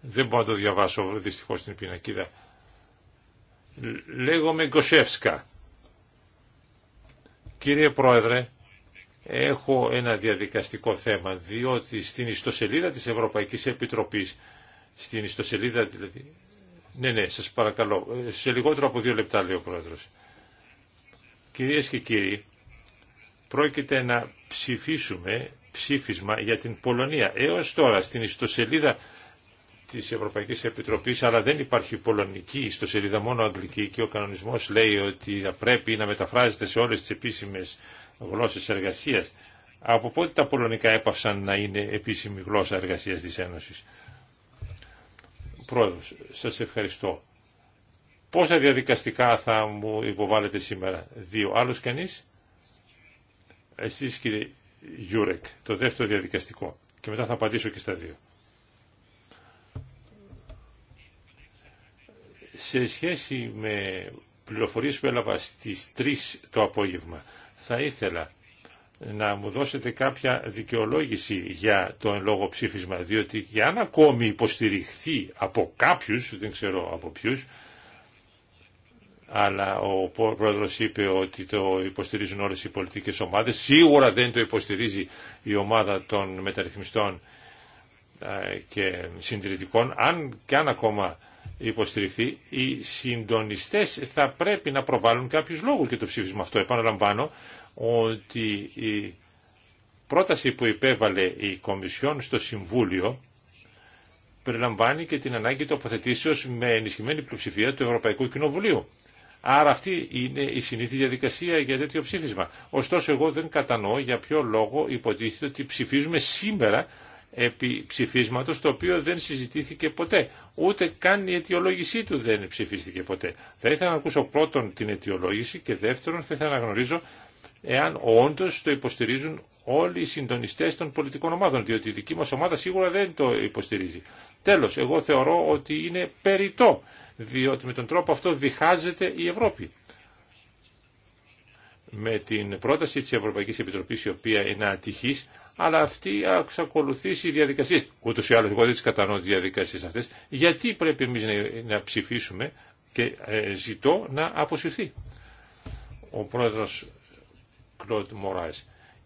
Δεν μπορώ να το διαβάσω δυστυχώς στην πινακίδα. Λέγομαι Γκοσεύσκα. Κύριε Πρόεδρε, έχω ένα διαδικαστικό θέμα, διότι στην ιστοσελίδα της Ευρωπαϊκής Επιτροπής, στην ιστοσελίδα δηλαδή, ναι, ναι, σας παρακαλώ, σε λιγότερο από δύο λεπτά λέει ο Πρόεδρος. Κυρίες και κύριοι, πρόκειται να ψηφίσουμε ψήφισμα για την Πολωνία. Έως τώρα στην ιστοσελίδα Τη Ευρωπαϊκή Επιτροπή, αλλά δεν υπάρχει πολωνική ιστοσελίδα, μόνο αγγλική και ο κανονισμός λέει ότι θα πρέπει να μεταφράζεται σε όλες τις επίσημες γλώσσες εργασίας. Από πότε τα πολωνικά έπαυσαν να είναι επίσημη γλώσσα εργασίας τη Ένωση. Πρόεδρο, σας ευχαριστώ. Πόσα διαδικαστικά θα μου υποβάλλετε σήμερα. Δύο. Άλλος κανεί, Εσείς κύριε Γιούρεκ, το δεύτερο διαδικαστικό. Και μετά θα απαντήσω και στα δύο. Σε σχέση με πληροφορίες που έλαβα στις 3 το απόγευμα, θα ήθελα να μου δώσετε κάποια δικαιολόγηση για το εν λόγω ψήφισμα, διότι και αν ακόμη υποστηριχθεί από κάποιους, δεν ξέρω από ποιους, αλλά ο πρόεδρος είπε ότι το υποστηρίζουν όλες οι πολιτικές ομάδες, σίγουρα δεν το υποστηρίζει η ομάδα των μεταρρυθμιστών ε, και συντηρητικών, αν και αν ακόμα υποστηριχθεί, οι συντονιστές θα πρέπει να προβάλλουν κάποιους λόγους για το ψήφισμα αυτό. Επαναλαμβάνω ότι η πρόταση που υπέβαλε η Κομισιόν στο Συμβούλιο περιλαμβάνει και την ανάγκη τοποθετήσεως με ενισχυμένη πλειοψηφία του Ευρωπαϊκού Κοινοβουλίου. Άρα αυτή είναι η συνήθη διαδικασία για τέτοιο ψήφισμα. Ωστόσο εγώ δεν κατανοώ για ποιο λόγο υποτίθεται ότι ψηφίζουμε σήμερα επί ψηφίσματος το οποίο δεν συζητήθηκε ποτέ. Ούτε καν η αιτιολόγησή του δεν ψηφίστηκε ποτέ. Θα ήθελα να ακούσω πρώτον την αιτιολόγηση και δεύτερον θα ήθελα να γνωρίζω εάν όντω το υποστηρίζουν όλοι οι συντονιστέ των πολιτικών ομάδων, διότι η δική μα ομάδα σίγουρα δεν το υποστηρίζει. Τέλο, εγώ θεωρώ ότι είναι περιττό, διότι με τον τρόπο αυτό διχάζεται η Ευρώπη. Με την πρόταση της Ευρωπαϊκής Επιτροπής, η οποία είναι ατυχής, αλλά αυτή ακολουθήσει η διαδικασία. Ούτω ή άλλω, εγώ δεν τι κατανοώ τι διαδικασίε αυτέ. Γιατί πρέπει εμεί να, ψηφίσουμε και ε, ζητώ να αποσυρθεί ο πρόεδρο Κλοντ Μωρά.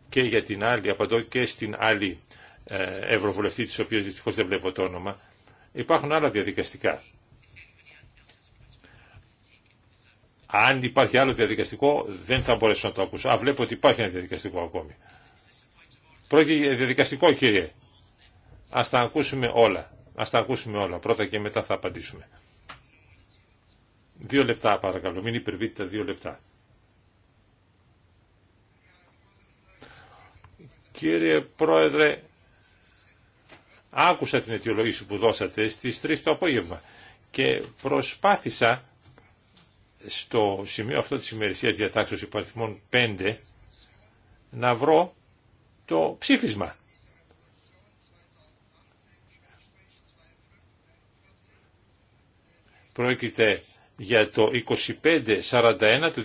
Και για την άλλη, απαντώ και στην άλλη ε, ευρωβουλευτή, τη οποία δυστυχώ δεν βλέπω το όνομα. Υπάρχουν άλλα διαδικαστικά. Αν υπάρχει άλλο διαδικαστικό, δεν θα μπορέσω να το ακούσω. Α, βλέπω ότι υπάρχει ένα διαδικαστικό ακόμη. Πρόκειται για διαδικαστικό κύριε. Ας τα ακούσουμε όλα. Ας τα ακούσουμε όλα. Πρώτα και μετά θα απαντήσουμε. Δύο λεπτά παρακαλώ. Μην υπερβείτε τα δύο λεπτά. Κύριε Πρόεδρε, άκουσα την αιτιολογήση που δώσατε στις 3 το απόγευμα και προσπάθησα στο σημείο αυτό της ημερησίας διατάξεως υπαριθμών 5 να βρω το ψήφισμα. Πρόκειται για το 2541 του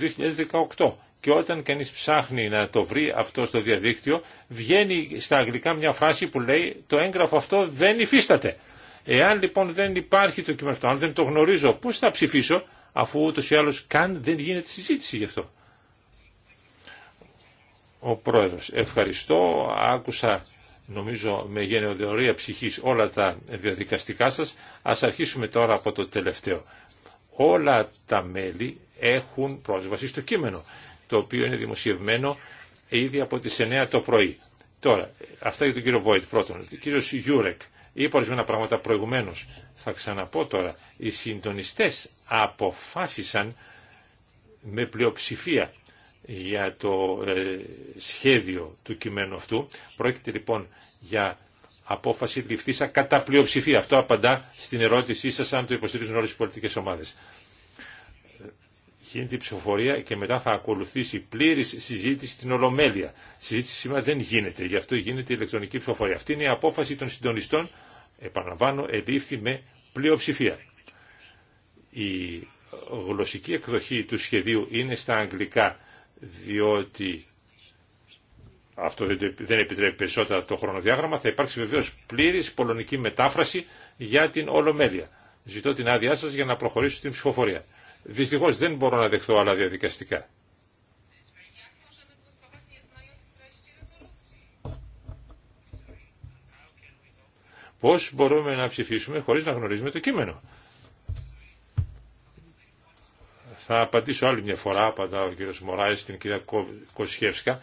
2018 και όταν κανείς ψάχνει να το βρει αυτό στο διαδίκτυο βγαίνει στα αγγλικά μια φράση που λέει το έγγραφο αυτό δεν υφίσταται. Εάν λοιπόν δεν υπάρχει το κείμενο αυτό, αν δεν το γνωρίζω, πώς θα ψηφίσω αφού ούτως ή άλλως καν δεν γίνεται συζήτηση γι' αυτό. Ο Πρόεδρος, ευχαριστώ. Άκουσα, νομίζω, με γενεοδορία ψυχής όλα τα διαδικαστικά σας. Ας αρχίσουμε τώρα από το τελευταίο. Όλα τα μέλη έχουν πρόσβαση στο κείμενο, το οποίο είναι δημοσιευμένο ήδη από τις 9 το πρωί. Τώρα, αυτά για τον κύριο Βόιτ πρώτον. Ο κύριος Γιούρεκ, είπα ορισμένα πράγματα προηγουμένως. Θα ξαναπώ τώρα, οι συντονιστές αποφάσισαν με πλειοψηφία για το ε, σχέδιο του κειμένου αυτού. Πρόκειται λοιπόν για απόφαση ληφθήσα κατά πλειοψηφία. Αυτό απαντά στην ερώτησή σας αν το υποστηρίζουν όλες οι πολιτικές ομάδες. Γίνεται η ψηφοφορία και μετά θα ακολουθήσει πλήρη συζήτηση στην Ολομέλεια. Συζήτηση σήμερα δεν γίνεται, γι' αυτό γίνεται η ηλεκτρονική ψηφοφορία. Αυτή είναι η απόφαση των συντονιστών, επαναλαμβάνω, ελήφθη με πλειοψηφία. Η γλωσσική εκδοχή του σχεδίου είναι στα αγγλικά διότι αυτό δεν επιτρέπει περισσότερα το χρονοδιάγραμμα, θα υπάρξει βεβαίω πλήρης πολωνική μετάφραση για την Ολομέλεια. Ζητώ την άδειά σα για να προχωρήσω την ψηφοφορία. Δυστυχώς δεν μπορώ να δεχθώ άλλα διαδικαστικά. Πώς μπορούμε να ψηφίσουμε χωρίς να γνωρίζουμε το κείμενο. Θα απαντήσω άλλη μια φορά, απαντά ο κύριος Μωράης στην κυρία Κοσχεύσκα,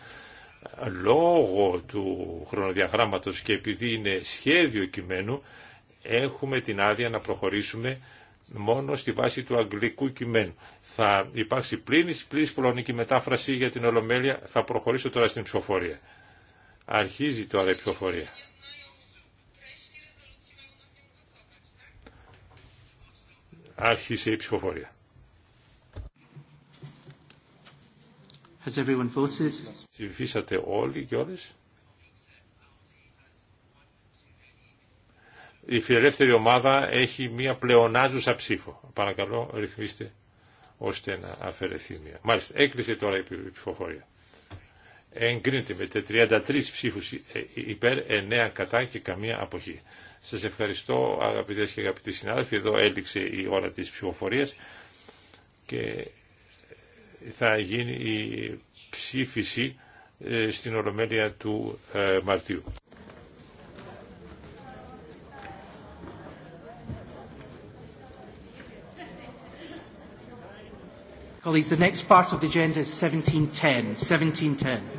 λόγω του χρονοδιαγράμματος και επειδή είναι σχέδιο κειμένου, έχουμε την άδεια να προχωρήσουμε μόνο στη βάση του αγγλικού κειμένου. Θα υπάρξει πλήρης, πλήρης πολωνική μετάφραση για την Ολομέλεια. Θα προχωρήσω τώρα στην ψηφοφορία. Αρχίζει τώρα η ψηφοφορία. Άρχισε η ψηφοφορία. Has Ψηφίσατε όλοι και όλες. Η φιλελεύθερη ομάδα έχει μία πλεονάζουσα ψήφο. Παρακαλώ ρυθμίστε ώστε να αφαιρεθεί μία. Μάλιστα, έκλεισε τώρα η ψηφοφορία. Εγκρίνεται με 33 ψήφους ε, υπέρ, 9 κατά και καμία αποχή. Σας ευχαριστώ αγαπητές και αγαπητοί συνάδελφοι. Εδώ έληξε η ώρα της ψηφοφορίας και θα γίνει η ψήφιση ε, στην Ολομέλεια του ε, Μαρτίου. Colleagues, the next part of the agenda is 1710. 1710.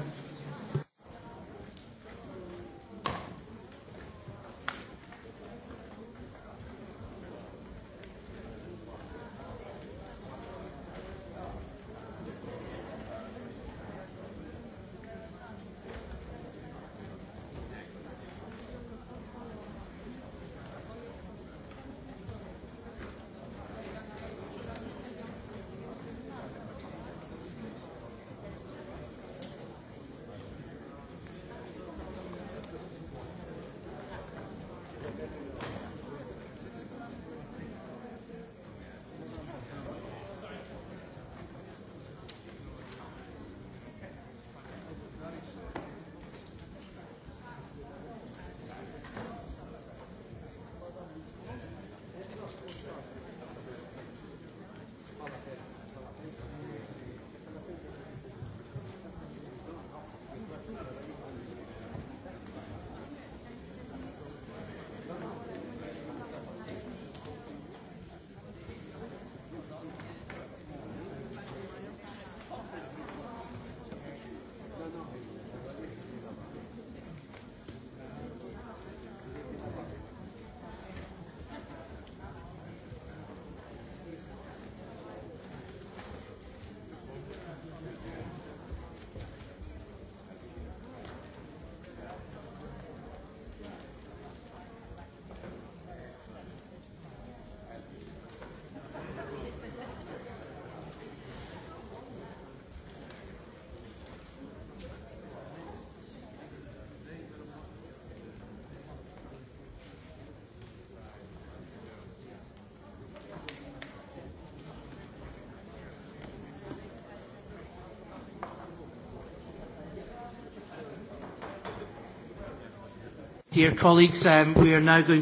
Um,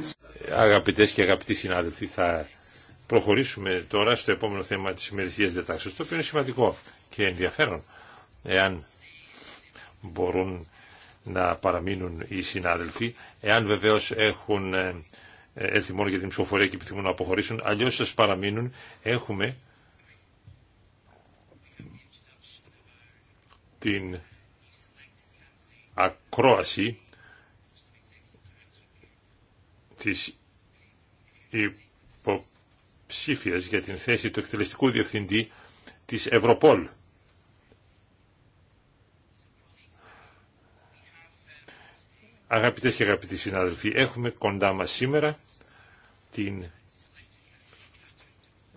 Αγαπητές και αγαπητοί συνάδελφοι, θα προχωρήσουμε τώρα στο επόμενο θέμα της ημερησίας διατάξεως, το οποίο είναι σημαντικό και ενδιαφέρον, εάν μπορούν να παραμείνουν οι συνάδελφοι, εάν βεβαίως έχουν ε, έρθει μόνο για την ψηφοφορία και επιθυμούν να αποχωρήσουν, αλλιώς σας παραμείνουν, έχουμε την ακρόαση της υποψήφιας για την θέση του εκτελεστικού διευθυντή της Ευρωπόλ. Αγαπητές και αγαπητοί συνάδελφοι, έχουμε κοντά μας σήμερα την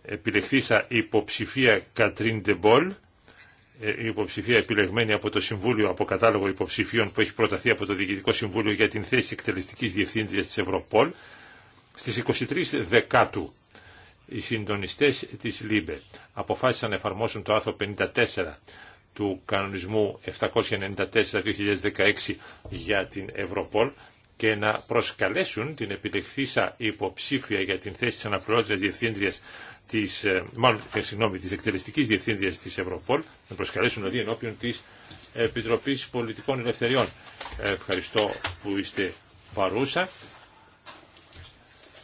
επιλεχθήσα υποψηφία Κατρίν Ντεμπόλ ε, η υποψηφία επιλεγμένη από το Συμβούλιο από κατάλογο υποψηφίων που έχει προταθεί από το Διοικητικό Συμβούλιο για την θέση εκτελεστικής διευθύντριας της Ευρωπόλ στις 23 Δεκάτου οι συντονιστές της ΛΥΜΠΕ αποφάσισαν να εφαρμόσουν το άρθρο 54 του κανονισμού 794-2016 για την Ευρωπόλ και να προσκαλέσουν την επιλεχθήσα υποψήφια για την θέση της αναπληρώτητας διευθύντριας της, ε, μάλλον, ε, συγγνώμη, της εκτελεστικής διευθύντριας της Ευρωπόλ, να προσκαλέσουν δηλαδή ενώπιον της Επιτροπής Πολιτικών Ελευθεριών. Ε, ευχαριστώ που είστε παρούσα.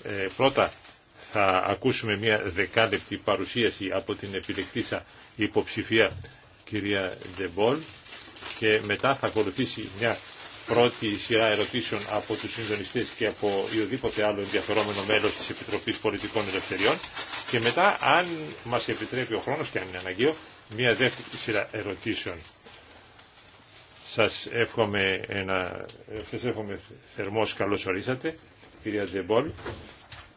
Ε, πρώτα θα ακούσουμε μια δεκάλεπτη παρουσίαση από την επιλεκτήσα υποψηφία κυρία Ντεμπόλ και μετά θα ακολουθήσει μια πρώτη σειρά ερωτήσεων από τους συντονιστές και από οτιδήποτε άλλο ενδιαφερόμενο μέλος της Επιτροπής Πολιτικών Ελευθεριών και μετά, αν μας επιτρέπει ο χρόνος και αν είναι αναγκαίο, μια δεύτερη σειρά ερωτήσεων. Σας εύχομαι, ένα, σας εύχομαι θερμός καλώς ορίσατε, κυρία Τζεμπόλ.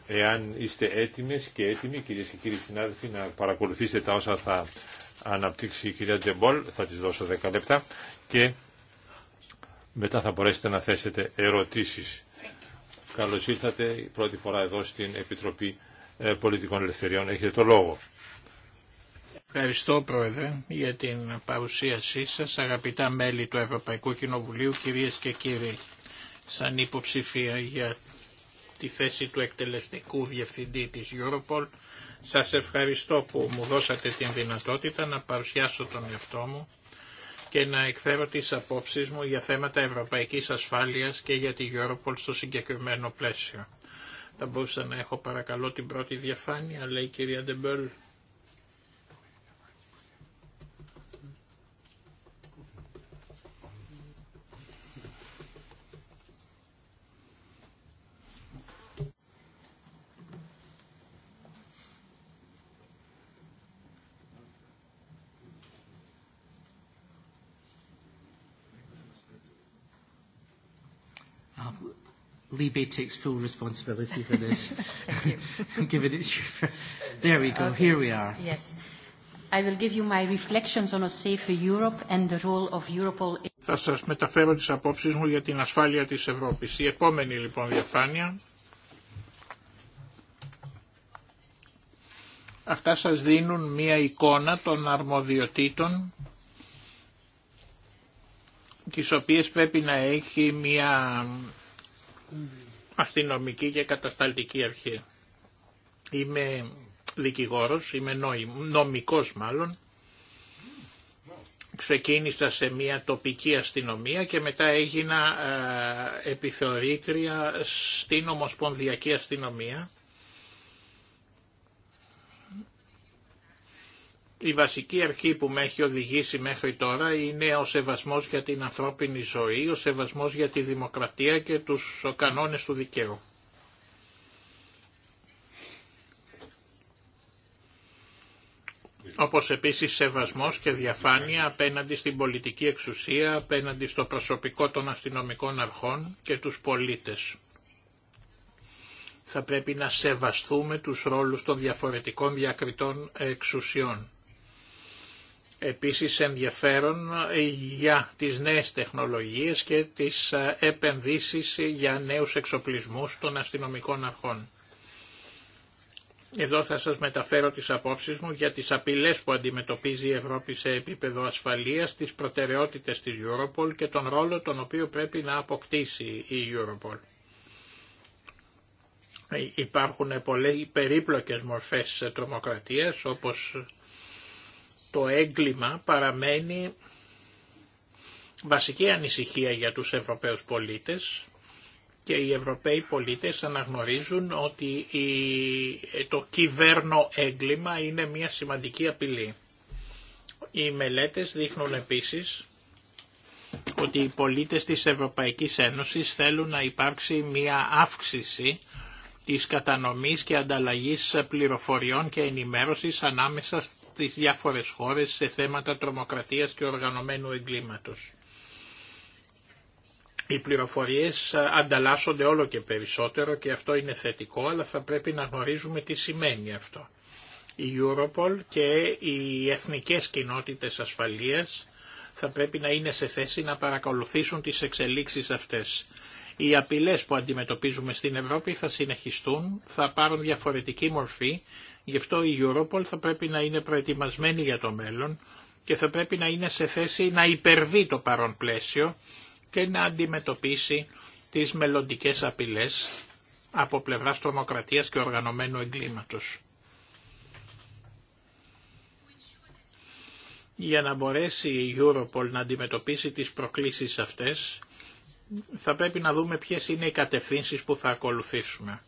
Εάν είστε έτοιμες και έτοιμοι, κυρίες και κύριοι συνάδελφοι, να παρακολουθήσετε τα όσα θα αναπτύξει η κυρία Τζεμπόλ, θα της δώσω 10 λεπτά και μετά θα μπορέσετε να θέσετε ερωτήσεις. Καλώς ήρθατε πρώτη φορά εδώ στην Επιτροπή ε, Πολιτικών Ελευθεριών. Έχετε το λόγο. Ευχαριστώ Πρόεδρε για την παρουσίασή σας αγαπητά μέλη του Ευρωπαϊκού Κοινοβουλίου κυρίες και κύριοι σαν υποψηφία για τη θέση του εκτελεστικού διευθυντή της Europol σας ευχαριστώ που μου δώσατε την δυνατότητα να παρουσιάσω τον εαυτό μου και να εκφέρω τις απόψεις μου για θέματα ευρωπαϊκής ασφάλειας και για τη Europol στο συγκεκριμένο πλαίσιο. Θα μπορούσα να έχω παρακαλώ την πρώτη διαφάνεια, λέει η κυρία Ντεμπέλ. Libe takes full responsibility for this. Given it's your there we go. Here we are. Yes. I will give you my reflections on a safer Europe and the role of Europol. Θα σας μεταφέρω τις απόψεις μου για την ασφάλεια της Ευρώπης. Η επόμενη λοιπόν διαφάνεια. Αυτά σας δίνουν μία εικόνα των αρμοδιοτήτων τις οποίες πρέπει να έχει μία αστυνομική και κατασταλτική αρχή. Είμαι δικηγόρος, είμαι νομικός μάλλον. Ξεκίνησα σε μια τοπική αστυνομία και μετά έγινα ε, επιθεωρήτρια στην Ομοσπονδιακή Αστυνομία Η βασική αρχή που με έχει οδηγήσει μέχρι τώρα είναι ο σεβασμός για την ανθρώπινη ζωή, ο σεβασμός για τη δημοκρατία και τους κανόνες του δικαίου. όπως επίσης σεβασμός και διαφάνεια απέναντι στην πολιτική εξουσία, απέναντι στο προσωπικό των αστυνομικών αρχών και τους πολίτες. Θα πρέπει να σεβαστούμε τους ρόλους των διαφορετικών διακριτών εξουσιών επίσης ενδιαφέρον για τις νέες τεχνολογίες και τις ε, επενδύσεις για νέους εξοπλισμούς των αστυνομικών αρχών. Εδώ θα σας μεταφέρω τις απόψεις μου για τις απειλές που αντιμετωπίζει η Ευρώπη σε επίπεδο ασφαλείας, τις προτεραιότητες της Europol και τον ρόλο τον οποίο πρέπει να αποκτήσει η Europol. Ε, υπάρχουν πολλές περίπλοκες μορφές τρομοκρατίας όπως το έγκλημα παραμένει βασική ανησυχία για τους Ευρωπαίους πολίτες και οι Ευρωπαίοι πολίτες αναγνωρίζουν ότι το κυβέρνο έγκλημα είναι μια σημαντική απειλή. Οι μελέτες δείχνουν επίσης ότι οι πολίτες της Ευρωπαϊκής Ένωσης θέλουν να υπάρξει μια αύξηση της κατανομής και ανταλλαγής πληροφοριών και ενημέρωσης ανάμεσα τις διάφορες χώρες σε θέματα τρομοκρατίας και οργανωμένου εγκλήματος. Οι πληροφορίες ανταλλάσσονται όλο και περισσότερο και αυτό είναι θετικό, αλλά θα πρέπει να γνωρίζουμε τι σημαίνει αυτό. Η Europol και οι εθνικές κοινότητες ασφαλείας θα πρέπει να είναι σε θέση να παρακολουθήσουν τις εξελίξεις αυτές. Οι απειλές που αντιμετωπίζουμε στην Ευρώπη θα συνεχιστούν, θα πάρουν διαφορετική μορφή Γι' αυτό η Europol θα πρέπει να είναι προετοιμασμένη για το μέλλον και θα πρέπει να είναι σε θέση να υπερβεί το παρόν πλαίσιο και να αντιμετωπίσει τις μελλοντικές απειλές από πλευράς τρομοκρατίας και οργανωμένου εγκλήματος. Για να μπορέσει η Europol να αντιμετωπίσει τις προκλήσεις αυτές, θα πρέπει να δούμε ποιες είναι οι κατευθύνσεις που θα ακολουθήσουμε.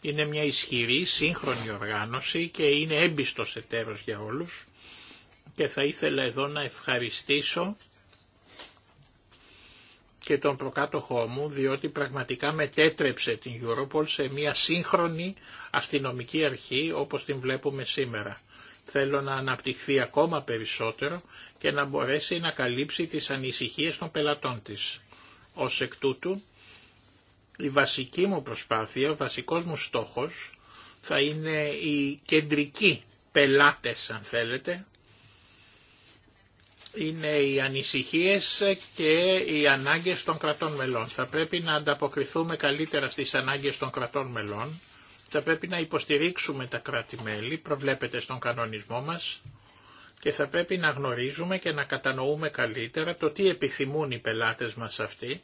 Είναι μια ισχυρή, σύγχρονη οργάνωση και είναι έμπιστος εταίρος για όλους και θα ήθελα εδώ να ευχαριστήσω και τον προκάτοχό μου, διότι πραγματικά μετέτρεψε την Europol σε μια σύγχρονη αστυνομική αρχή όπως την βλέπουμε σήμερα. Θέλω να αναπτυχθεί ακόμα περισσότερο και να μπορέσει να καλύψει τις ανησυχίες των πελατών της. Ως εκ τούτου η βασική μου προσπάθεια, ο βασικός μου στόχος θα είναι οι κεντρικοί πελάτες αν θέλετε, είναι οι ανησυχίες και οι ανάγκες των κρατών μελών. Θα πρέπει να ανταποκριθούμε καλύτερα στις ανάγκες των κρατών μελών. Θα πρέπει να υποστηρίξουμε τα κράτη-μέλη, προβλέπεται στον κανονισμό μας, και θα πρέπει να γνωρίζουμε και να κατανοούμε καλύτερα το τι επιθυμούν οι πελάτες μας αυτοί,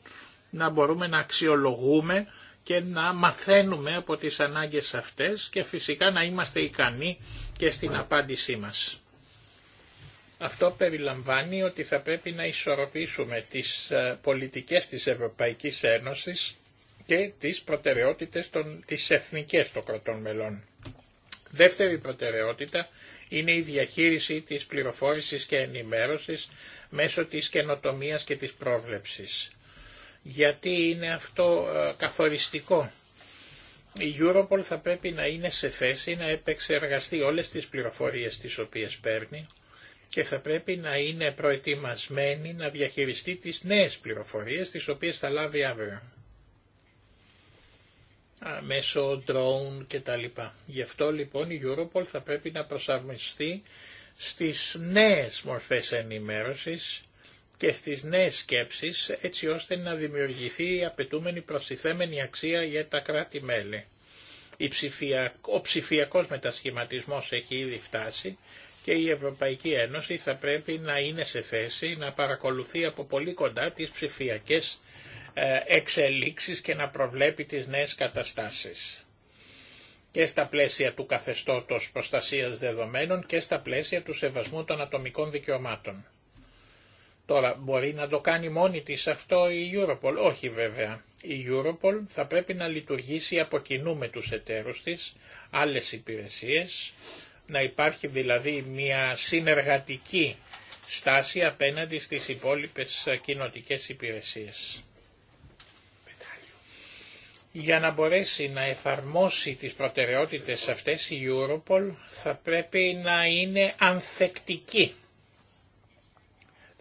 να μπορούμε να αξιολογούμε και να μαθαίνουμε από τις ανάγκες αυτές και φυσικά να είμαστε ικανοί και στην απάντησή μας. Αυτό περιλαμβάνει ότι θα πρέπει να ισορροπήσουμε τις ε, πολιτικές της Ευρωπαϊκής Ένωσης και τις προτεραιότητες των, τις εθνικές των κρατών μελών. Δεύτερη προτεραιότητα είναι η διαχείριση της πληροφόρησης και ενημέρωσης μέσω της καινοτομίας και της πρόβλεψης γιατί είναι αυτό ε, καθοριστικό. Η Europol θα πρέπει να είναι σε θέση να επεξεργαστεί όλες τις πληροφορίες τις οποίες παίρνει και θα πρέπει να είναι προετοιμασμένη να διαχειριστεί τις νέες πληροφορίες τις οποίες θα λάβει αύριο μέσω drone κτλ. Γι' αυτό λοιπόν η Europol θα πρέπει να προσαρμοστεί στις νέες μορφές ενημέρωσης και στις νέες σκέψεις έτσι ώστε να δημιουργηθεί η απαιτούμενη προστιθέμενη αξία για τα κράτη-μέλη. Ο ψηφιακός μετασχηματισμός έχει ήδη φτάσει και η Ευρωπαϊκή Ένωση θα πρέπει να είναι σε θέση να παρακολουθεί από πολύ κοντά τις ψηφιακές ε, εξελίξεις και να προβλέπει τις νέες καταστάσεις και στα πλαίσια του καθεστώτος προστασίας δεδομένων και στα πλαίσια του σεβασμού των ατομικών δικαιωμάτων. Τώρα μπορεί να το κάνει μόνη της αυτό η Europol. Όχι βέβαια. Η Europol θα πρέπει να λειτουργήσει από κοινού με τους εταίρους της, άλλες υπηρεσίες, να υπάρχει δηλαδή μια συνεργατική στάση απέναντι στις υπόλοιπες κοινοτικές υπηρεσίες. Για να μπορέσει να εφαρμόσει τις προτεραιότητες αυτές η Europol θα πρέπει να είναι ανθεκτική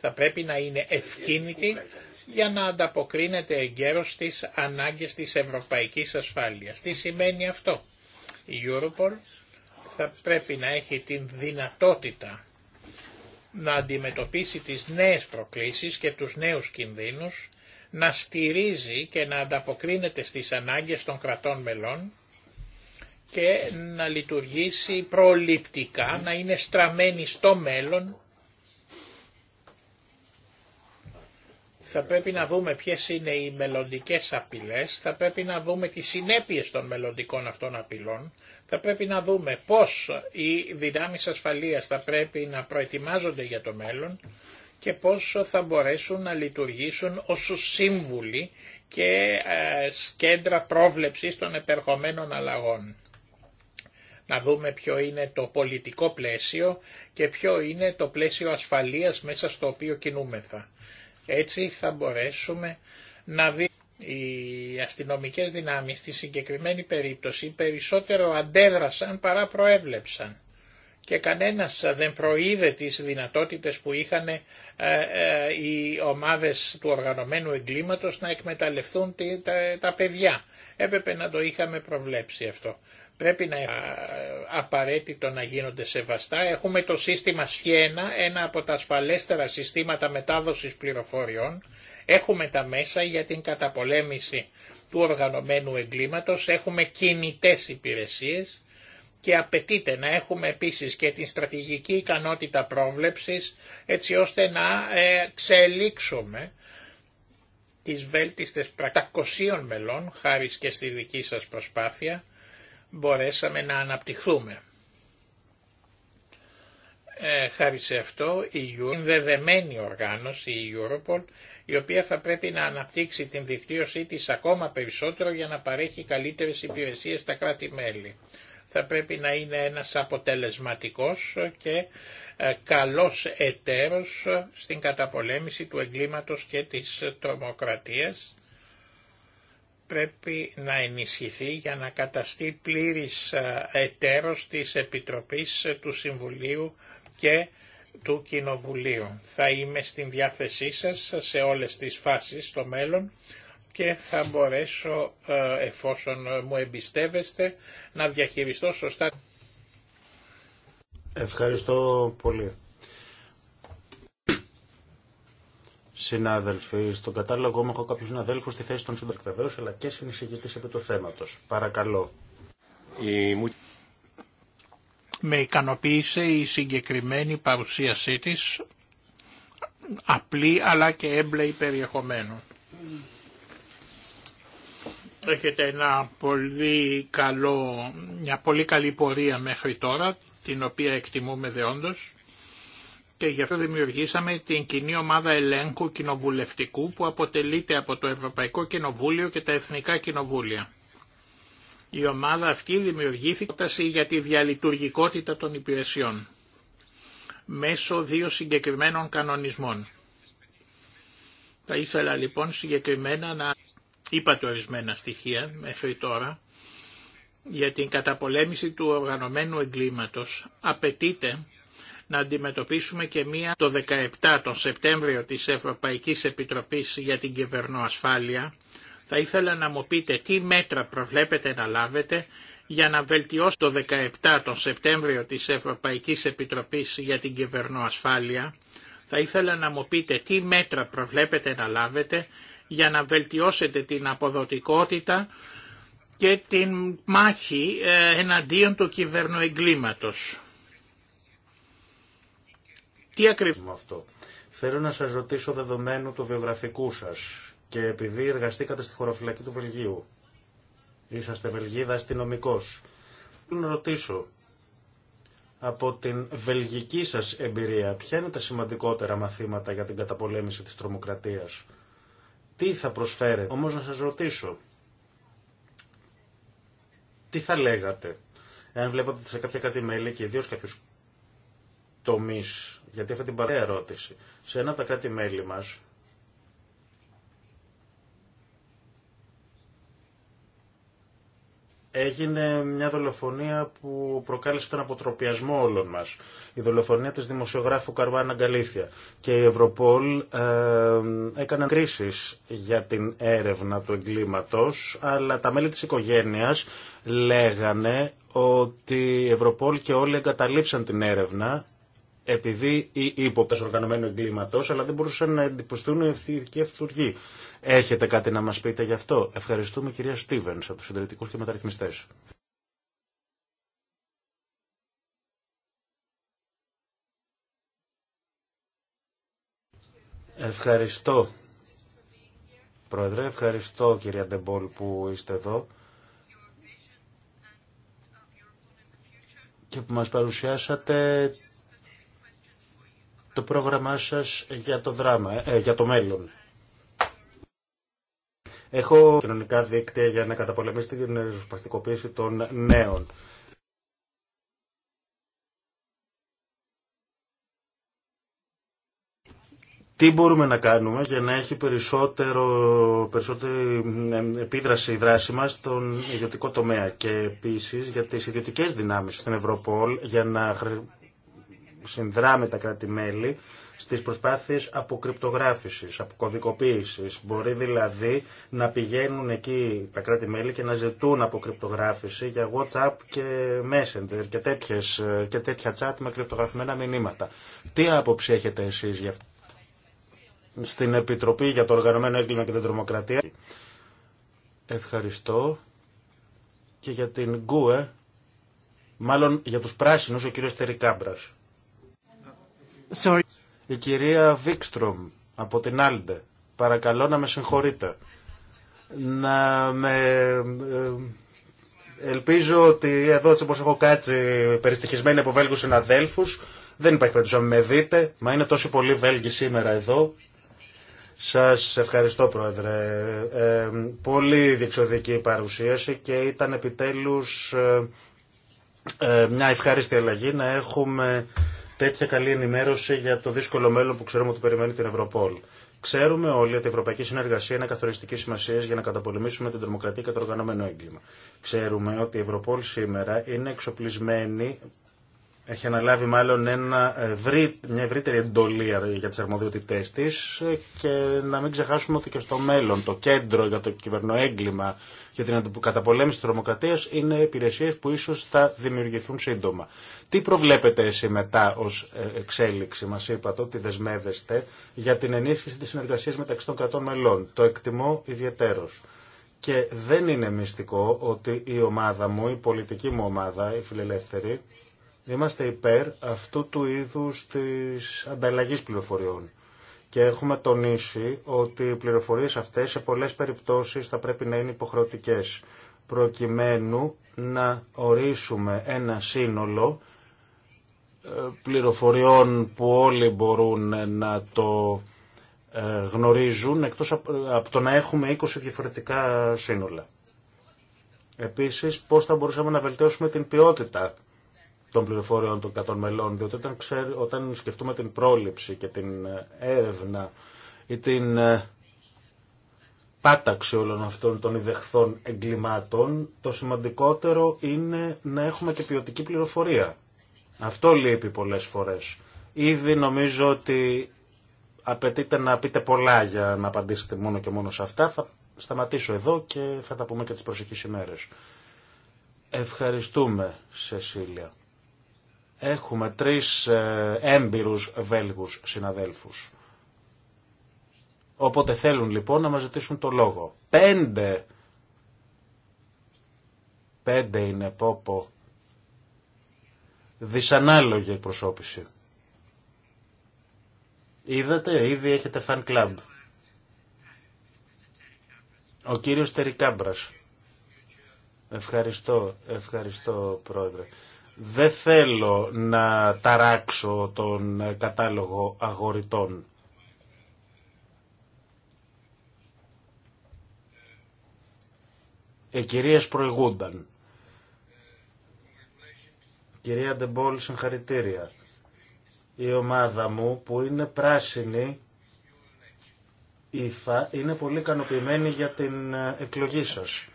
θα πρέπει να είναι ευκίνητη για να ανταποκρίνεται εγκαίρως στις ανάγκες της ευρωπαϊκής ασφάλειας. Τι σημαίνει αυτό. Η Europol θα πρέπει να έχει την δυνατότητα να αντιμετωπίσει τις νέες προκλήσεις και τους νέους κινδύνους, να στηρίζει και να ανταποκρίνεται στις ανάγκες των κρατών μελών και να λειτουργήσει προληπτικά, να είναι στραμμένη στο μέλλον θα πρέπει να δούμε ποιες είναι οι μελλοντικέ απειλές, θα πρέπει να δούμε τι συνέπειες των μελλοντικών αυτών απειλών, θα πρέπει να δούμε πώς οι δυνάμεις ασφαλείας θα πρέπει να προετοιμάζονται για το μέλλον και πώς θα μπορέσουν να λειτουργήσουν ως σύμβουλοι και ε, κέντρα πρόβλεψης των επερχομένων αλλαγών. Να δούμε ποιο είναι το πολιτικό πλαίσιο και ποιο είναι το πλαίσιο ασφαλείας μέσα στο οποίο κινούμεθα. Έτσι θα μπορέσουμε να δει οι αστυνομικές δυνάμεις στη συγκεκριμένη περίπτωση περισσότερο αντέδρασαν παρά προέβλεψαν και κανένας δεν προείδε τις δυνατότητες που είχαν ε, ε, οι ομάδες του οργανωμένου εγκλήματος να εκμεταλλευτούν τα, τα παιδιά. Έπρεπε να το είχαμε προβλέψει αυτό πρέπει να ε, απαραίτητο να γίνονται σεβαστά. Έχουμε το σύστημα Σιένα, ένα από τα ασφαλέστερα συστήματα μετάδοσης πληροφοριών. Έχουμε τα μέσα για την καταπολέμηση του οργανωμένου εγκλήματος, έχουμε κινητές υπηρεσίες και απαιτείται να έχουμε επίσης και την στρατηγική ικανότητα πρόβλεψης έτσι ώστε να ε, ξελίξουμε τις βέλτιστες πρακτακοσίων μελών, χάρη και στη δική σας προσπάθεια, μπορέσαμε να αναπτυχθούμε. Ε, χάρη σε αυτό η Europol, δεδεμένη οργάνωση η Europol, η οποία θα πρέπει να αναπτύξει την δικτύωσή της ακόμα περισσότερο για να παρέχει καλύτερες υπηρεσίες στα κράτη-μέλη. Θα πρέπει να είναι ένας αποτελεσματικός και ε, καλός εταίρος στην καταπολέμηση του εγκλήματος και της τρομοκρατίας πρέπει να ενισχυθεί για να καταστεί πλήρης ε, εταίρος της Επιτροπής ε, του Συμβουλίου και του Κοινοβουλίου. Θα είμαι στην διάθεσή σας σε όλες τις φάσεις στο μέλλον και θα μπορέσω, ε, εφόσον μου εμπιστεύεστε, να διαχειριστώ σωστά. Ευχαριστώ πολύ. συνάδελφοι. Στον κατάλογο μου έχω κάποιου συναδέλφου στη θέση των βεβαίω, αλλά και συνεισηγητή επί του θέματο. Παρακαλώ. Η... Με ικανοποίησε η συγκεκριμένη παρουσίασή τη, απλή αλλά και έμπλεη περιεχομένου. Έχετε ένα πολύ καλό, μια πολύ καλή πορεία μέχρι τώρα, την οποία εκτιμούμε δεόντως και γι' αυτό δημιουργήσαμε την κοινή ομάδα ελέγχου κοινοβουλευτικού που αποτελείται από το Ευρωπαϊκό Κοινοβούλιο και τα Εθνικά Κοινοβούλια. Η ομάδα αυτή δημιουργήθηκε για τη διαλειτουργικότητα των υπηρεσιών μέσω δύο συγκεκριμένων κανονισμών. Θα ήθελα λοιπόν συγκεκριμένα να είπατε ορισμένα στοιχεία μέχρι τώρα για την καταπολέμηση του οργανωμένου εγκλήματος απαιτείται να αντιμετωπίσουμε και μία το 17 τον Σεπτέμβριο της Ευρωπαϊκής Επιτροπής για την Κυβερνοασφάλεια. Θα ήθελα να μου πείτε τι μέτρα προβλέπετε να λάβετε για να βελτιώσει το 17 τον Σεπτέμβριο της Ευρωπαϊκής Επιτροπής για την Κυβερνοασφάλεια. Θα ήθελα να μου πείτε τι μέτρα προβλέπετε να λάβετε για να βελτιώσετε την αποδοτικότητα και την μάχη ε, εναντίον του κυβερνοεγκλήματος. Τι ακριβώς αυτό. Θέλω να σας ρωτήσω δεδομένου του βιογραφικού σας και επειδή εργαστήκατε στη χωροφυλακή του Βελγίου. Είσαστε Βελγίδα αστυνομικό. Θέλω να ρωτήσω από την βελγική σας εμπειρία, ποια είναι τα σημαντικότερα μαθήματα για την καταπολέμηση της τρομοκρατίας. Τι θα προσφέρετε. Όμως να σας ρωτήσω, τι θα λέγατε, εάν βλέπατε σε κάποια κάτι μέλη και ιδίω κάποιου τομής. γιατί αυτή την παρέα ερώτηση. Σε ένα από τα κράτη-μέλη μας, έγινε μια δολοφονία που προκάλεσε τον αποτροπιασμό όλων μας. Η δολοφονία της δημοσιογράφου Καρβάνα Γκαλήθια. Και η Ευρωπόλ ε, έκανε κρίσει για την έρευνα του εγκλήματος, αλλά τα μέλη της οικογένειας λέγανε ότι η Ευρωπόλ και όλοι εγκαταλείψαν την έρευνα επειδή οι ύποπτε οργανωμένου εγκλήματο, αλλά δεν μπορούσαν να εντυπωστούν οι ευθυντικοί αυτούργοι. Έχετε κάτι να μα πείτε γι' αυτό. Ευχαριστούμε κυρία Στίβεν από του συντηρητικού και μεταρρυθμιστέ. Ευχαριστώ. Πρόεδρε, ευχαριστώ κυρία Ντεμπόλ που είστε εδώ και που μας παρουσιάσατε το πρόγραμμά σας για το, δράμα, ε, για το μέλλον. Έχω κοινωνικά δίκτυα για να καταπολεμήσει την ριζοσπαστικοποίηση των νέων. Τι μπορούμε να κάνουμε για να έχει περισσότερο, περισσότερη ε, επίδραση η δράση μας στον ιδιωτικό τομέα και επίσης για τις ιδιωτικές δυνάμεις στην Ευρωπόλ για να συνδράμε τα κράτη-μέλη στις προσπάθειες αποκρυπτογράφησης, αποκωδικοποίησης. Μπορεί δηλαδή να πηγαίνουν εκεί τα κράτη-μέλη και να ζητούν αποκρυπτογράφηση για WhatsApp και Messenger και, τέτοιες, και τέτοια chat με κρυπτογραφημένα μηνύματα. Τι άποψη έχετε εσείς για Στην Επιτροπή για το Οργανωμένο Έγκλημα και την Τρομοκρατία. Ευχαριστώ και για την Γκουε, μάλλον για τους πράσινους, ο κύριος Τερικάμπρας. Sorry. Η κυρία Βίκστρομ από την Άλντε. Παρακαλώ να με συγχωρείτε. Να με... Ε, ελπίζω ότι εδώ έτσι όπως έχω κάτσει περιστοιχισμένη από Βέλγους συναδέλφους δεν υπάρχει περίπτωση να με δείτε, μα είναι τόσο πολύ Βέλγοι σήμερα εδώ. Σας ευχαριστώ Πρόεδρε. Ε, πολύ διεξοδική παρουσίαση και ήταν επιτέλους ε, μια ευχάριστη αλλαγή να έχουμε τέτοια καλή ενημέρωση για το δύσκολο μέλλον που ξέρουμε ότι περιμένει την Ευρωπόλ. Ξέρουμε όλοι ότι η ευρωπαϊκή συνεργασία είναι καθοριστική σημασία για να καταπολεμήσουμε την τρομοκρατία και το οργανωμένο έγκλημα. Ξέρουμε ότι η Ευρωπόλ σήμερα είναι εξοπλισμένη, έχει αναλάβει μάλλον ένα, ε, μια ευρύτερη εντολή ε, για τι αρμοδιότητέ τη ε, και να μην ξεχάσουμε ότι και στο μέλλον το κέντρο για το κυβερνοέγκλημα και την καταπολέμηση τη τρομοκρατία είναι υπηρεσίε που ίσω θα δημιουργηθούν σύντομα. Τι προβλέπετε εσύ μετά ως εξέλιξη, μα είπατε ότι δεσμεύεστε για την ενίσχυση τη συνεργασία μεταξύ των κρατών μελών. Το εκτιμώ ιδιαίτερω. Και δεν είναι μυστικό ότι η ομάδα μου, η πολιτική μου ομάδα, η φιλελεύθερη, είμαστε υπέρ αυτού του είδου τη ανταλλαγή πληροφοριών. Και έχουμε τονίσει ότι οι πληροφορίε αυτές σε πολλέ περιπτώσει θα πρέπει να είναι υποχρεωτικέ προκειμένου να ορίσουμε ένα σύνολο πληροφοριών που όλοι μπορούν να το ε, γνωρίζουν εκτός από το να έχουμε 20 διαφορετικά σύνολα. Επίσης, πώς θα μπορούσαμε να βελτιώσουμε την ποιότητα των πληροφοριών των 100 μελών, διότι όταν, όταν σκεφτούμε την πρόληψη και την ε, έρευνα ή την ε, πάταξη όλων αυτών των ιδεχθών εγκλημάτων, το σημαντικότερο είναι να έχουμε και ποιοτική πληροφορία αυτό λείπει πολλές φορές. Ήδη νομίζω ότι απαιτείται να πείτε πολλά για να απαντήσετε μόνο και μόνο σε αυτά. Θα σταματήσω εδώ και θα τα πούμε και τις προσεχείς ημέρες. Ευχαριστούμε, Σεσίλια. Έχουμε τρεις ε, έμπειρους Βέλγους συναδέλφους. Όποτε θέλουν λοιπόν να μας ζητήσουν το λόγο. Πέντε! Πέντε είναι, πόπο δυσανάλογη εκπροσώπηση. Είδατε, ήδη έχετε φαν club. Ο κύριος Τερικάμπρας. Ευχαριστώ, ευχαριστώ πρόεδρε. Δεν θέλω να ταράξω τον κατάλογο αγορητών. Οι ε, κυρίες προηγούνταν. Κυρία Ντεμπόλ, συγχαρητήρια. Η ομάδα μου που είναι πράσινη ήφα είναι πολύ ικανοποιημένη για την ε, εκλογή σας.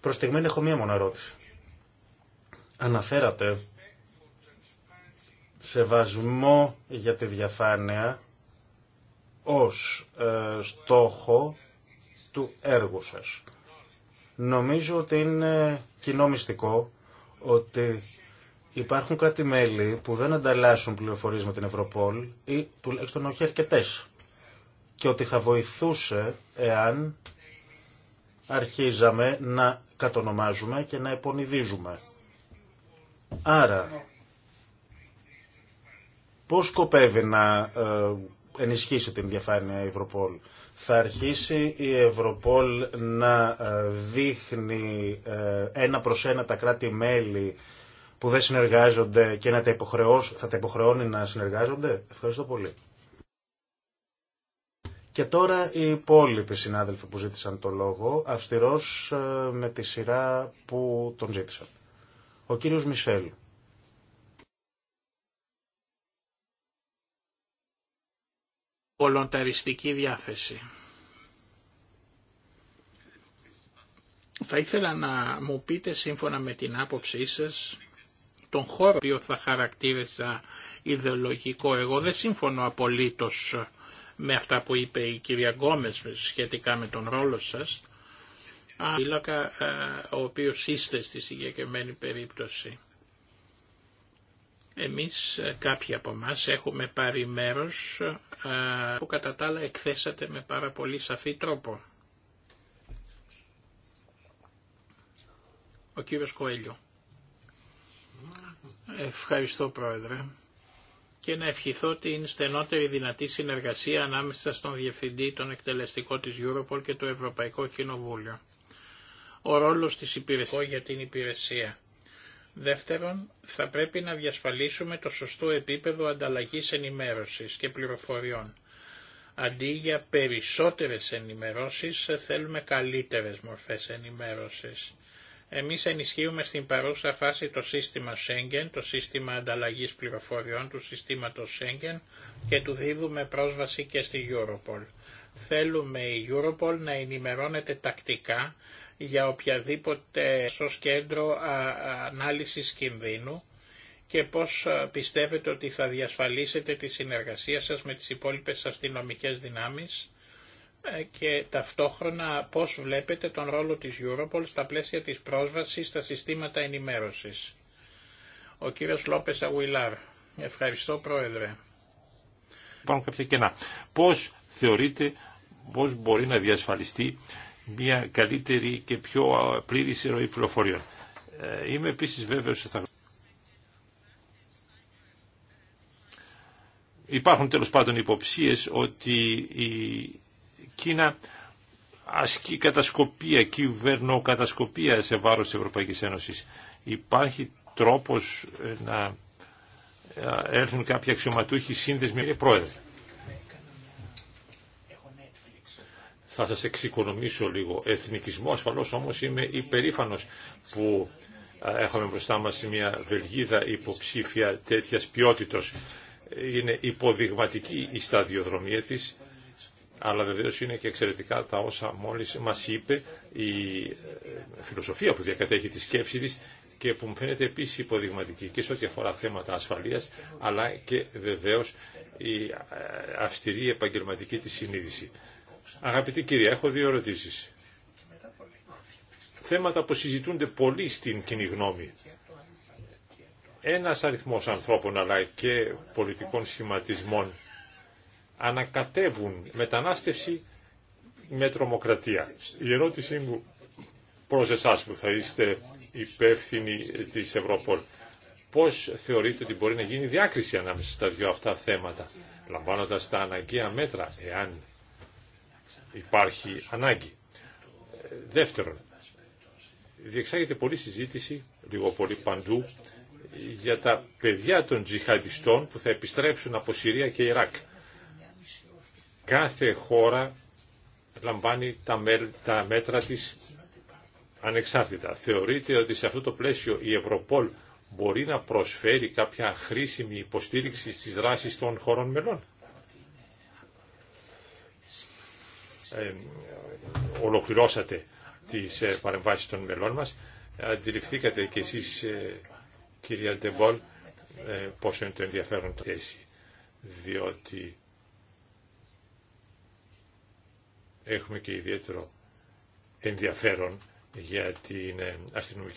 Προς στιγμή έχω μία μόνο ερώτηση. Αναφέρατε σεβασμό για τη διαφάνεια ως ε, στόχο του έργου σας. Νομίζω ότι είναι κοινό μυστικό ότι υπάρχουν κράτη-μέλη που δεν ανταλλάσσουν πληροφορίες με την Ευρωπόλ ή τουλάχιστον όχι αρκετέ. Και ότι θα βοηθούσε εάν αρχίζαμε να κατονομάζουμε και να επωνυδίζουμε. Άρα, πώς σκοπεύει να ε, ενισχύσει την διαφάνεια η Ευρωπόλ. Θα αρχίσει η Ευρωπόλ να ε, δείχνει ε, ένα προς ένα τα κράτη-μέλη που δεν συνεργάζονται και να τα θα τα υποχρεώνει να συνεργάζονται. Ευχαριστώ πολύ. Και τώρα οι υπόλοιποι συνάδελφοι που ζήτησαν το λόγο, αυστηρός ε, με τη σειρά που τον ζήτησαν. Ο κύριος Μισελ. βολονταριστική διάθεση. Θα ήθελα να μου πείτε σύμφωνα με την άποψή σας τον χώρο που θα χαρακτήριζα ιδεολογικό. Εγώ δεν σύμφωνο απολύτως με αυτά που είπε η κυρία Γκόμες σχετικά με τον ρόλο σας, αλλά ε, ο οποίος είστε στη συγκεκριμένη περίπτωση. Εμείς, ε, κάποιοι από εμά έχουμε πάρει μέρος ε, που κατά τα άλλα εκθέσατε με πάρα πολύ σαφή τρόπο. Ο κύριος Κοέλιο. Ευχαριστώ Πρόεδρε και να ευχηθώ την στενότερη δυνατή συνεργασία ανάμεσα στον Διευθυντή, τον εκτελεστικό της Europol και το Ευρωπαϊκό Κοινοβούλιο. Ο ρόλος της υπηρεσίας για την υπηρεσία. Δεύτερον, θα πρέπει να διασφαλίσουμε το σωστό επίπεδο ανταλλαγής ενημέρωσης και πληροφοριών. Αντί για περισσότερες ενημερώσεις, θέλουμε καλύτερες μορφές ενημέρωσης. Εμείς ενισχύουμε στην παρούσα φάση το σύστημα Schengen, το σύστημα ανταλλαγής πληροφοριών του συστήματος Schengen και του δίδουμε πρόσβαση και στη Europol. Θέλουμε η Europol να ενημερώνεται τακτικά για οποιαδήποτε στο κέντρο ανάλυσης κινδύνου και πώς πιστεύετε ότι θα διασφαλίσετε τη συνεργασία σας με τις υπόλοιπες αστυνομικές δυνάμεις ε, και ταυτόχρονα πώς βλέπετε τον ρόλο της Europol στα πλαίσια της πρόσβασης στα συστήματα ενημέρωσης. Ο κύριος Λόπες Αγουιλάρ. Ευχαριστώ Πρόεδρε. Υπάρχουν κάποια κενά. Πώς θεωρείτε πώς μπορεί να διασφαλιστεί μια καλύτερη και πιο πλήρη ροή πληροφοριών. Ε, είμαι επίσης βέβαιος ότι θα... Υπάρχουν τέλος πάντων υποψίες ότι η Κίνα ασκεί κατασκοπία, κυβερνοκατασκοπία σε βάρος της Ευρωπαϊκής Ένωσης. Υπάρχει τρόπος να ε, έρθουν κάποιοι αξιωματούχοι σύνδεσμοι και θα σας εξοικονομήσω λίγο εθνικισμό. Ασφαλώς όμως είμαι υπερήφανος που έχουμε μπροστά μας μια Βελγίδα υποψήφια τέτοιας ποιότητος. Είναι υποδειγματική η σταδιοδρομία της, αλλά βεβαίως είναι και εξαιρετικά τα όσα μόλις μας είπε η ε, φιλοσοφία που διακατέχει τη σκέψη της και που μου φαίνεται επίσης υποδειγματική και σε ό,τι αφορά θέματα ασφαλείας, αλλά και βεβαίως η ε, αυστηρή επαγγελματική της συνείδηση. Αγαπητή κυρία, έχω δύο ερωτήσεις. Θέματα που συζητούνται πολύ στην κοινή γνώμη. Ένας αριθμός ανθρώπων αλλά και πολιτικών σχηματισμών ανακατεύουν μετανάστευση με τρομοκρατία. Η ερώτησή μου προς εσάς που θα είστε υπεύθυνοι της Ευρωπόλ. Πώς θεωρείτε ότι μπορεί να γίνει διάκριση ανάμεσα στα δύο αυτά θέματα, λαμβάνοντας τα αναγκαία μέτρα, εάν υπάρχει ανάγκη. Ε, δεύτερον, διεξάγεται πολλή συζήτηση, λίγο πολύ παντού, για τα παιδιά των τζιχαντιστών που θα επιστρέψουν από Συρία και Ιράκ. Κάθε χώρα λαμβάνει τα μέτρα της ανεξάρτητα. Θεωρείτε ότι σε αυτό το πλαίσιο η Ευρωπόλ μπορεί να προσφέρει κάποια χρήσιμη υποστήριξη στις δράσεις των χωρών μελών. Ε, ολοκληρώσατε τις ε, παρεμβάσεις των μελών μας. Αντιληφθήκατε και εσείς, ε, κυρία Ντεμπόλ, πόσο είναι το ενδιαφέρον το θέση. Διότι έχουμε και ιδιαίτερο ενδιαφέρον για την αστυνομική